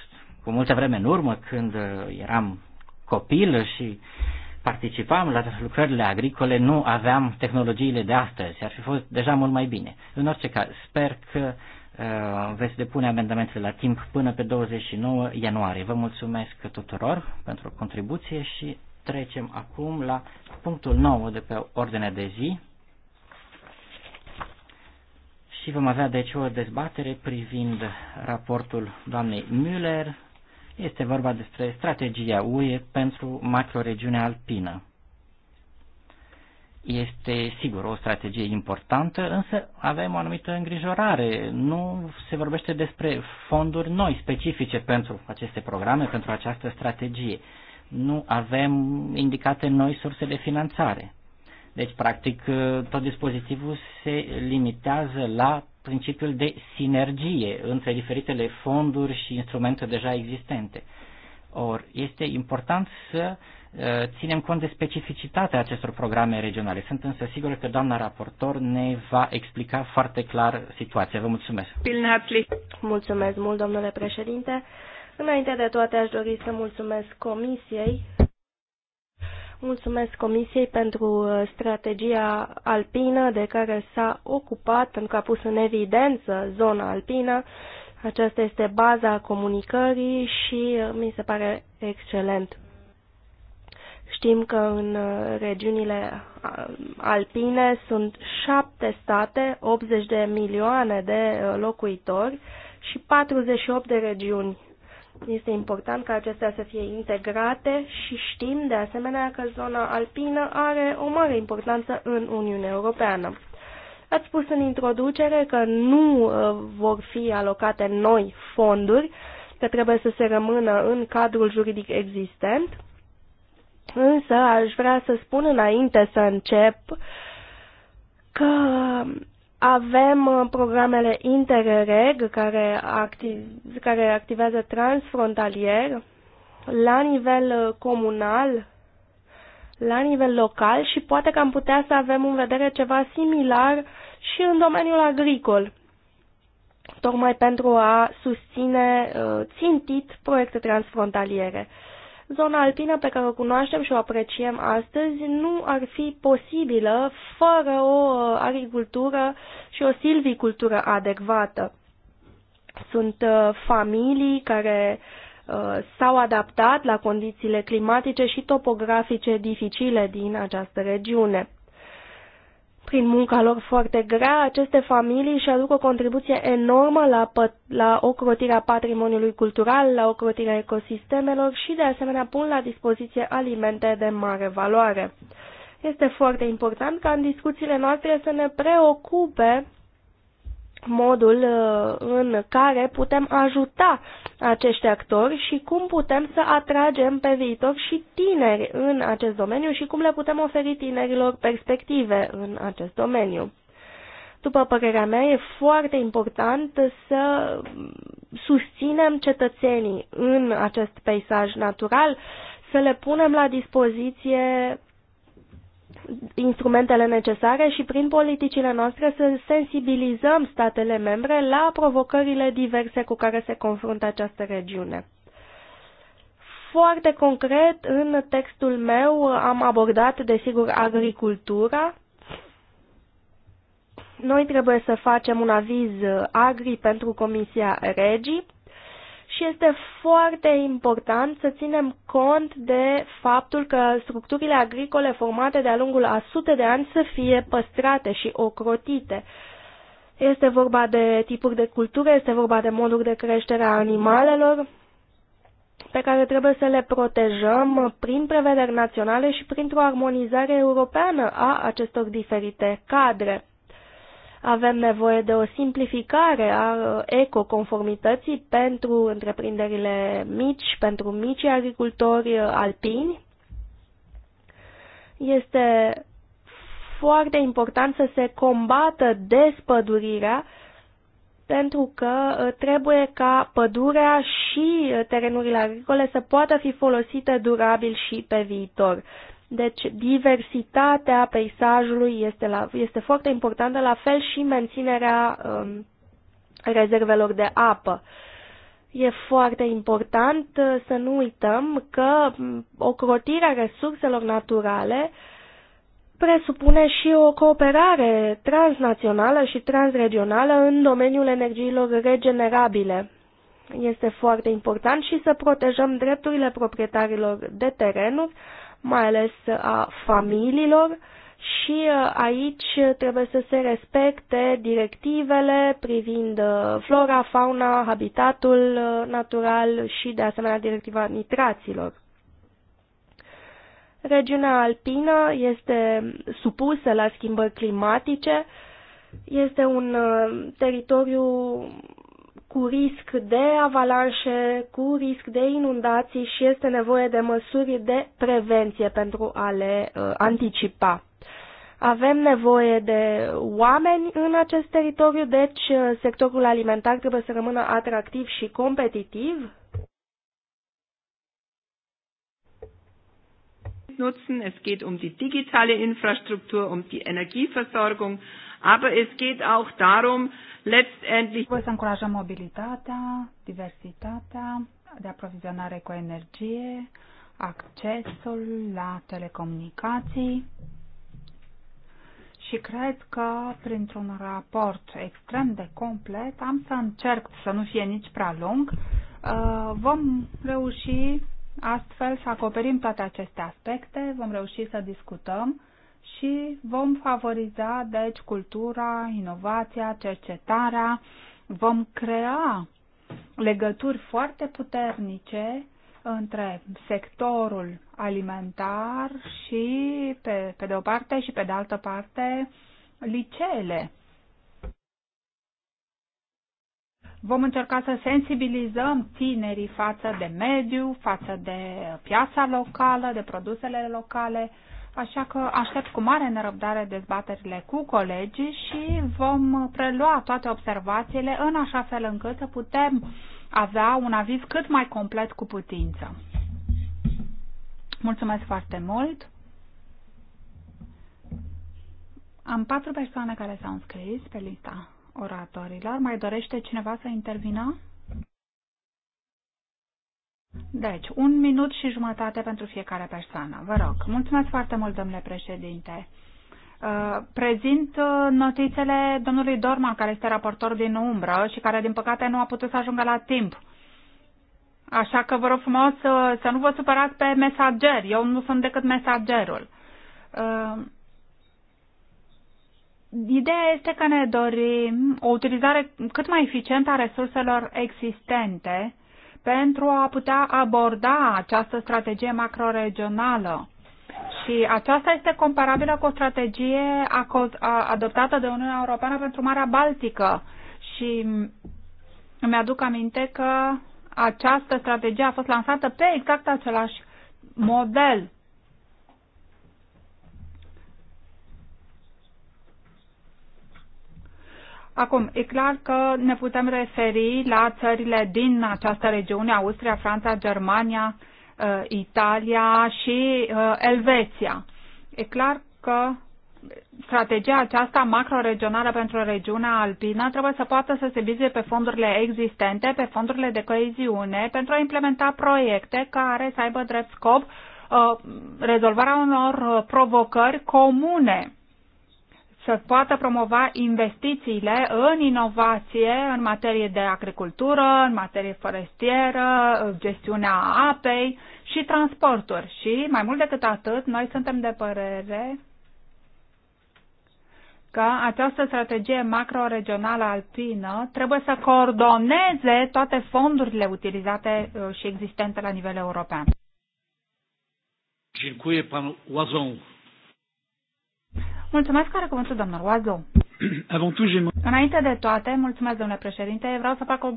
cu multă vreme în urmă, când eram copil și participam la lucrările agricole, nu aveam tehnologiile de astăzi. Ar fi fost deja mult mai bine. În orice caz, sper că Uh, veți depune amendamentele la timp până pe 29 ianuarie. Vă mulțumesc tuturor pentru contribuție și trecem acum la punctul 9 de pe ordinea de zi și vom avea deci o dezbatere privind raportul doamnei Müller. Este vorba despre strategia UE pentru macroregiunea alpină. Este, sigur, o strategie importantă, însă avem o anumită îngrijorare. Nu se vorbește despre fonduri noi specifice pentru aceste programe, pentru această strategie. Nu avem indicate noi surse de finanțare. Deci, practic, tot dispozitivul se limitează la principiul de sinergie între diferitele fonduri și instrumente deja existente. Or, este important să uh, Eh, ținem cont de specificitatea acestor programe regionale. Sunt însă sigur că doamna raportor ne va explica foarte clar situația. Vă mulțumesc. Mulțumesc mult, domnule președinte. Înainte de toate, aș dori să mulțumesc Comisiei. Mulțumesc Comisiei pentru uh, strategia alpină de care s-a ocupat, pentru că a pus în evidență zona alpină. Aceasta este baza comunicării și uh, mi se pare excelent. Știm că în uh, regiunile uh, alpine sunt șapte state, 80 de milioane de uh, locuitori și 48 de regiuni. Este important ca acestea să fie integrate și știm de asemenea că zona alpină are o mare importanță în Uniunea Europeană. Ați spus în introducere că nu vor fi alocate noi fonduri, că trebuie să se rămână în cadrul juridic existent Însă aș vrea să spun înainte să încep că avem uh, programele Interreg care, activ- care activează transfrontalier la nivel uh, comunal, la nivel local și poate că am putea să avem în vedere ceva similar și în domeniul agricol, tocmai pentru a susține uh, țintit proiecte transfrontaliere. Zona alpină pe care o cunoaștem și o apreciem astăzi nu ar fi posibilă fără o uh, agricultură și o silvicultură adecvată. Sunt uh, familii care uh, s-au adaptat la condițiile climatice și topografice dificile din această regiune. Prin munca lor foarte grea, aceste familii și aduc o contribuție enormă la, la ocrotirea patrimoniului cultural, la ocrotirea ecosistemelor și, de asemenea, pun la dispoziție alimente de mare valoare. Este foarte important ca în discuțiile noastre să ne preocupe modul uh, în care putem ajuta acești actori și cum putem să atragem pe viitor și tineri în acest domeniu și cum le putem oferi tinerilor perspective în acest domeniu. După părerea mea, e foarte important să susținem cetățenii în acest peisaj natural, să le punem la dispoziție instrumentele necesare și prin politicile noastre să sensibilizăm statele membre la provocările diverse cu care se confruntă această regiune. Foarte concret, în textul meu am abordat, desigur, agricultura. Noi trebuie să facem un aviz agri pentru Comisia Regii și este foarte important să ținem cont de faptul că structurile agricole formate de-a lungul a sute de ani să fie păstrate și ocrotite. Este vorba de tipuri de cultură, este vorba de moduri de creștere a animalelor pe care trebuie să le protejăm prin prevederi naționale și printr-o armonizare europeană a acestor diferite cadre. Avem nevoie de o simplificare a uh, ecoconformității pentru întreprinderile mici, pentru mici agricultori uh, alpini. Este foarte important să se combată despădurirea pentru că uh, trebuie ca pădurea și terenurile agricole să poată fi folosite durabil și pe viitor. Deci diversitatea peisajului este, la, este foarte importantă, la fel și menținerea um, rezervelor de apă. E foarte important uh, să nu uităm că um, ocrotirea resurselor naturale presupune și o cooperare transnațională și transregională în domeniul energiilor regenerabile. Este foarte important și să protejăm drepturile proprietarilor de terenuri, mai ales a familiilor și uh, aici trebuie să se respecte directivele privind uh, flora, fauna, habitatul uh, natural și de asemenea directiva nitraților. Regiunea alpină este supusă la schimbări climatice, este un teritoriu cu risc de avalanșe, cu risc de inundații și este nevoie de măsuri de prevenție pentru a le uh, anticipa. Avem nevoie de oameni în acest teritoriu, deci uh, sectorul alimentar trebuie să rămână atractiv și competitiv. Nutzen. Es geht um die digitale Infrastruktur, um die Energieversorgung Aber es geht auch darum, letztendlich. Trebuie să încurajăm mobilitatea, diversitatea de aprovizionare cu energie, accesul la telecomunicații și cred că printr-un raport extrem de complet am să încerc să nu fie nici prea lung. Uh, vom reuși astfel să acoperim toate aceste aspecte, vom reuși să discutăm și vom favoriza, deci, cultura, inovația, cercetarea, vom crea legături foarte puternice între sectorul alimentar și, pe, pe de o parte, și pe de altă parte, liceele. Vom încerca să sensibilizăm tinerii față de mediu, față de piața locală, de produsele locale. Așa că aștept cu mare nerăbdare dezbaterile cu colegii și vom prelua toate observațiile în așa fel încât să putem avea un aviz cât mai complet cu putință. Mulțumesc foarte mult! Am patru persoane care s-au înscris pe lista oratorilor. Mai dorește cineva să intervină? Deci, un minut și jumătate pentru fiecare persoană. Vă rog. Mulțumesc foarte mult, domnule președinte. Uh, prezint uh, notițele domnului Dorman, care este raportor din umbră și care, din păcate, nu a putut să ajungă la timp. Așa că vă rog frumos să, uh, să nu vă supărați pe mesager. Eu nu sunt decât mesagerul. Uh, ideea este că ne dorim o utilizare cât mai eficientă a resurselor existente pentru a putea aborda această strategie macroregională. Și aceasta este comparabilă cu o strategie adoptată de Uniunea Europeană pentru Marea Baltică. Și îmi aduc aminte că această strategie a fost lansată pe exact același model. Acum, e clar că ne putem referi la țările din această regiune, Austria, Franța, Germania, uh, Italia și uh, Elveția. E clar că strategia aceasta macroregională pentru regiunea alpină trebuie să poată să se vizie pe fondurile existente, pe fondurile de coeziune, pentru a implementa proiecte care să aibă drept scop uh, rezolvarea unor provocări comune să poată promova investițiile în inovație în materie de agricultură, în materie forestieră, gestiunea apei și transporturi. Și mai mult decât atât, noi suntem de părere că această strategie macro-regională alpină trebuie să coordoneze toate fondurile utilizate uh, și existente la nivel european. Dziękuję panu Łazon. Mulțumesc, care cuvântul, doamnă Oazou. Înainte de toate, mulțumesc, domnule președinte, vreau să fac o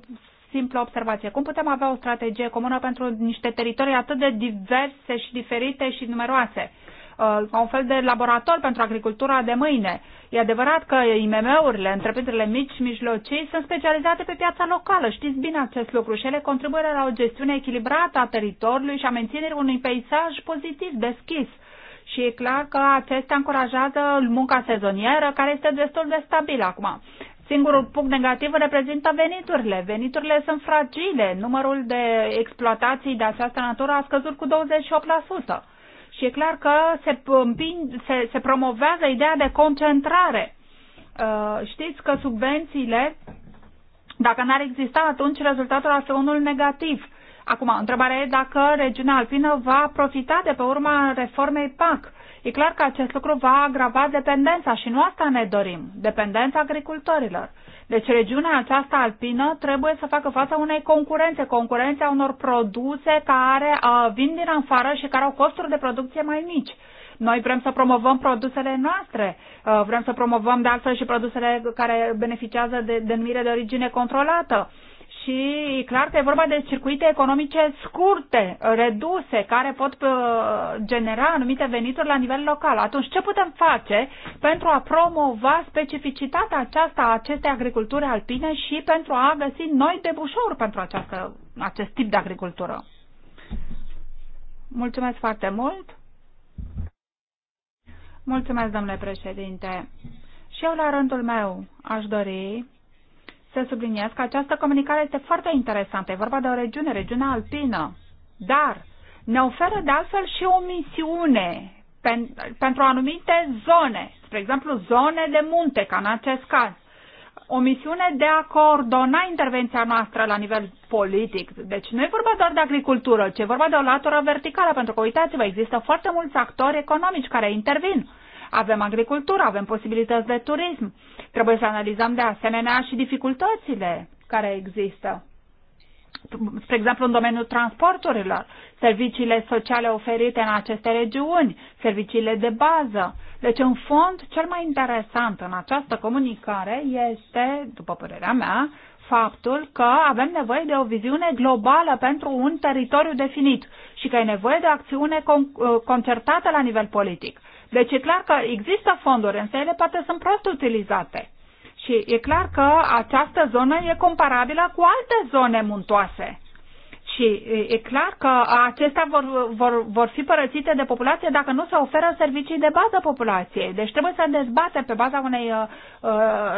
simplă observație. Cum putem avea o strategie comună pentru niște teritorii atât de diverse și diferite și numeroase? Uh, ca un fel de laborator pentru agricultura de mâine. E adevărat că IMM-urile, întreprinderile mici, și mijlocii, sunt specializate pe piața locală. Știți bine acest lucru și ele contribuie la o gestiune echilibrată a teritoriului și a menținerii unui peisaj pozitiv, deschis. Și e clar că acestea încurajează munca sezonieră, care este destul de stabilă acum. Singurul punct negativ reprezintă veniturile. Veniturile sunt fragile. Numărul de exploatații de această natură a scăzut cu 28%. Și e clar că se, împing, se, se promovează ideea de concentrare. Uh, știți că subvențiile, dacă n-ar exista, atunci rezultatul ar fi unul negativ. Acum, întrebarea e dacă regiunea alpină va profita de pe urma reformei PAC. E clar că acest lucru va agrava dependența și nu asta ne dorim, dependența agricultorilor. Deci regiunea aceasta alpină trebuie să facă față unei concurențe, concurențe a unor produse care uh, vin din afară și care au costuri de producție mai mici. Noi vrem să promovăm produsele noastre, uh, vrem să promovăm de altfel și produsele care beneficiază de denumire de origine controlată. Uh, și e clar că e vorba de circuite economice scurte, reduse, care pot uh, genera anumite venituri la nivel local. Atunci, ce putem face pentru a promova specificitatea aceasta a acestei agriculturi alpine și pentru a găsi noi debușuri pentru această, acest tip de agricultură? Mulțumesc foarte mult! Mulțumesc, domnule președinte! Și eu, la rândul meu, aș dori să subliniez că această comunicare este foarte interesantă. E vorba de o regiune, regiunea alpină, dar ne oferă de altfel și o misiune pen, pentru anumite zone, spre exemplu zone de munte, ca în acest caz. O misiune de a coordona intervenția noastră la nivel politic. Deci nu e vorba doar de agricultură, ci e vorba de o latură verticală, pentru că uitați-vă, există foarte mulți actori economici care intervin avem agricultură, avem posibilități de turism, Trebuie să analizăm de asemenea și dificultățile care există. Spre exemplu, în domeniul transporturilor, serviciile sociale oferite în aceste regiuni, serviciile de bază. Deci, în fond, cel mai interesant în această comunicare este, după părerea mea, faptul că avem nevoie de o viziune globală pentru un teritoriu definit și că e nevoie de o acțiune concertată la nivel politic. Deci e clar că există fonduri, însă ele poate sunt prost utilizate. Și e clar că această zonă e comparabilă cu alte zone muntoase. Și e clar că acestea vor, vor, vor fi părățite de populație dacă nu se oferă servicii de bază populației. Deci trebuie să dezbatem pe baza unei uh, uh,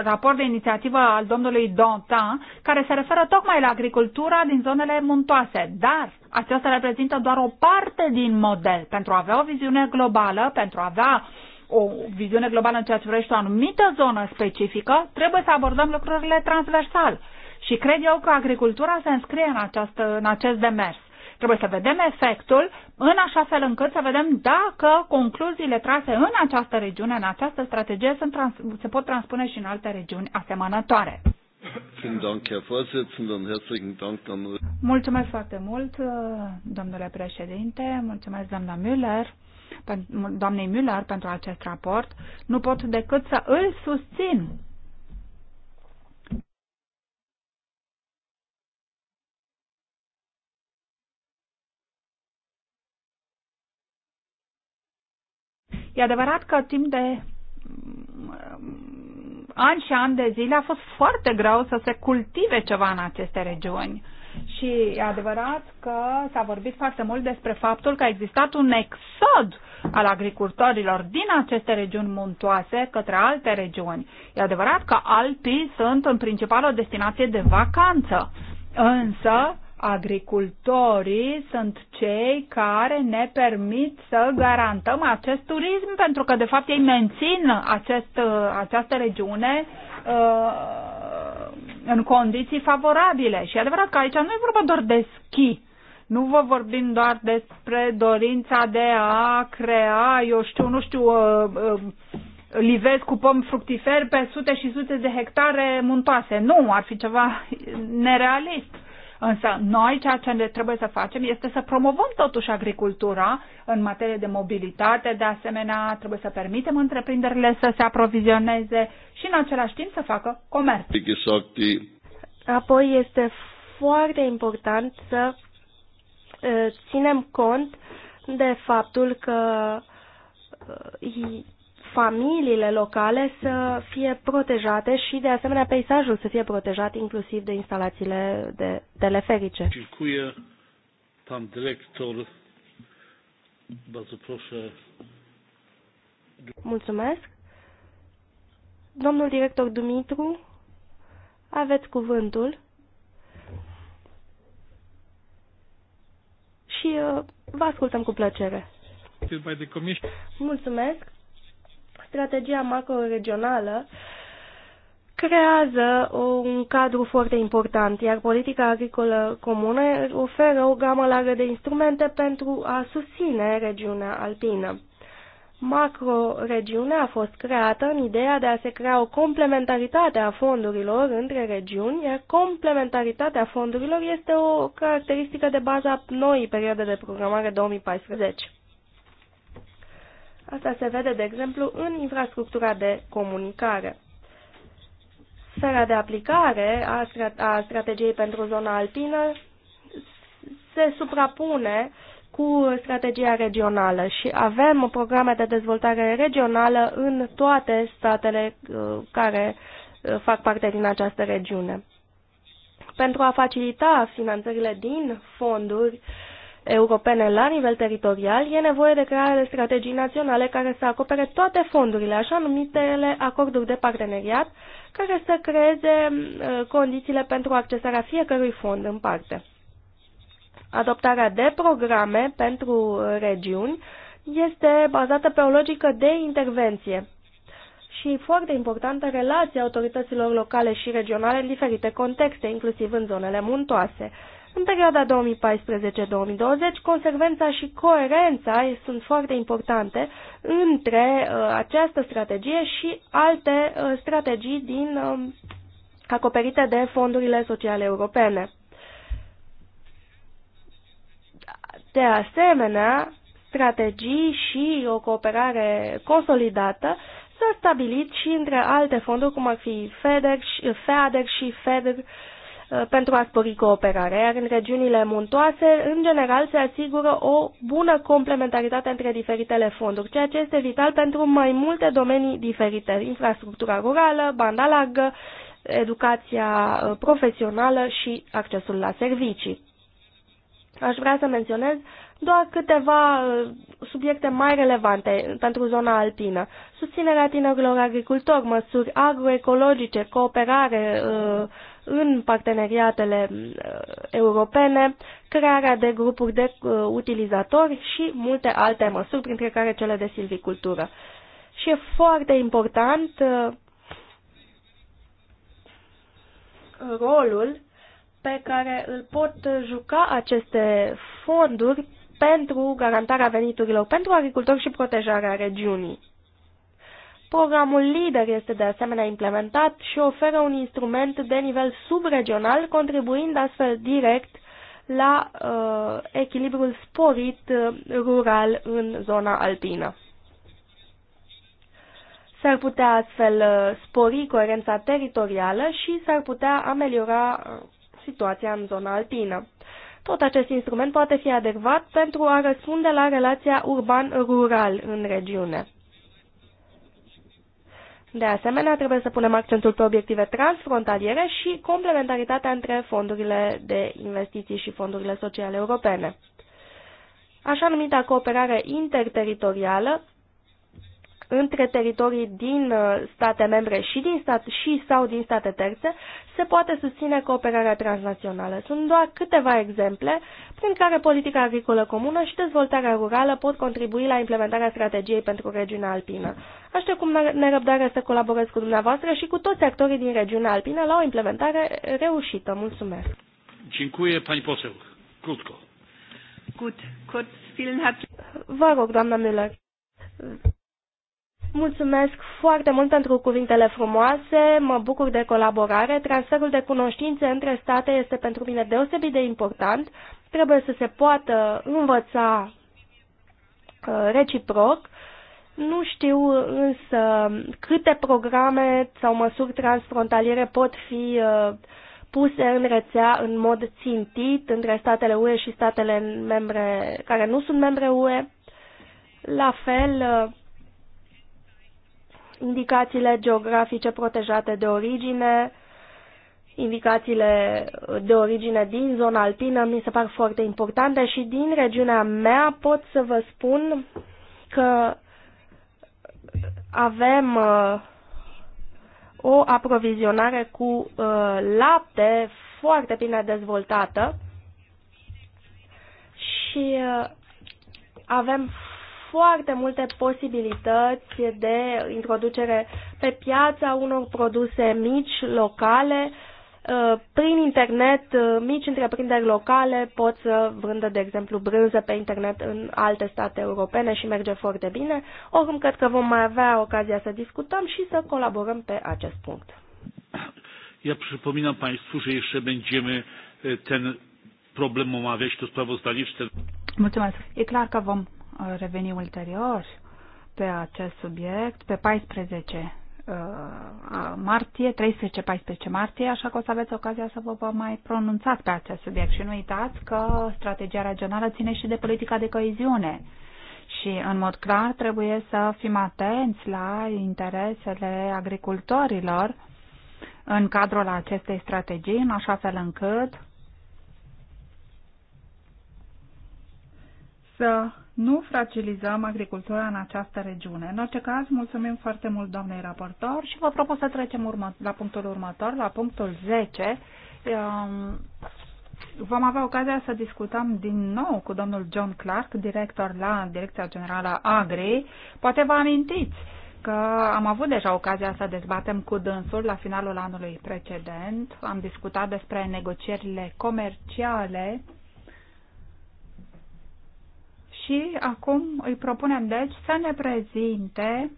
raport de inițiativă al domnului Dantin, care se referă tocmai la agricultura din zonele muntoase. Dar aceasta reprezintă doar o parte din model. Pentru a avea o viziune globală, pentru a avea o viziune globală în ceea ce privește o anumită zonă specifică, trebuie să abordăm lucrurile transversal. Și cred eu că agricultura se înscrie în, această, în acest demers. Trebuie să vedem efectul în așa fel încât să vedem dacă concluziile trase în această regiune, în această strategie, sunt trans- se pot transpune și în alte regiuni asemănătoare. Mulțumesc foarte mult, domnule președinte, mulțumesc doamna Müller, doamnei Müller pentru acest raport. Nu pot decât să îl susțin E adevărat că timp de mm, ani și ani de zile a fost foarte greu să se cultive ceva în aceste regiuni. Și e adevărat că s-a vorbit foarte mult despre faptul că a existat un exod al agricultorilor din aceste regiuni muntoase către alte regiuni. E adevărat că Alpii sunt în principal o destinație de vacanță, însă Agricultorii sunt cei care ne permit să garantăm acest turism, pentru că, de fapt, ei mențin acest, uh, această regiune uh, în condiții favorabile. Și e adevărat că aici nu e vorba doar de schi, nu vă vorbim doar despre dorința de a crea, eu știu, nu știu, uh, uh, livez cu pom fructiferi pe sute și sute de hectare muntoase. Nu, ar fi ceva nerealist. Însă noi ceea ce ne trebuie să facem este să promovăm totuși agricultura în materie de mobilitate, de asemenea trebuie să permitem întreprinderile să se aprovizioneze și în același timp să facă comerț. Apoi este foarte important să ă, ținem cont de faptul că ă, familiile locale să fie protejate și, de asemenea, peisajul să fie protejat inclusiv de instalațiile de teleferice. Dziękuję. Pan director. bardzo proszę. Mulțumesc. Domnul director Dumitru, aveți cuvântul. Și uh, vă ascultăm cu plăcere. Mulțumesc strategia macroregională creează un cadru foarte important, iar politica agricolă comună oferă o gamă largă de instrumente pentru a susține regiunea alpină. Macroregiunea a fost creată în ideea de a se crea o complementaritate a fondurilor între regiuni, iar complementaritatea fondurilor este o caracteristică de bază a noii perioade de programare 2014. Asta se vede, de exemplu, în infrastructura de comunicare. Sfera de aplicare a, a strategiei pentru zona alpină se suprapune cu strategia regională și avem programe de dezvoltare regională în toate statele uh, care uh, fac parte din această regiune. Pentru a facilita finanțările din fonduri, uh, europene la nivel teritorial, e nevoie de crearea de strategii naționale care să acopere toate fondurile, așa numitele acorduri de parteneriat, care să creeze condițiile pentru accesarea fiecărui fond în parte. Adoptarea de programe pentru uh, regiuni este bazată pe o logică de intervenție și foarte importantă relația autorităților locale și regionale în diferite contexte, inclusiv în zonele muntoase în perioada 2014-2020, consecvența și coerența sunt foarte importante între uh, această strategie și alte uh, strategii din uh, acoperite de fondurile sociale europene. De asemenea, strategii și o cooperare consolidată s au stabilit și între alte fonduri, cum ar fi FEDER și, FEDER. și FEDER, Uh, pentru a spori cooperarea, iar în regiunile muntoase, în general, se asigură o bună complementaritate între diferitele fonduri, ceea ce este vital pentru mai multe domenii diferite, infrastructura rurală, banda largă, educația uh, profesională și accesul la servicii. Aș vrea să menționez doar câteva uh, subiecte mai relevante pentru zona alpină. Susținerea tinerilor agricultori, măsuri agroecologice, cooperare, în parteneriatele uh, europene, crearea de grupuri de uh, utilizatori și multe alte măsuri, printre care cele de silvicultură. Și e foarte important uh, rolul pe care îl pot juca aceste fonduri pentru garantarea veniturilor pentru agricultori și protejarea regiunii. Programul LIDER este de asemenea implementat și oferă un instrument de nivel subregional, contribuind astfel direct la uh, echilibrul sporit uh, rural în zona alpină. S-ar putea astfel uh, spori coerența teritorială și s-ar putea ameliora uh, situația în zona alpină. Tot acest instrument poate fi adecvat pentru a răspunde la relația urban-rural în regiune. De asemenea, trebuie să punem accentul pe obiective transfrontaliere și complementaritatea între fondurile de investiții și fondurile sociale europene. Așa numita cooperare interteritorială între teritorii din uh, state membre și, din stat, și sau din state terțe, se poate susține cooperarea transnațională. Sunt doar câteva exemple prin care politica agricolă comună și dezvoltarea rurală pot contribui la implementarea strategiei pentru regiunea alpină. Aștept ne nerăbdare să colaborez cu dumneavoastră și cu toți actorii din regiunea alpină la o implementare reușită. Mulțumesc! Dziękuję, pani poseł. Krótko. Gut, kurz, vielen herzlichen Vă rog, doamna Müller. Mulțumesc foarte mult pentru cuvintele frumoase, mă bucur de colaborare. Transferul de cunoștințe între state este pentru mine deosebit de important. Trebuie să se poată învăța uh, reciproc. Nu știu însă câte programe sau măsuri transfrontaliere pot fi uh, puse în rețea în mod țintit între statele UE și statele membre care nu sunt membre UE. La fel, uh, indicațiile geografice protejate de origine, indicațiile de origine din zona alpină mi se par foarte importante și din regiunea mea pot să vă spun că avem uh, o aprovizionare cu uh, lapte foarte bine dezvoltată și uh, avem foarte multe posibilități de introducere pe piața unor produse mici, locale. Uh, prin internet, uh, mici întreprinderi locale pot să vândă, de exemplu, brânză pe internet în alte state europene și merge foarte bine. Oricum, cred că vom mai avea ocazia să discutăm și să colaborăm pe acest punct. Ja przypominam Państwu, że jeszcze będziemy ten problem omawiać, to sprawozdanie. Mulțumesc. E clar că vom reveni ulterior pe acest subiect pe 14 uh, martie, 13-14 martie, așa că o să aveți ocazia să vă mai pronunțați pe acest subiect și nu uitați că strategia regională ține și de politica de coeziune și, în mod clar, trebuie să fim atenți la interesele agricultorilor în cadrul acestei strategii, în așa fel încât să nu fragilizăm agricultura în această regiune. În orice caz, mulțumim foarte mult doamnei raportor și vă propun să trecem urmă, la punctul următor, la punctul 10. Um, ehm, vom avea ocazia să discutăm din nou cu domnul John Clark, director la Direcția Generală Agri. Poate vă amintiți că am avut deja ocazia să dezbatem cu dânsul la finalul anului precedent. Am discutat despre negocierile comerciale și acum îi propunem deci să ne prezinte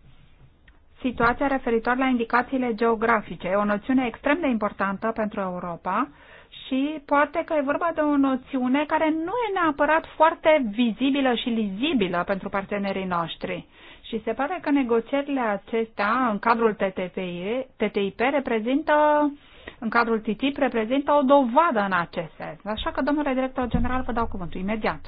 situația referitoare la indicațiile geografice. E o noțiune extrem de importantă pentru Europa și poate că e vorba de o noțiune care nu e neapărat foarte vizibilă și lizibilă pentru partenerii noștri. Și se pare că negocierile acestea în cadrul TTIP, TTIP reprezintă, în cadrul TTIP reprezintă o dovadă în acest sens. Așa că, domnule director general, vă dau cuvântul imediat.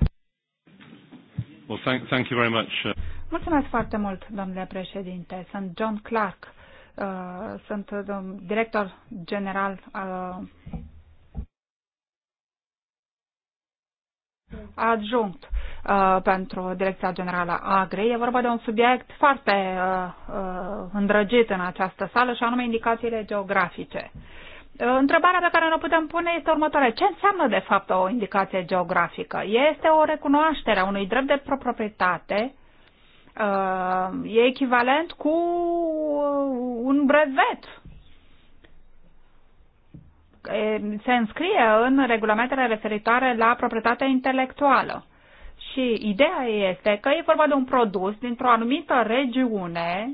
Well, thank, thank you very much. Uh, Mulțumesc foarte mult, domnule președinte. Sunt John Clark. Uh, sunt director general uh, adjunct uh, pentru Direcția Generală Agri. E vorba de un subiect foarte uh, uh, îndrăgit în această sală și anume indicațiile geografice. Uh, Întrebarea pe care o putem pune este următoarea. Ce înseamnă, de fapt, o indicație geografică? Este o recunoaștere a unui drept de proprietate uh, e echivalent cu uh, un brevet. Se înscrie în regulamentele referitoare la proprietatea intelectuală. Și ideea este că e vorba de un produs dintr-o anumită regiune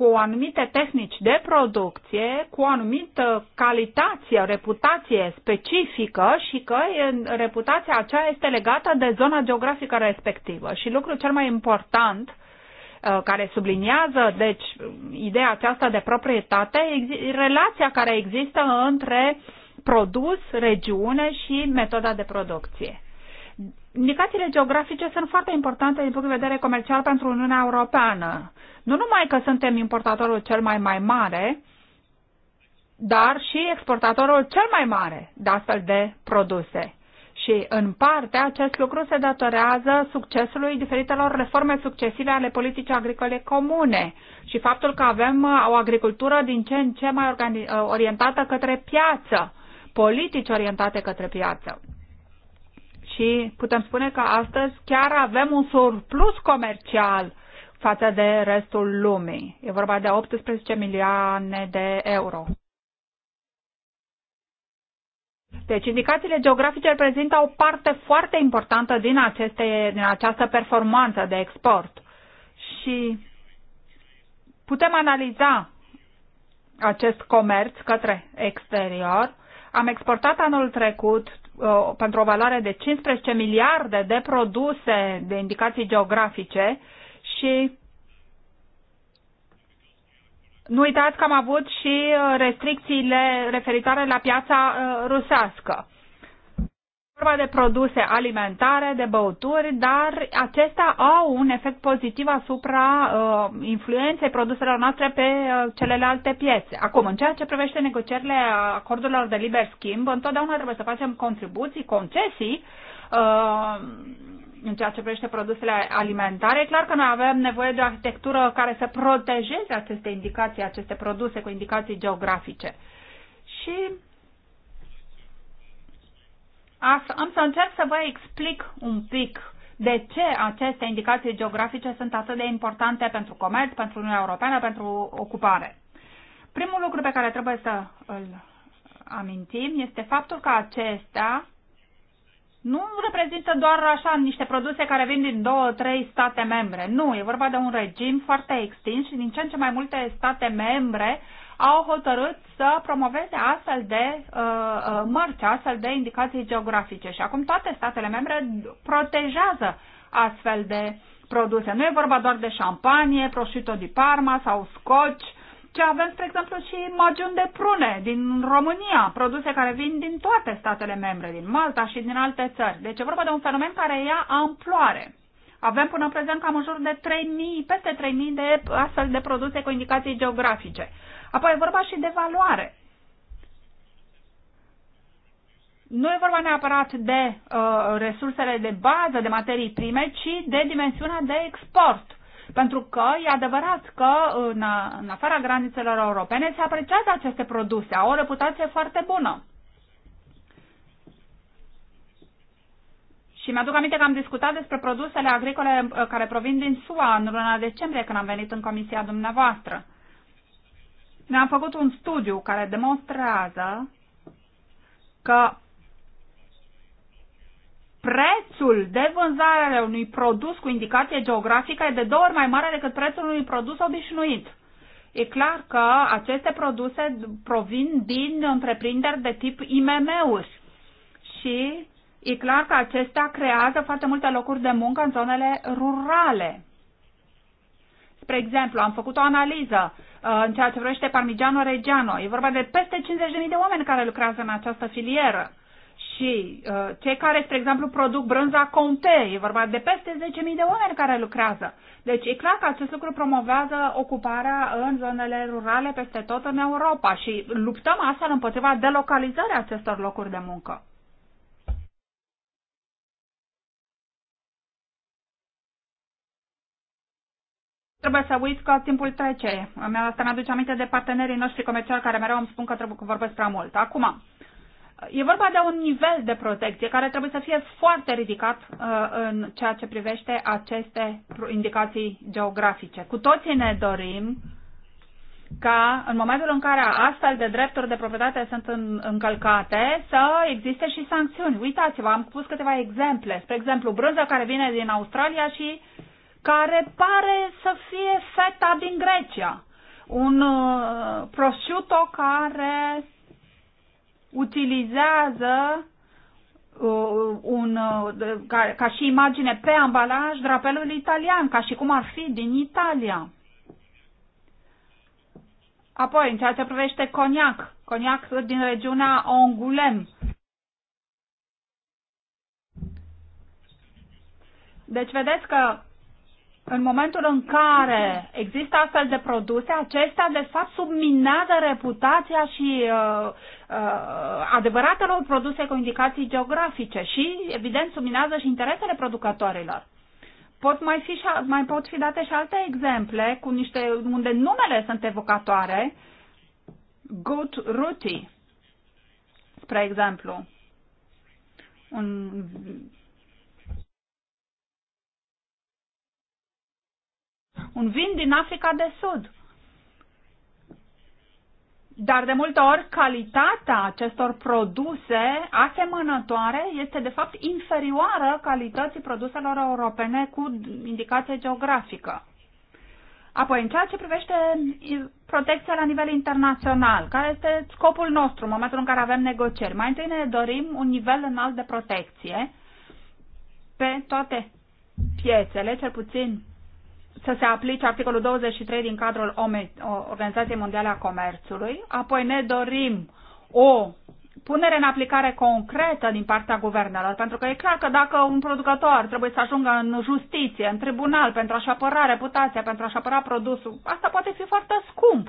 cu anumite tehnici de producție, cu o anumită calitate, reputație specifică și că reputația aceea este legată de zona geografică respectivă. Și lucrul cel mai important uh, care subliniază, deci, ideea aceasta de proprietate, relația care există între produs, regiune și metoda de producție. Indicațiile geografice sunt foarte importante din punct de vedere comercial pentru Uniunea Europeană. Nu numai că suntem importatorul cel mai, mai mare, dar și exportatorul cel mai mare de astfel de produse. Și, în parte, acest lucru se datorează succesului diferitelor reforme succesive ale politicii agricole comune și faptul că avem uh, o agricultură din ce în ce mai uh, orientată către piață, politici orientate către piață și putem spune că astăzi chiar avem un surplus comercial față de restul lumii. E vorba de 18 milioane de euro. Deci, indicațiile geografice reprezintă o parte foarte importantă din, aceste, din această performanță de export. Și putem analiza acest comerț către exterior. Am exportat anul trecut pentru o valoare de 15 miliarde de produse de indicații geografice și nu uitați că am avut și restricțiile referitoare la piața uh, rusească vorba de produse alimentare, de băuturi, dar acestea au un efect pozitiv asupra uh, influenței produselor noastre pe uh, celelalte piețe. Acum, în ceea ce privește negocierile acordurilor de liber schimb, întotdeauna trebuie să facem contribuții, concesii. Uh, în ceea ce privește produsele alimentare, e clar că noi avem nevoie de o arhitectură care să protejeze aceste indicații, aceste produse cu indicații geografice. Și am să încerc să vă explic un pic de ce aceste indicații geografice sunt atât de importante pentru comerț, pentru Uniunea Europeană, pentru ocupare. Primul lucru pe care trebuie să îl amintim este faptul că acestea nu reprezintă doar așa niște produse care vin din două, trei state membre. Nu, e vorba de un regim foarte extins și din ce în ce mai multe state membre au hotărât să promoveze astfel de uh, uh, mărci, astfel de indicații geografice. Și acum toate statele membre protejează astfel de produse. Nu e vorba doar de șampanie, prosciutto di Parma sau scotch, ci avem, spre exemplu, și magiuni de prune din România, produse care vin din toate statele membre, din Malta și din alte țări. Deci e vorba de un fenomen care ia amploare. Avem până în prezent cam în jur de 3.000, peste 3.000 de astfel de produse cu indicații geografice. Apoi e vorba și de valoare. Nu e vorba neapărat de uh, resursele de bază, de materii prime, ci de dimensiunea de export. Pentru că e adevărat că în, în afara granițelor europene se apreciază aceste produse, au o reputație foarte bună. Și mi-aduc aminte că am discutat despre produsele agricole uh, care provin din SUA în luna decembrie când am venit în comisia dumneavoastră. Uh, ne-am făcut un studiu care demonstrează că prețul de vânzare al unui produs cu indicație geografică e de două ori mai mare decât prețul unui produs obișnuit. E clar că aceste produse provin din întreprinderi de tip IMM-uri și e clar că acestea creează foarte multe locuri de muncă în zonele rurale. Spre exemplu, am făcut o analiză uh, în ceea ce vrește Parmigiano Reggiano. E vorba de peste 50.000 de oameni care lucrează în această filieră. Și uh, cei care, spre exemplu, produc brânza Conte, e vorba de peste 10.000 de oameni care lucrează. Deci e clar că acest lucru promovează ocuparea în zonele rurale peste tot în Europa și luptăm astfel împotriva delocalizării acestor locuri de muncă. trebuie să uiți că timpul trece. Asta mi-aduce aminte de partenerii noștri comerciali care mereu îmi spun că trebuie că vorbesc prea mult. Acum, e vorba de un nivel de protecție care trebuie să fie foarte ridicat uh, în ceea ce privește aceste indicații geografice. Cu toții ne dorim ca în momentul în care astfel de drepturi de proprietate sunt încălcate să existe și sancțiuni. Uitați-vă, am pus câteva exemple. Spre exemplu, brânza care vine din Australia și uh, care pare să fie feta din Grecia. Un uh, prosciutto care utilizează uh, un, uh, ca, ca și imagine pe ambalaj drapelul italian, ca și cum ar fi din Italia. Apoi, în ceea ce privește coniac, coniac din regiunea Ongulem. Deci vedeți că în momentul în care există astfel de produse, acestea de fapt subminează reputația și uh, uh, adevăratelor produse cu indicații geografice și, evident, subminează și interesele producătorilor. Pot mai, fi și, mai pot fi date și alte exemple cu niște, unde numele sunt evocatoare. Good Ruti, spre exemplu. Un un vin din Africa de Sud. Dar de multe ori calitatea acestor produse asemănătoare este de fapt inferioară calității produselor europene cu indicație geografică. Apoi, în ceea ce privește protecția la nivel internațional, care este scopul nostru în momentul în care avem negocieri, mai întâi ne dorim un nivel înalt de protecție pe toate piețele, cel puțin să se aplice articolul 23 din cadrul Organizației Mondiale a Comerțului, apoi ne dorim o punere în aplicare concretă din partea guvernelor, pentru că e clar că dacă un producător trebuie să ajungă în justiție, în tribunal, pentru a-și apăra reputația, pentru a-și apăra produsul, asta poate fi foarte scump.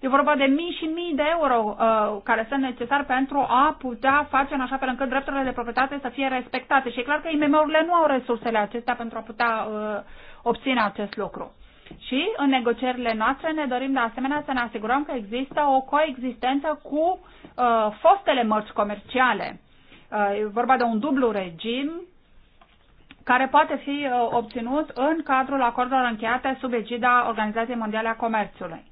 E vorba de mii și mii de euro uh, care sunt necesari pentru a putea face în așa fel încât drepturile de proprietate să fie respectate. Și e clar că IMM-urile nu au resursele acestea pentru a putea uh, obține acest lucru. Și în negocierile noastre ne dorim de asemenea să ne asigurăm că există o coexistență cu uh, fostele mărci comerciale. Uh, e vorba de un dublu regim care poate fi uh, obținut în cadrul acordurilor încheiate sub egida Organizației Mondiale a Comerțului.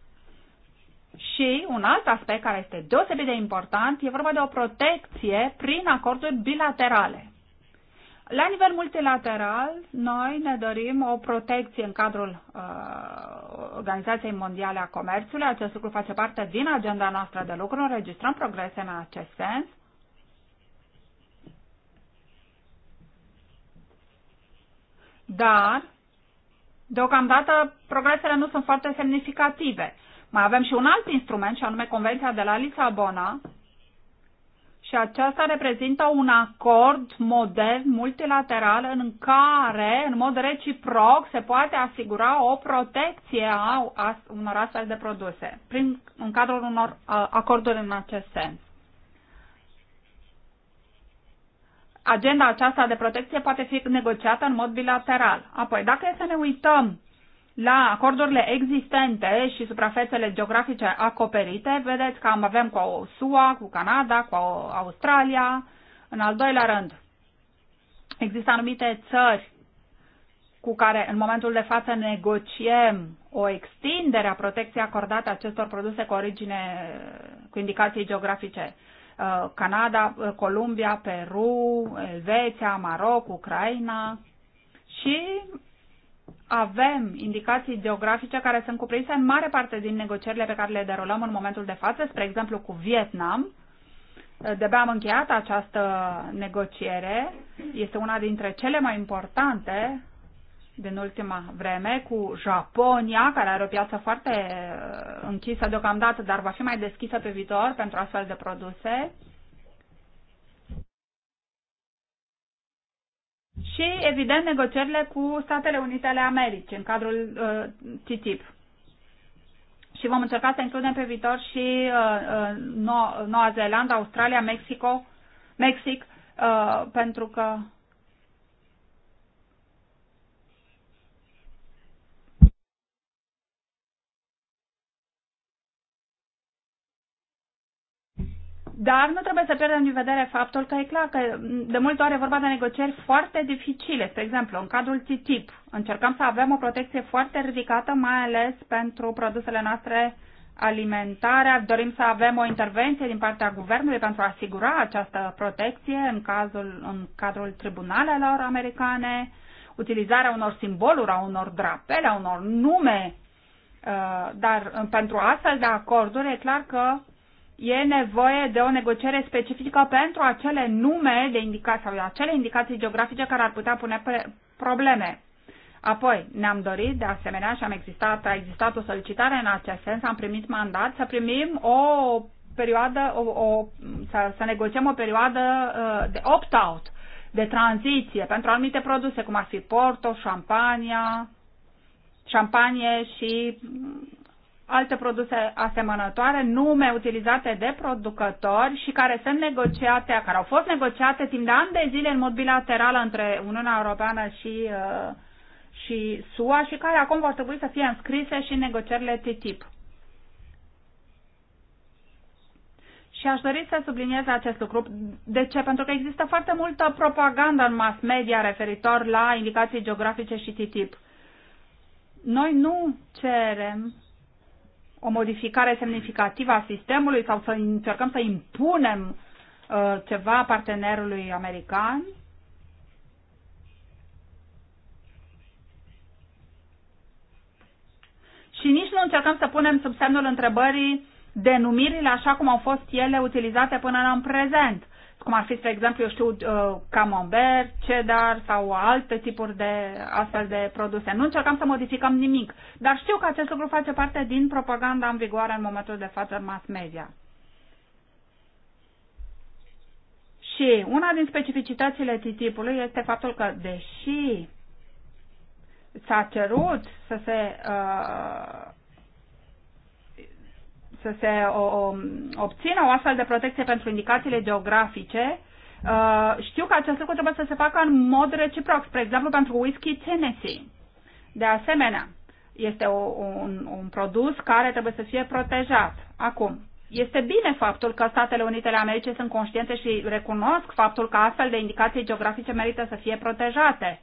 Și un alt aspect care este deosebit de important e vorba de o protecție prin acorduri bilaterale. La nivel multilateral, noi ne dorim o protecție în cadrul uh, Organizației Mondiale a Comerțului. Acest lucru face parte din agenda noastră de lucru. Înregistrăm progrese în acest sens. Dar, deocamdată, progresele nu sunt foarte semnificative. Mai avem și un alt instrument, și anume Convenția de la Lisabona, și aceasta reprezintă un acord modern, multilateral, în care, în mod reciproc, se poate asigura o protecție a, unor astfel de produse, prin, în cadrul unor uh, acorduri în acest sens. Agenda aceasta de protecție poate fi negociată în mod bilateral. Apoi, dacă e să ne uităm la acordurile existente și suprafețele geografice acoperite, vedeți că am avem cu SUA, cu Canada, cu Australia. În al doilea rând, există anumite țări cu care în momentul de față negociem o extindere a protecției acordate acestor produse cu origine, cu indicații geografice. Uh, Canada, uh, Columbia, Peru, Elveția, Maroc, Ucraina și avem indicații geografice care sunt cuprinse în mare parte din negocierile pe care le derulăm în momentul de față, spre exemplu cu Vietnam. De-abia am încheiat această negociere. Este una dintre cele mai importante din ultima vreme cu Japonia, care are o piață foarte uh, închisă deocamdată, dar va fi mai deschisă pe viitor pentru astfel de produse. și, evident, negocierile cu Statele Unite ale Americii în cadrul uh, TTIP. Și vom încerca să includem pe viitor și uh, uh, Noua Zeelandă, Australia, Mexico, Mexic, uh, pentru că Dar nu trebuie să pierdem din vedere faptul că e clar că de multe ori e vorba de negocieri foarte dificile. Spre exemplu, în cadrul TTIP încercăm să avem o protecție foarte ridicată, mai ales pentru produsele noastre alimentare. Dorim să avem o intervenție din partea guvernului pentru a asigura această protecție în, cazul, în cadrul tribunalelor americane, utilizarea unor simboluri, a unor drapele, a unor nume. Uh, dar uh, pentru astfel de acorduri e clar că e nevoie de o negociere specifică pentru acele nume de indicații sau acele indicații geografice care ar putea pune probleme. Apoi, ne-am dorit, de asemenea, și am existat, a existat o solicitare în acest sens, am primit mandat să primim o perioadă, o, o, să, să negociem o perioadă uh, de opt-out, de tranziție pentru anumite produse, cum ar fi porto, șampania, șampanie și alte produse asemănătoare, nume utilizate de producători și care sunt negociate, care au fost negociate timp de ani de zile în mod bilateral între Uniunea Europeană și, uh, și SUA și care acum vor trebui să fie înscrise și în negocierile TTIP. Și aș dori să subliniez acest lucru. De ce? Pentru că există foarte multă propagandă în mass media referitor la indicații geografice și TTIP. Noi nu cerem o modificare semnificativă a sistemului sau să încercăm să impunem uh, ceva partenerului american. Și nici nu încercăm să punem sub semnul întrebării denumirile așa cum au fost ele utilizate până în prezent cum ar fi, spre exemplu, eu știu, uh, camembert, cedar sau alte tipuri de astfel de produse. Nu încercam să modificăm nimic, dar știu că acest lucru face parte din propaganda în vigoare în momentul de față în mass media. Și una din specificitățile TTIP-ului este faptul că, deși s-a cerut să se uh, să se o, o, obțină o astfel de protecție pentru indicațiile geografice, Uh, știu că acest lucru trebuie să se facă în mod reciproc, spre exemplu pentru whisky Tennessee. De asemenea, este o, un, un produs care trebuie să fie protejat. Acum, este bine faptul că Statele Unite ale Americii sunt conștiente și recunosc faptul că astfel de indicații geografice merită să fie protejate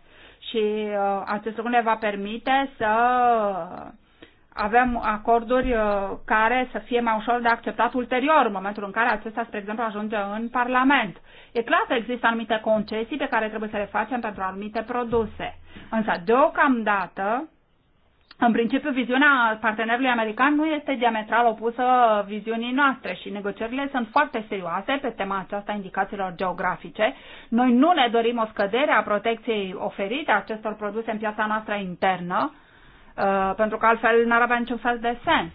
și uh, acest lucru ne va permite să avem acorduri uh, care să fie mai ușor de acceptat ulterior, în momentul în care acesta, spre exemplu, ajunge în Parlament. E clar că există anumite concesii pe care trebuie să le facem pentru anumite produse. Însă, deocamdată, în principiu, viziunea partenerului american nu este diametral opusă viziunii noastre și negocierile sunt foarte serioase pe tema aceasta indicațiilor geografice. Noi nu ne dorim o scădere a protecției oferite acestor produse în piața noastră internă, Uh, pentru că altfel n-ar avea niciun fel de sens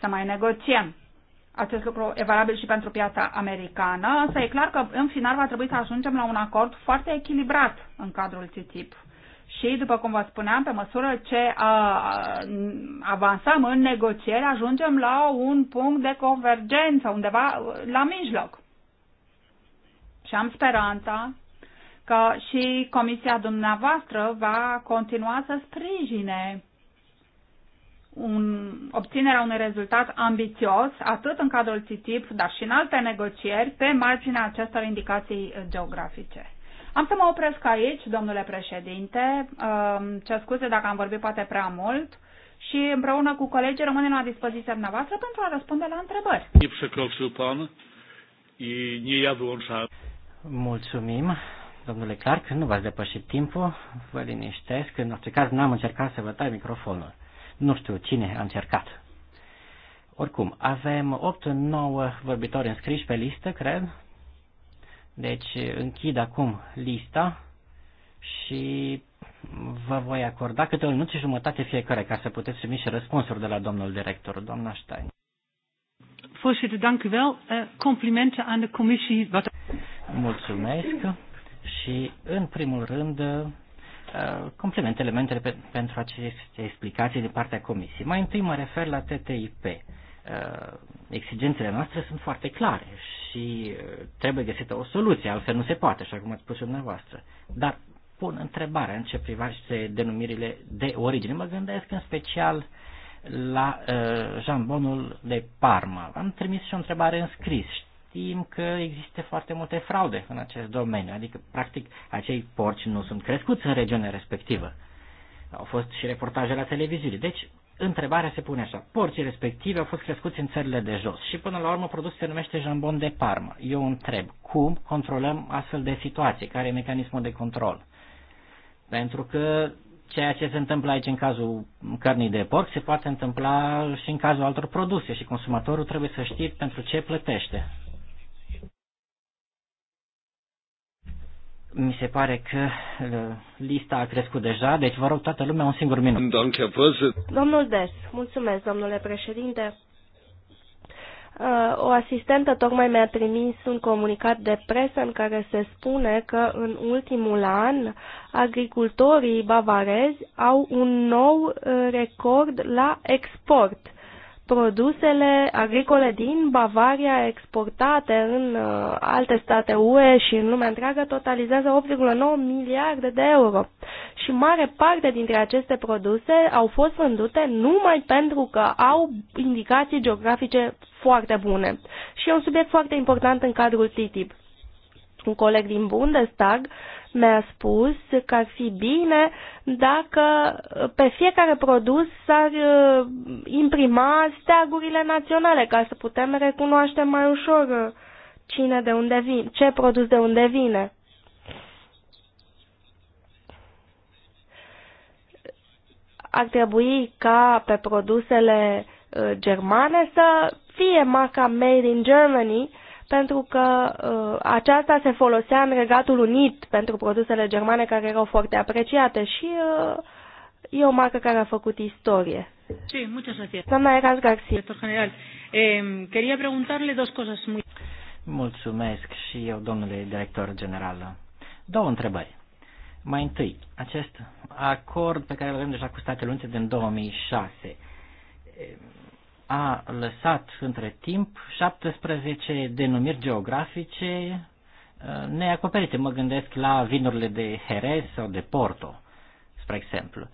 să mai negociem. Acest lucru e valabil și pentru piața americană, însă e clar că în final va trebui să ajungem la un acord foarte echilibrat în cadrul TTIP. Și, după cum vă spuneam, pe măsură ce a, uh, avansăm în negocieri, ajungem la un punct de convergență, undeva uh, la mijloc. Și am speranța că și comisia dumneavoastră va continua să sprijine un, obținerea unui rezultat ambițios, atât în cadrul TTIP, dar și în alte negocieri, pe marginea acestor indicații geografice. Am să mă opresc aici, domnule președinte, ce scuze dacă am vorbit poate prea mult, și împreună cu colegii rămânem la dispoziția dumneavoastră pentru a răspunde la întrebări. Mulțumim, domnule Clark, nu v-ați depășit timpul, vă liniștesc, în orice caz n-am încercat să vă tai microfonul. Nu știu cine a încercat. Oricum, avem 8-9 vorbitori înscriși pe listă, cred. Deci închid acum lista și vă voi acorda câte o minut și jumătate fiecare ca să puteți primi și răspunsuri de la domnul director, doamna Stein. Voorzitter, dank u wel. Uh, complimenten aan de commissie. Wat... Mulțumesc și, în primul rând, Uh, complement elementele pe, pentru aceste explicații din partea Comisiei. Mai întâi mă refer la TTIP. Uh, exigențele noastre sunt foarte clare și uh, trebuie găsită o soluție, altfel nu se poate, așa cum ați spus dumneavoastră. Dar pun întrebarea în ce privește denumirile de origine. Mă gândesc în special la uh, jambonul de Parma. Am trimis și o întrebare în scris știm că există foarte multe fraude în acest domeniu, adică practic acei porci nu sunt crescuți în regiunea respectivă. Au fost și reportaje la televiziune. Deci, întrebarea se pune așa. Porcii respective au fost crescuți în țările de jos și până la urmă produsul se numește jambon de parmă. Eu întreb, cum controlăm astfel de situații? Care e mecanismul de control? Pentru că ceea ce se întâmplă aici în cazul cărnii de porc se poate întâmpla și în cazul altor produse și consumatorul trebuie să știe pentru ce plătește. Mi se pare că uh, lista a crescut deja, deci vă rog toată lumea un singur minut. Domnul Des, mulțumesc, domnule președinte. Uh, o asistentă tocmai mi-a trimis un comunicat de presă în care se spune că în ultimul an agricultorii bavarezi au un nou uh, record la export produsele agricole din Bavaria exportate în uh, alte state UE și în lumea întreagă totalizează 8,9 miliarde de euro. Și mare parte dintre aceste produse au fost vândute numai pentru că au indicații geografice foarte bune. Și e un subiect foarte important în cadrul TTIP. Un coleg din Bundestag uh, mi-a spus că ar fi bine dacă pe fiecare produs s-ar uh, imprima steagurile naționale ca să putem recunoaște mai ușor uh, cine de unde vine, ce produs de unde vine. Ar trebui ca pe produsele uh, germane să fie marca Made in Germany pentru că uh, aceasta se folosea în Regatul Unit pentru produsele germane care erau foarte apreciate și uh, e o marcă care a făcut istorie. Sí, muchas gracias. Doamna Eras Garcia. Director general, eh, quería preguntarle dos cosas muy... Mulțumesc și eu, domnule director general. Două întrebări. Mai întâi, acest acord pe care îl avem deja cu Statele Unite din 2006 a lăsat între timp 17 denumiri geografice uh, neacoperite. Mă gândesc la vinurile de Jerez sau de Porto, spre exemplu.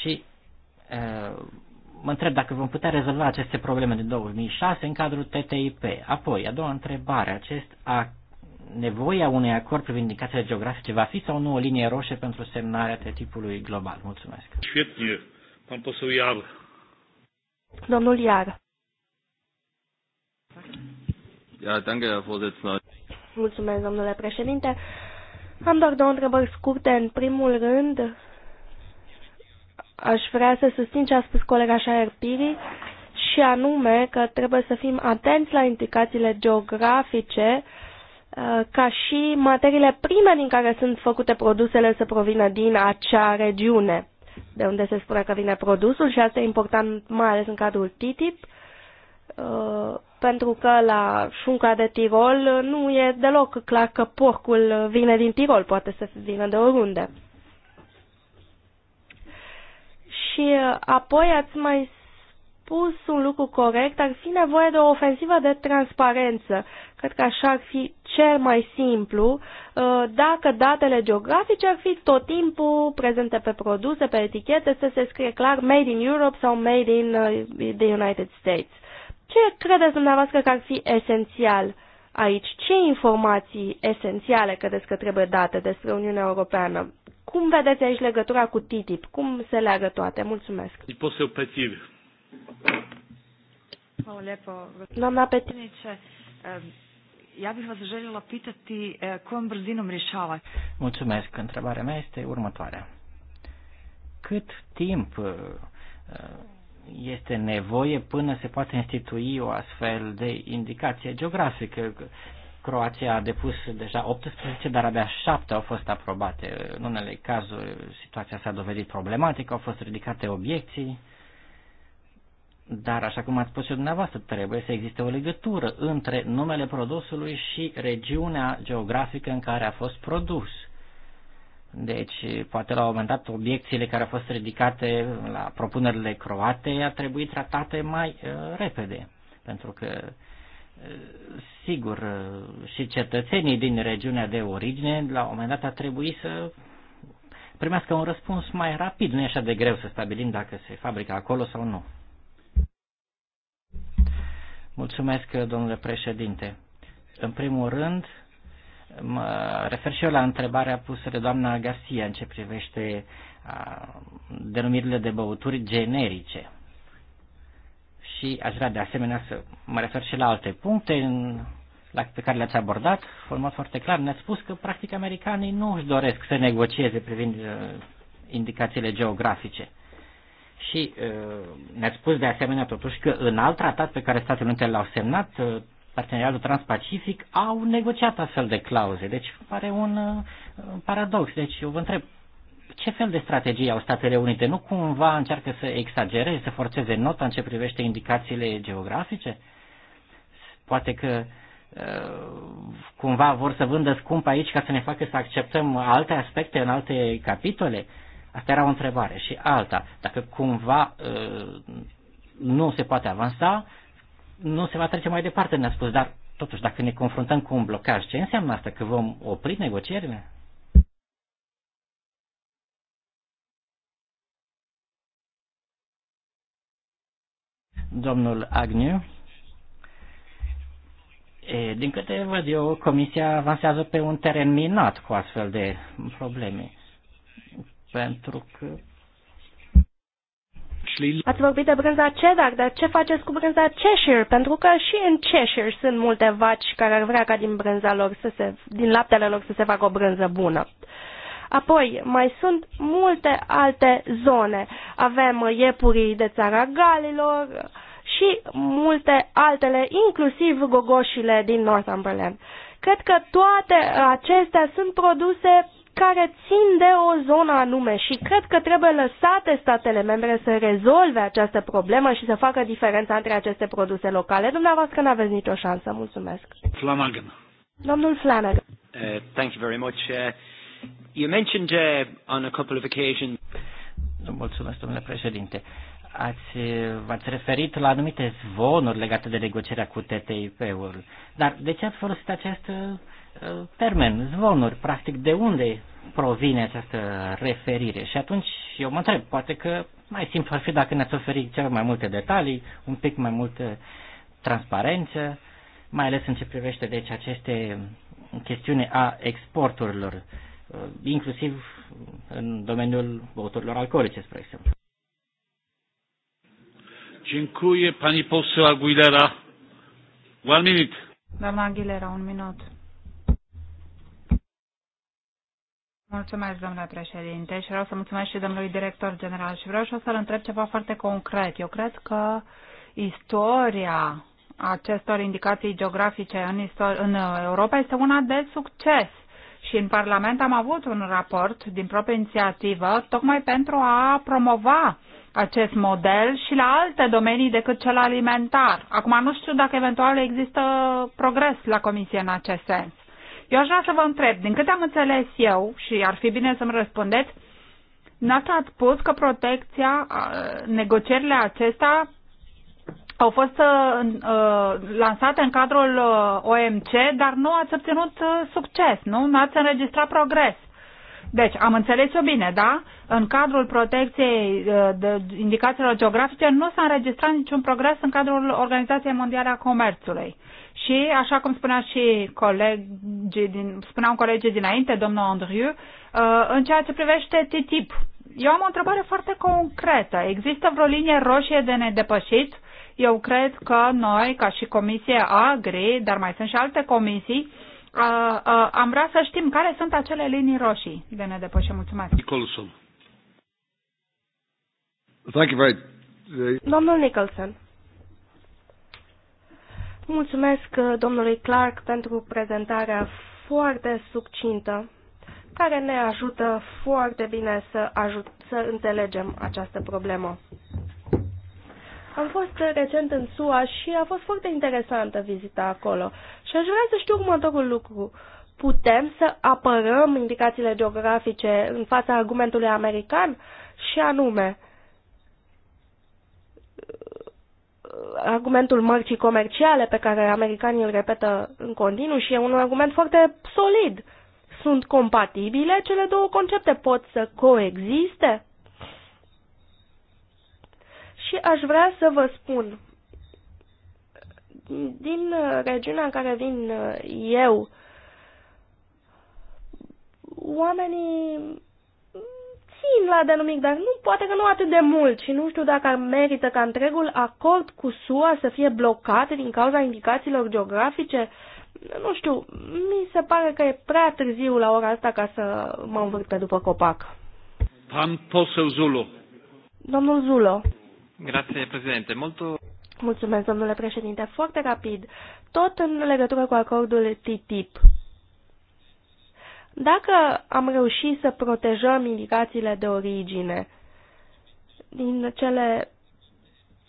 Și uh, mă întreb dacă vom putea rezolva aceste probleme de 2006 în cadrul TTIP. Apoi, a doua întrebare, acest a nevoia unui acord privind indicațiile geografice va fi sau nu o linie roșie pentru semnarea TTIP-ului global? Mulțumesc. Domnul Iar. Ja, danke, Herr Vorsitzender. Mulțumesc, domnule președinte. Am doar două întrebări scurte. În primul rând, aș vrea să susțin ce a spus colega Shaer Piri și anume că trebuie să fim atenți la indicațiile geografice uh, ca și materiile prime din care sunt făcute produsele să provină din acea regiune de unde se spune că vine produsul și asta e important mai ales în cadrul TTIP uh, pentru că la șunca de Tirol nu e deloc clar că porcul vine din Tirol, poate să vină de oriunde. Și uh, apoi ați mai spus un lucru corect, ar fi nevoie de o ofensivă de transparență. Cred că așa ar fi cel mai simplu uh, dacă datele geografice ar fi tot timpul prezente pe produse, pe etichete, să se scrie clar Made in Europe sau Made in uh, the United States. Ce credeți dumneavoastră că ar fi esențial aici? Ce informații esențiale credeți că trebuie date despre Uniunea Europeană? Cum vedeți aici legătura cu TTIP? Cum se leagă toate? Mulțumesc. Doamna lijepo, Ja bih vas željela pitati kojom brzinom rješavate? Mulțumesc. Întrebarea mea este următoarea. Cât timp este nevoie până se poate institui o astfel de indicație geografică. Croația a depus deja 18, dar abia 7 au fost aprobate. În unele cazuri situația s-a dovedit problematică, au fost ridicate obiecții, dar așa cum ați spus și dumneavoastră, trebuie să existe o legătură între numele produsului și regiunea geografică în care a fost produs. Deci, poate la un moment dat, obiecțiile care au fost ridicate la propunerile croate ar trebui tratate mai uh, repede, pentru că, uh, sigur, uh, și cetățenii din regiunea de origine, la un moment dat, ar trebui să primească un răspuns mai rapid. Nu e așa de greu să stabilim dacă se fabrică acolo sau nu. Mulțumesc, domnule președinte. În primul rând, Mă refer și eu la întrebarea pusă de doamna Garcia în ce privește denumirile de băuturi generice. Și aș vrea de asemenea să mă refer și la alte puncte în, la, pe care le-ați abordat. Format foarte clar, ne-ați spus că practic americanii nu își doresc să negocieze privind uh, indicațiile geografice. Și uh, ne-ați spus de asemenea totuși că în alt tratat pe care Statele Unite l-au semnat, uh, parteneriatul transpacific au negociat astfel de clauze. Deci pare un uh, paradox. Deci eu vă întreb, ce fel de strategie au Statele Unite? Nu cumva încearcă să exagereze, să forțeze nota în ce privește indicațiile geografice? Poate că uh, cumva vor să vândă scump aici ca să ne facă să acceptăm alte aspecte în alte capitole? Asta era o întrebare. Și alta, dacă cumva uh, nu se poate avansa, nu se va trece mai departe, ne-a spus, dar totuși dacă ne confruntăm cu un blocaj, ce înseamnă asta? Că vom opri negocierile? Domnul Agnew. E, din câte văd eu, Comisia avansează pe un teren minat cu astfel de probleme. Pentru că Ați vorbit de brânza cedar, dar ce faceți cu brânza Cheshire? Pentru că și în Cheshire sunt multe vaci care ar vrea ca din brânza lor să se, din laptele lor să se facă o brânză bună. Apoi, mai sunt multe alte zone. Avem iepurii de țara Galilor și multe altele, inclusiv gogoșile din Northumberland. Cred că toate acestea sunt produse care țin de o zonă anume și cred că trebuie lăsate statele membre să rezolve această problemă și să facă diferența între aceste produse locale. Dumneavoastră nu aveți nicio șansă. Mulțumesc. Flanagan. Domnul Flanagan. Uh, thank you very much. Uh, you mentioned uh, on a couple of occasions... Mulțumesc, domnule președinte. Ați, v-ați referit la anumite zvonuri legate de negocierea cu TTIP-ul. Dar de ce ați folosit această termen, zvonuri, practic de unde provine această referire. Și atunci eu mă întreb, poate că mai simplu ar fi dacă ne-ați oferit cel mai multe detalii, un pic mai multă transparență, mai ales în ce privește deci aceste chestiuni a exporturilor, uh, inclusiv în domeniul băuturilor alcoolice, spre exemplu. Dziękuję pani poseł Aguilera. One minute. Doamna Aguilera, un minut. Mulțumesc, domnule președinte, și vreau să mulțumesc și domnului director general și vreau și o să-l întreb ceva foarte concret. Eu cred că istoria acestor indicații geografice în, istor- în Europa este una de succes. Și în Parlament am avut un raport din proprie inițiativă tocmai pentru a promova acest model și la alte domenii decât cel alimentar. Acum nu știu dacă eventual există progres la Comisie în acest sens. Eu aș vrea să vă întreb, din câte am înțeles eu, și ar fi bine să-mi răspundeți, Noastră ați spus că protecția, negocierile acestea au fost uh, lansate în cadrul uh, OMC, dar nu ați obținut uh, succes, nu? Nu ați înregistrat progres. Deci, am înțeles eu bine, da? În cadrul protecției uh, de indicațiilor geografice nu s-a înregistrat niciun progres în cadrul Organizației Mondiale a Comerțului. Uh, și, așa cum spunea și colegii din, spuneau colegii dinainte, domnul Andriu, uh, în ceea ce privește TTIP, eu am o întrebare foarte concretă. Există vreo linie roșie de nedepășit? Eu cred că noi, ca și Comisie Agri, dar mai sunt și alte comisii, uh, uh, am vrea să știm care sunt acele linii roșii de nedepășit. Mulțumesc. Nicholson. Thank you very... Domnul Nicholson. Mulțumesc uh, domnului Clark pentru prezentarea foarte succintă, care ne ajută foarte bine să, ajut, să înțelegem această problemă. Am fost recent în SUA și a fost foarte interesantă vizita acolo. Și aș vrea să știu următorul lucru. Putem să apărăm indicațiile geografice în fața argumentului american? Și anume, argumentul mărcii comerciale pe care americanii îl repetă în continuu și e un argument foarte solid. Sunt compatibile cele două concepte? Pot să coexiste? Și aș vrea să vă spun, din regiunea în care vin eu, oamenii puțin la numic, dar nu poate că nu atât de mult și nu știu dacă merită ca întregul acord cu SUA să fie blocat din cauza indicațiilor geografice. Nu știu, mi se pare că e prea târziu la ora asta ca să mă învârt pe după copac. Pan poseu Zulu. Domnul Zulo. Grazie, președinte. Molto... Mulțumesc, domnule președinte. Foarte rapid. Tot în legătură cu acordul TTIP. Dacă am reușit să protejăm indicațiile de origine, din cele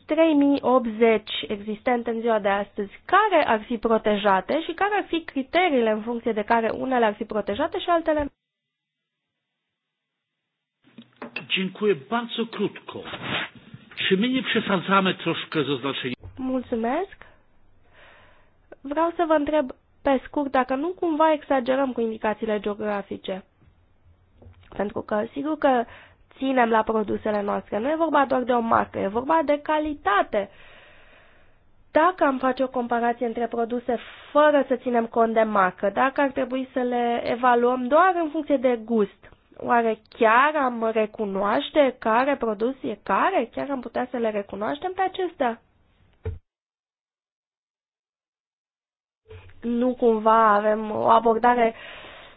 3080 existente în ziua de astăzi, care ar fi protejate și care ar fi criteriile în funcție de care unele ar fi protejate și altele? Dziękuję bardzo krótko. Czy my nie przesadzamy troszkę z oznaczeniem? Mulțumesc. Vreau să vă întreb, pe scurt, dacă nu cumva exagerăm cu indicațiile geografice. Pentru că, sigur că ținem la produsele noastre. Nu e vorba doar de o marcă, e vorba de calitate. Dacă am face o comparație între produse fără să ținem cont de marcă, dacă ar trebui să le evaluăm doar în funcție de gust, oare chiar am recunoaște care produs e care? Chiar am putea să le recunoaștem pe acestea? nu cumva avem o abordare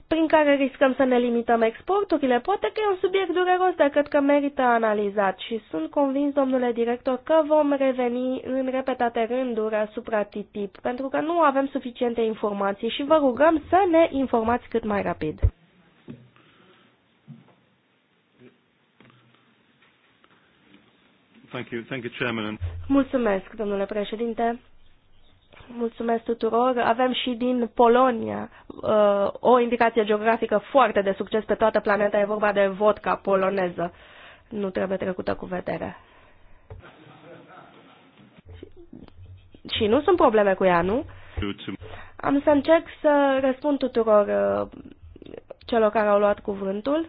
prin care riscăm să ne limităm exporturile. Poate că e un subiect dureros, dar cred că merită analizat și sunt convins, domnule director, că vom reveni în repetate rânduri asupra TTIP, pentru că nu avem suficiente informații și vă rugăm să ne informați cât mai rapid. Thank you. Thank you, Chairman. Mulțumesc, domnule președinte. Mulțumesc tuturor. Avem și din Polonia uh, o indicație geografică foarte de succes pe toată planeta. E vorba de vodka poloneză. Nu trebuie trecută cu vedere. Și nu sunt probleme cu ea, nu? Am să încerc să răspund tuturor uh, celor care au luat cuvântul.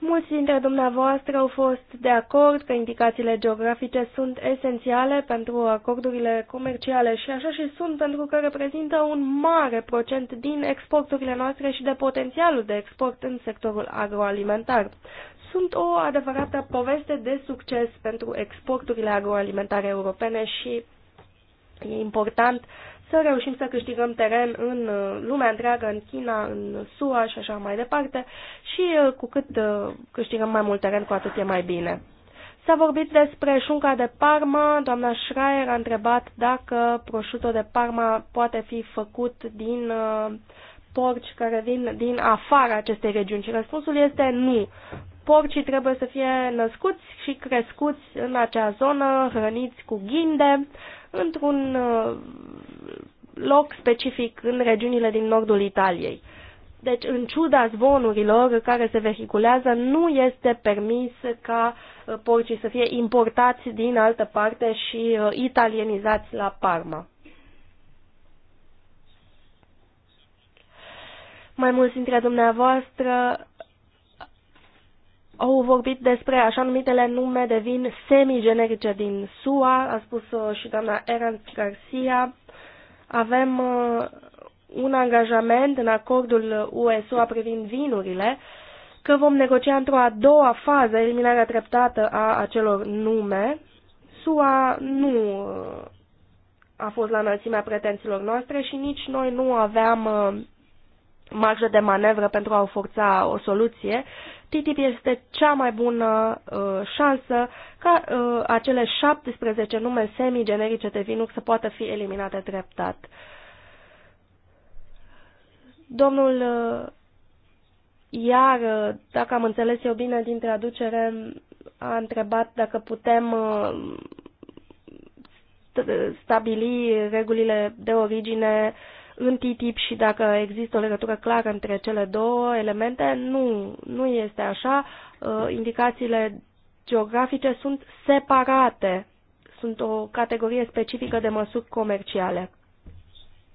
Mulți dintre dumneavoastră au fost de acord că indicațiile geografice sunt esențiale pentru acordurile comerciale și așa și sunt pentru că reprezintă un mare procent din exporturile noastre și de potențialul de export în sectorul agroalimentar. Sunt o adevărată poveste de succes pentru exporturile agroalimentare europene și e important să reușim să câștigăm teren în uh, lumea întreagă, în China, în SUA și așa mai departe și uh, cu cât uh, câștigăm mai mult teren, cu atât e mai bine. S-a vorbit despre șunca de Parma, doamna Schreier a întrebat dacă proșutul de Parma poate fi făcut din porci care vin din afara acestei regiuni și răspunsul este nu. Porcii trebuie să fie născuți și crescuți în acea zonă, hrăniți cu ghinde, într-un loc specific în regiunile din nordul Italiei. Deci, în ciuda zvonurilor care se vehiculează, nu este permis ca uh, porcii să fie importați din altă parte și uh, italienizați la Parma. Mai mulți dintre dumneavoastră au vorbit despre așa numitele nume de vin semigenerice din SUA, a spus uh, și doamna Erant Garcia. Avem uh, un angajament în acordul USUA privind vinurile că vom negocia într-o a doua fază eliminarea treptată a acelor nume. SUA nu uh, a fost la înălțimea pretențiilor noastre și nici noi nu aveam uh, marjă de manevră pentru a o forța o soluție TTIP este cea mai bună uh, șansă ca uh, acele 17 nume semi-generice de Vinux să poată fi eliminate treptat. Domnul uh, iar, uh, dacă am înțeles eu bine din traducere, a întrebat dacă putem uh, uh stabili regulile de origine în TTIP și dacă există o legătură clară între cele două elemente, nu, nu este așa. Uh, indicațiile geografice sunt separate, sunt o categorie specifică de măsuri comerciale.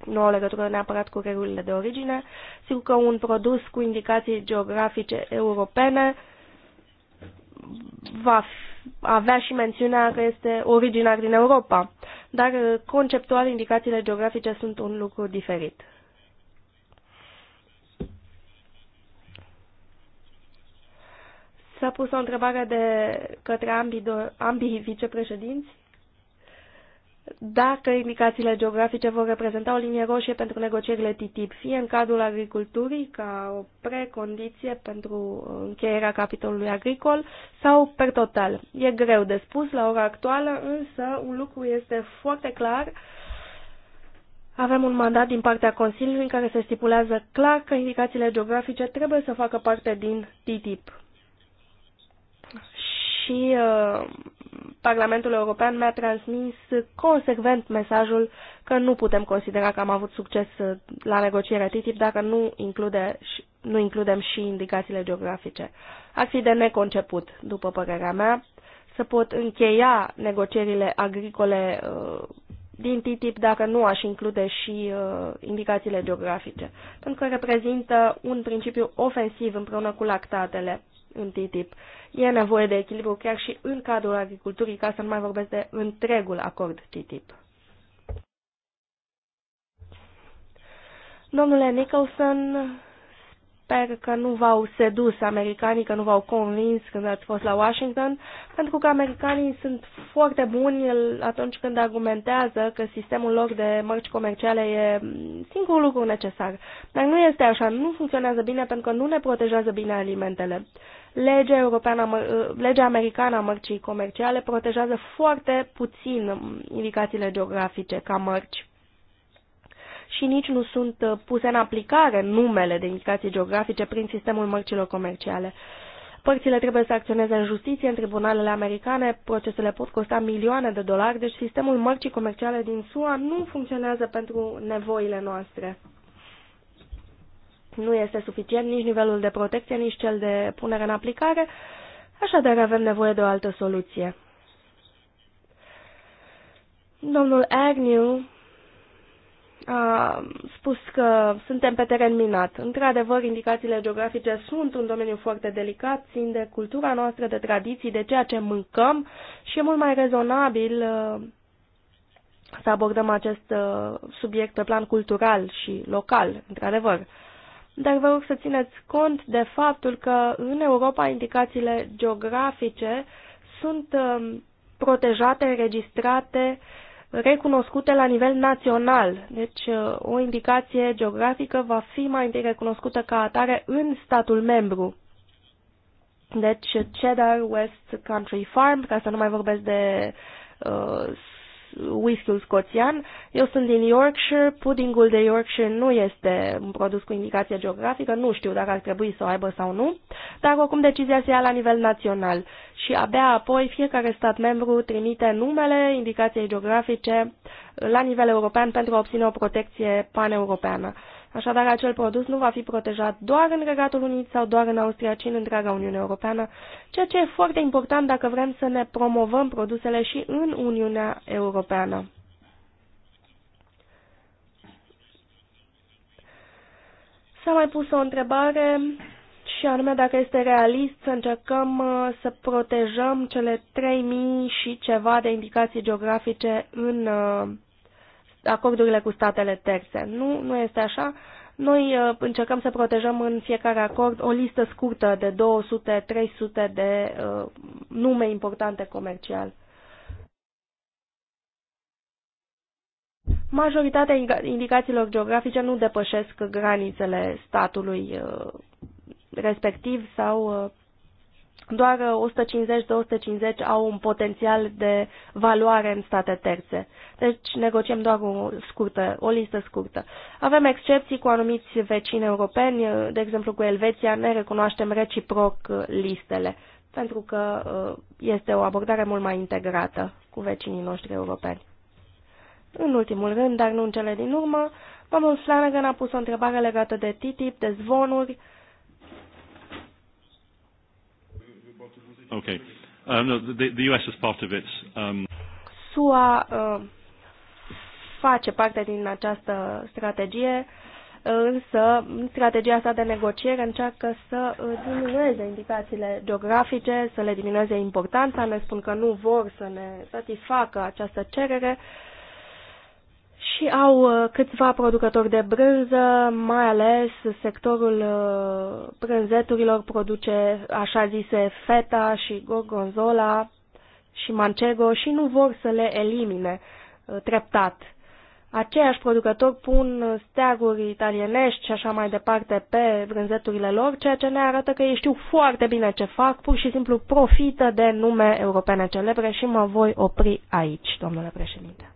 Nu au legătură neapărat cu regulile de origine. Sigur că un produs cu indicații geografice europene va avea și mențiunea că este originar din Europa dar uh, conceptual indicațiile geografice sunt un lucru diferit. S-a pus o întrebare de către ambii, ambii vicepreședinți dacă indicațiile geografice vor reprezenta o linie roșie pentru negocierile TTIP, fie în cadrul agriculturii, ca o precondiție pentru încheierea capitolului agricol, sau per total. E greu de spus la ora actuală, însă un lucru este foarte clar. Avem un mandat din partea Consiliului în care se stipulează clar că indicațiile geografice trebuie să facă parte din TTIP. Și uh, Parlamentul European mi-a transmis consecvent mesajul că nu putem considera că am avut succes uh, la negocierea TTIP dacă nu, include, nu includem și indicațiile geografice. Ar fi de neconceput, după părerea mea, să pot încheia negocierile agricole uh, din TTIP dacă nu aș include și uh, indicațiile geografice, pentru că reprezintă un principiu ofensiv împreună cu lactatele în TTIP. E nevoie de echilibru chiar și în cadrul agriculturii, ca să nu mai vorbesc de întregul acord TTIP. Domnule Nicholson, sper că nu v-au sedus americanii, că nu v-au convins când ați fost la Washington, pentru că americanii sunt foarte buni atunci când argumentează că sistemul lor de mărci comerciale e singurul lucru necesar. Dar nu este așa, nu funcționează bine pentru că nu ne protejează bine alimentele legea, europeană, legea americană a mărcii comerciale protejează foarte puțin indicațiile geografice ca mărci și nici nu sunt uh, puse în aplicare numele de indicații geografice prin sistemul mărcilor comerciale. Părțile trebuie să acționeze în justiție, în tribunalele americane, procesele pot costa milioane de dolari, deci sistemul mărcii comerciale din SUA nu funcționează pentru nevoile noastre nu este suficient nici nivelul de protecție, nici cel de punere în aplicare, așadar avem nevoie de o altă soluție. Domnul Agnew a spus că suntem pe teren minat. Într-adevăr, indicațiile geografice sunt un domeniu foarte delicat, țin de cultura noastră, de tradiții, de ceea ce mâncăm și e mult mai rezonabil uh, să abordăm acest uh, subiect pe plan cultural și local, într-adevăr dar vă rog să țineți cont de faptul că în Europa indicațiile geografice sunt um, protejate, înregistrate, recunoscute la nivel național. Deci uh, o indicație geografică va fi mai întâi recunoscută ca atare în statul membru. Deci Cheddar West Country Farm, ca să nu mai vorbesc de uh, whisky-ul scoțian. Eu sunt din Yorkshire, pudingul de Yorkshire nu este un produs cu indicație geografică, nu știu dacă ar trebui să o aibă sau nu, dar oricum decizia se ia la nivel național și abia apoi fiecare stat membru trimite numele indicației geografice la nivel european pentru a obține o protecție paneuropeană. europeană Așadar, acel produs nu va fi protejat doar în Regatul Unit sau doar în Austria, ci în întreaga Uniune Europeană, ceea ce e foarte important dacă vrem să ne promovăm produsele și în Uniunea Europeană. S-a mai pus o întrebare și anume dacă este realist să încercăm uh, să protejăm cele 3000 și ceva de indicații geografice în uh, acordurile cu statele terțe. Nu, nu este așa. Noi uh, încercăm să protejăm în fiecare acord o listă scurtă de 200-300 de uh, nume importante comercial. Majoritatea indicațiilor geografice nu depășesc granițele statului uh, respectiv sau doar 150-250 au un potențial de valoare în state terțe. Deci negociem doar o, scurtă, o listă scurtă. Avem excepții cu anumiți vecini europeni, de exemplu cu Elveția ne recunoaștem reciproc listele, pentru că uh, este o abordare mult mai integrată cu vecinii noștri europeni. În ultimul rând, dar nu în cele din urmă, domnul Flanagan a pus o întrebare legată de TTIP, de zvonuri, Okay. Um, no, the, the US is part of its. Um... SUA uh, face parte din această strategie, uh, însă strategia sa de negociere încearcă să uh, diminueze indicațiile geografice, să le diminueze importanța. Ne spun că nu vor să ne satisfacă această cerere. Uh, și au uh, câțiva producători de brânză, mai ales sectorul uh, brânzeturilor produce așa zise feta și gorgonzola și manchego și nu vor să le elimine uh, treptat. Aceiași producători pun steaguri italienești și așa mai departe pe brânzeturile lor, ceea ce ne arată că ei știu foarte bine ce fac, pur și simplu profită de nume europene celebre și mă voi opri aici, domnule președinte.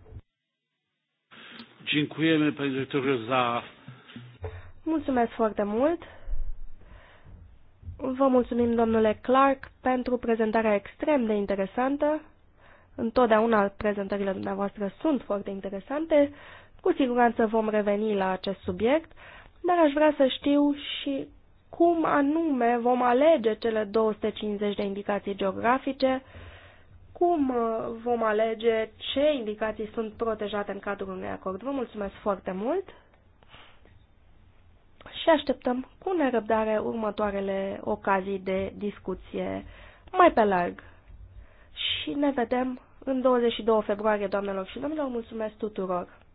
Dziękujemy, panie dyrektorze, za... Mulțumesc foarte mult. Vă mulțumim, domnule Clark, pentru prezentarea extrem de interesantă. Întotdeauna prezentările dumneavoastră sunt foarte interesante. Cu siguranță vom reveni la acest subiect, dar aș vrea să știu și cum anume vom alege cele 250 de indicații geografice cum uh, vom alege ce indicații sunt protejate în cadrul unui acord. Vă mulțumesc foarte mult și așteptăm cu nerăbdare următoarele ocazii de discuție mai pe larg. Și ne vedem în 22 februarie, doamnelor și domnilor. Mulțumesc tuturor!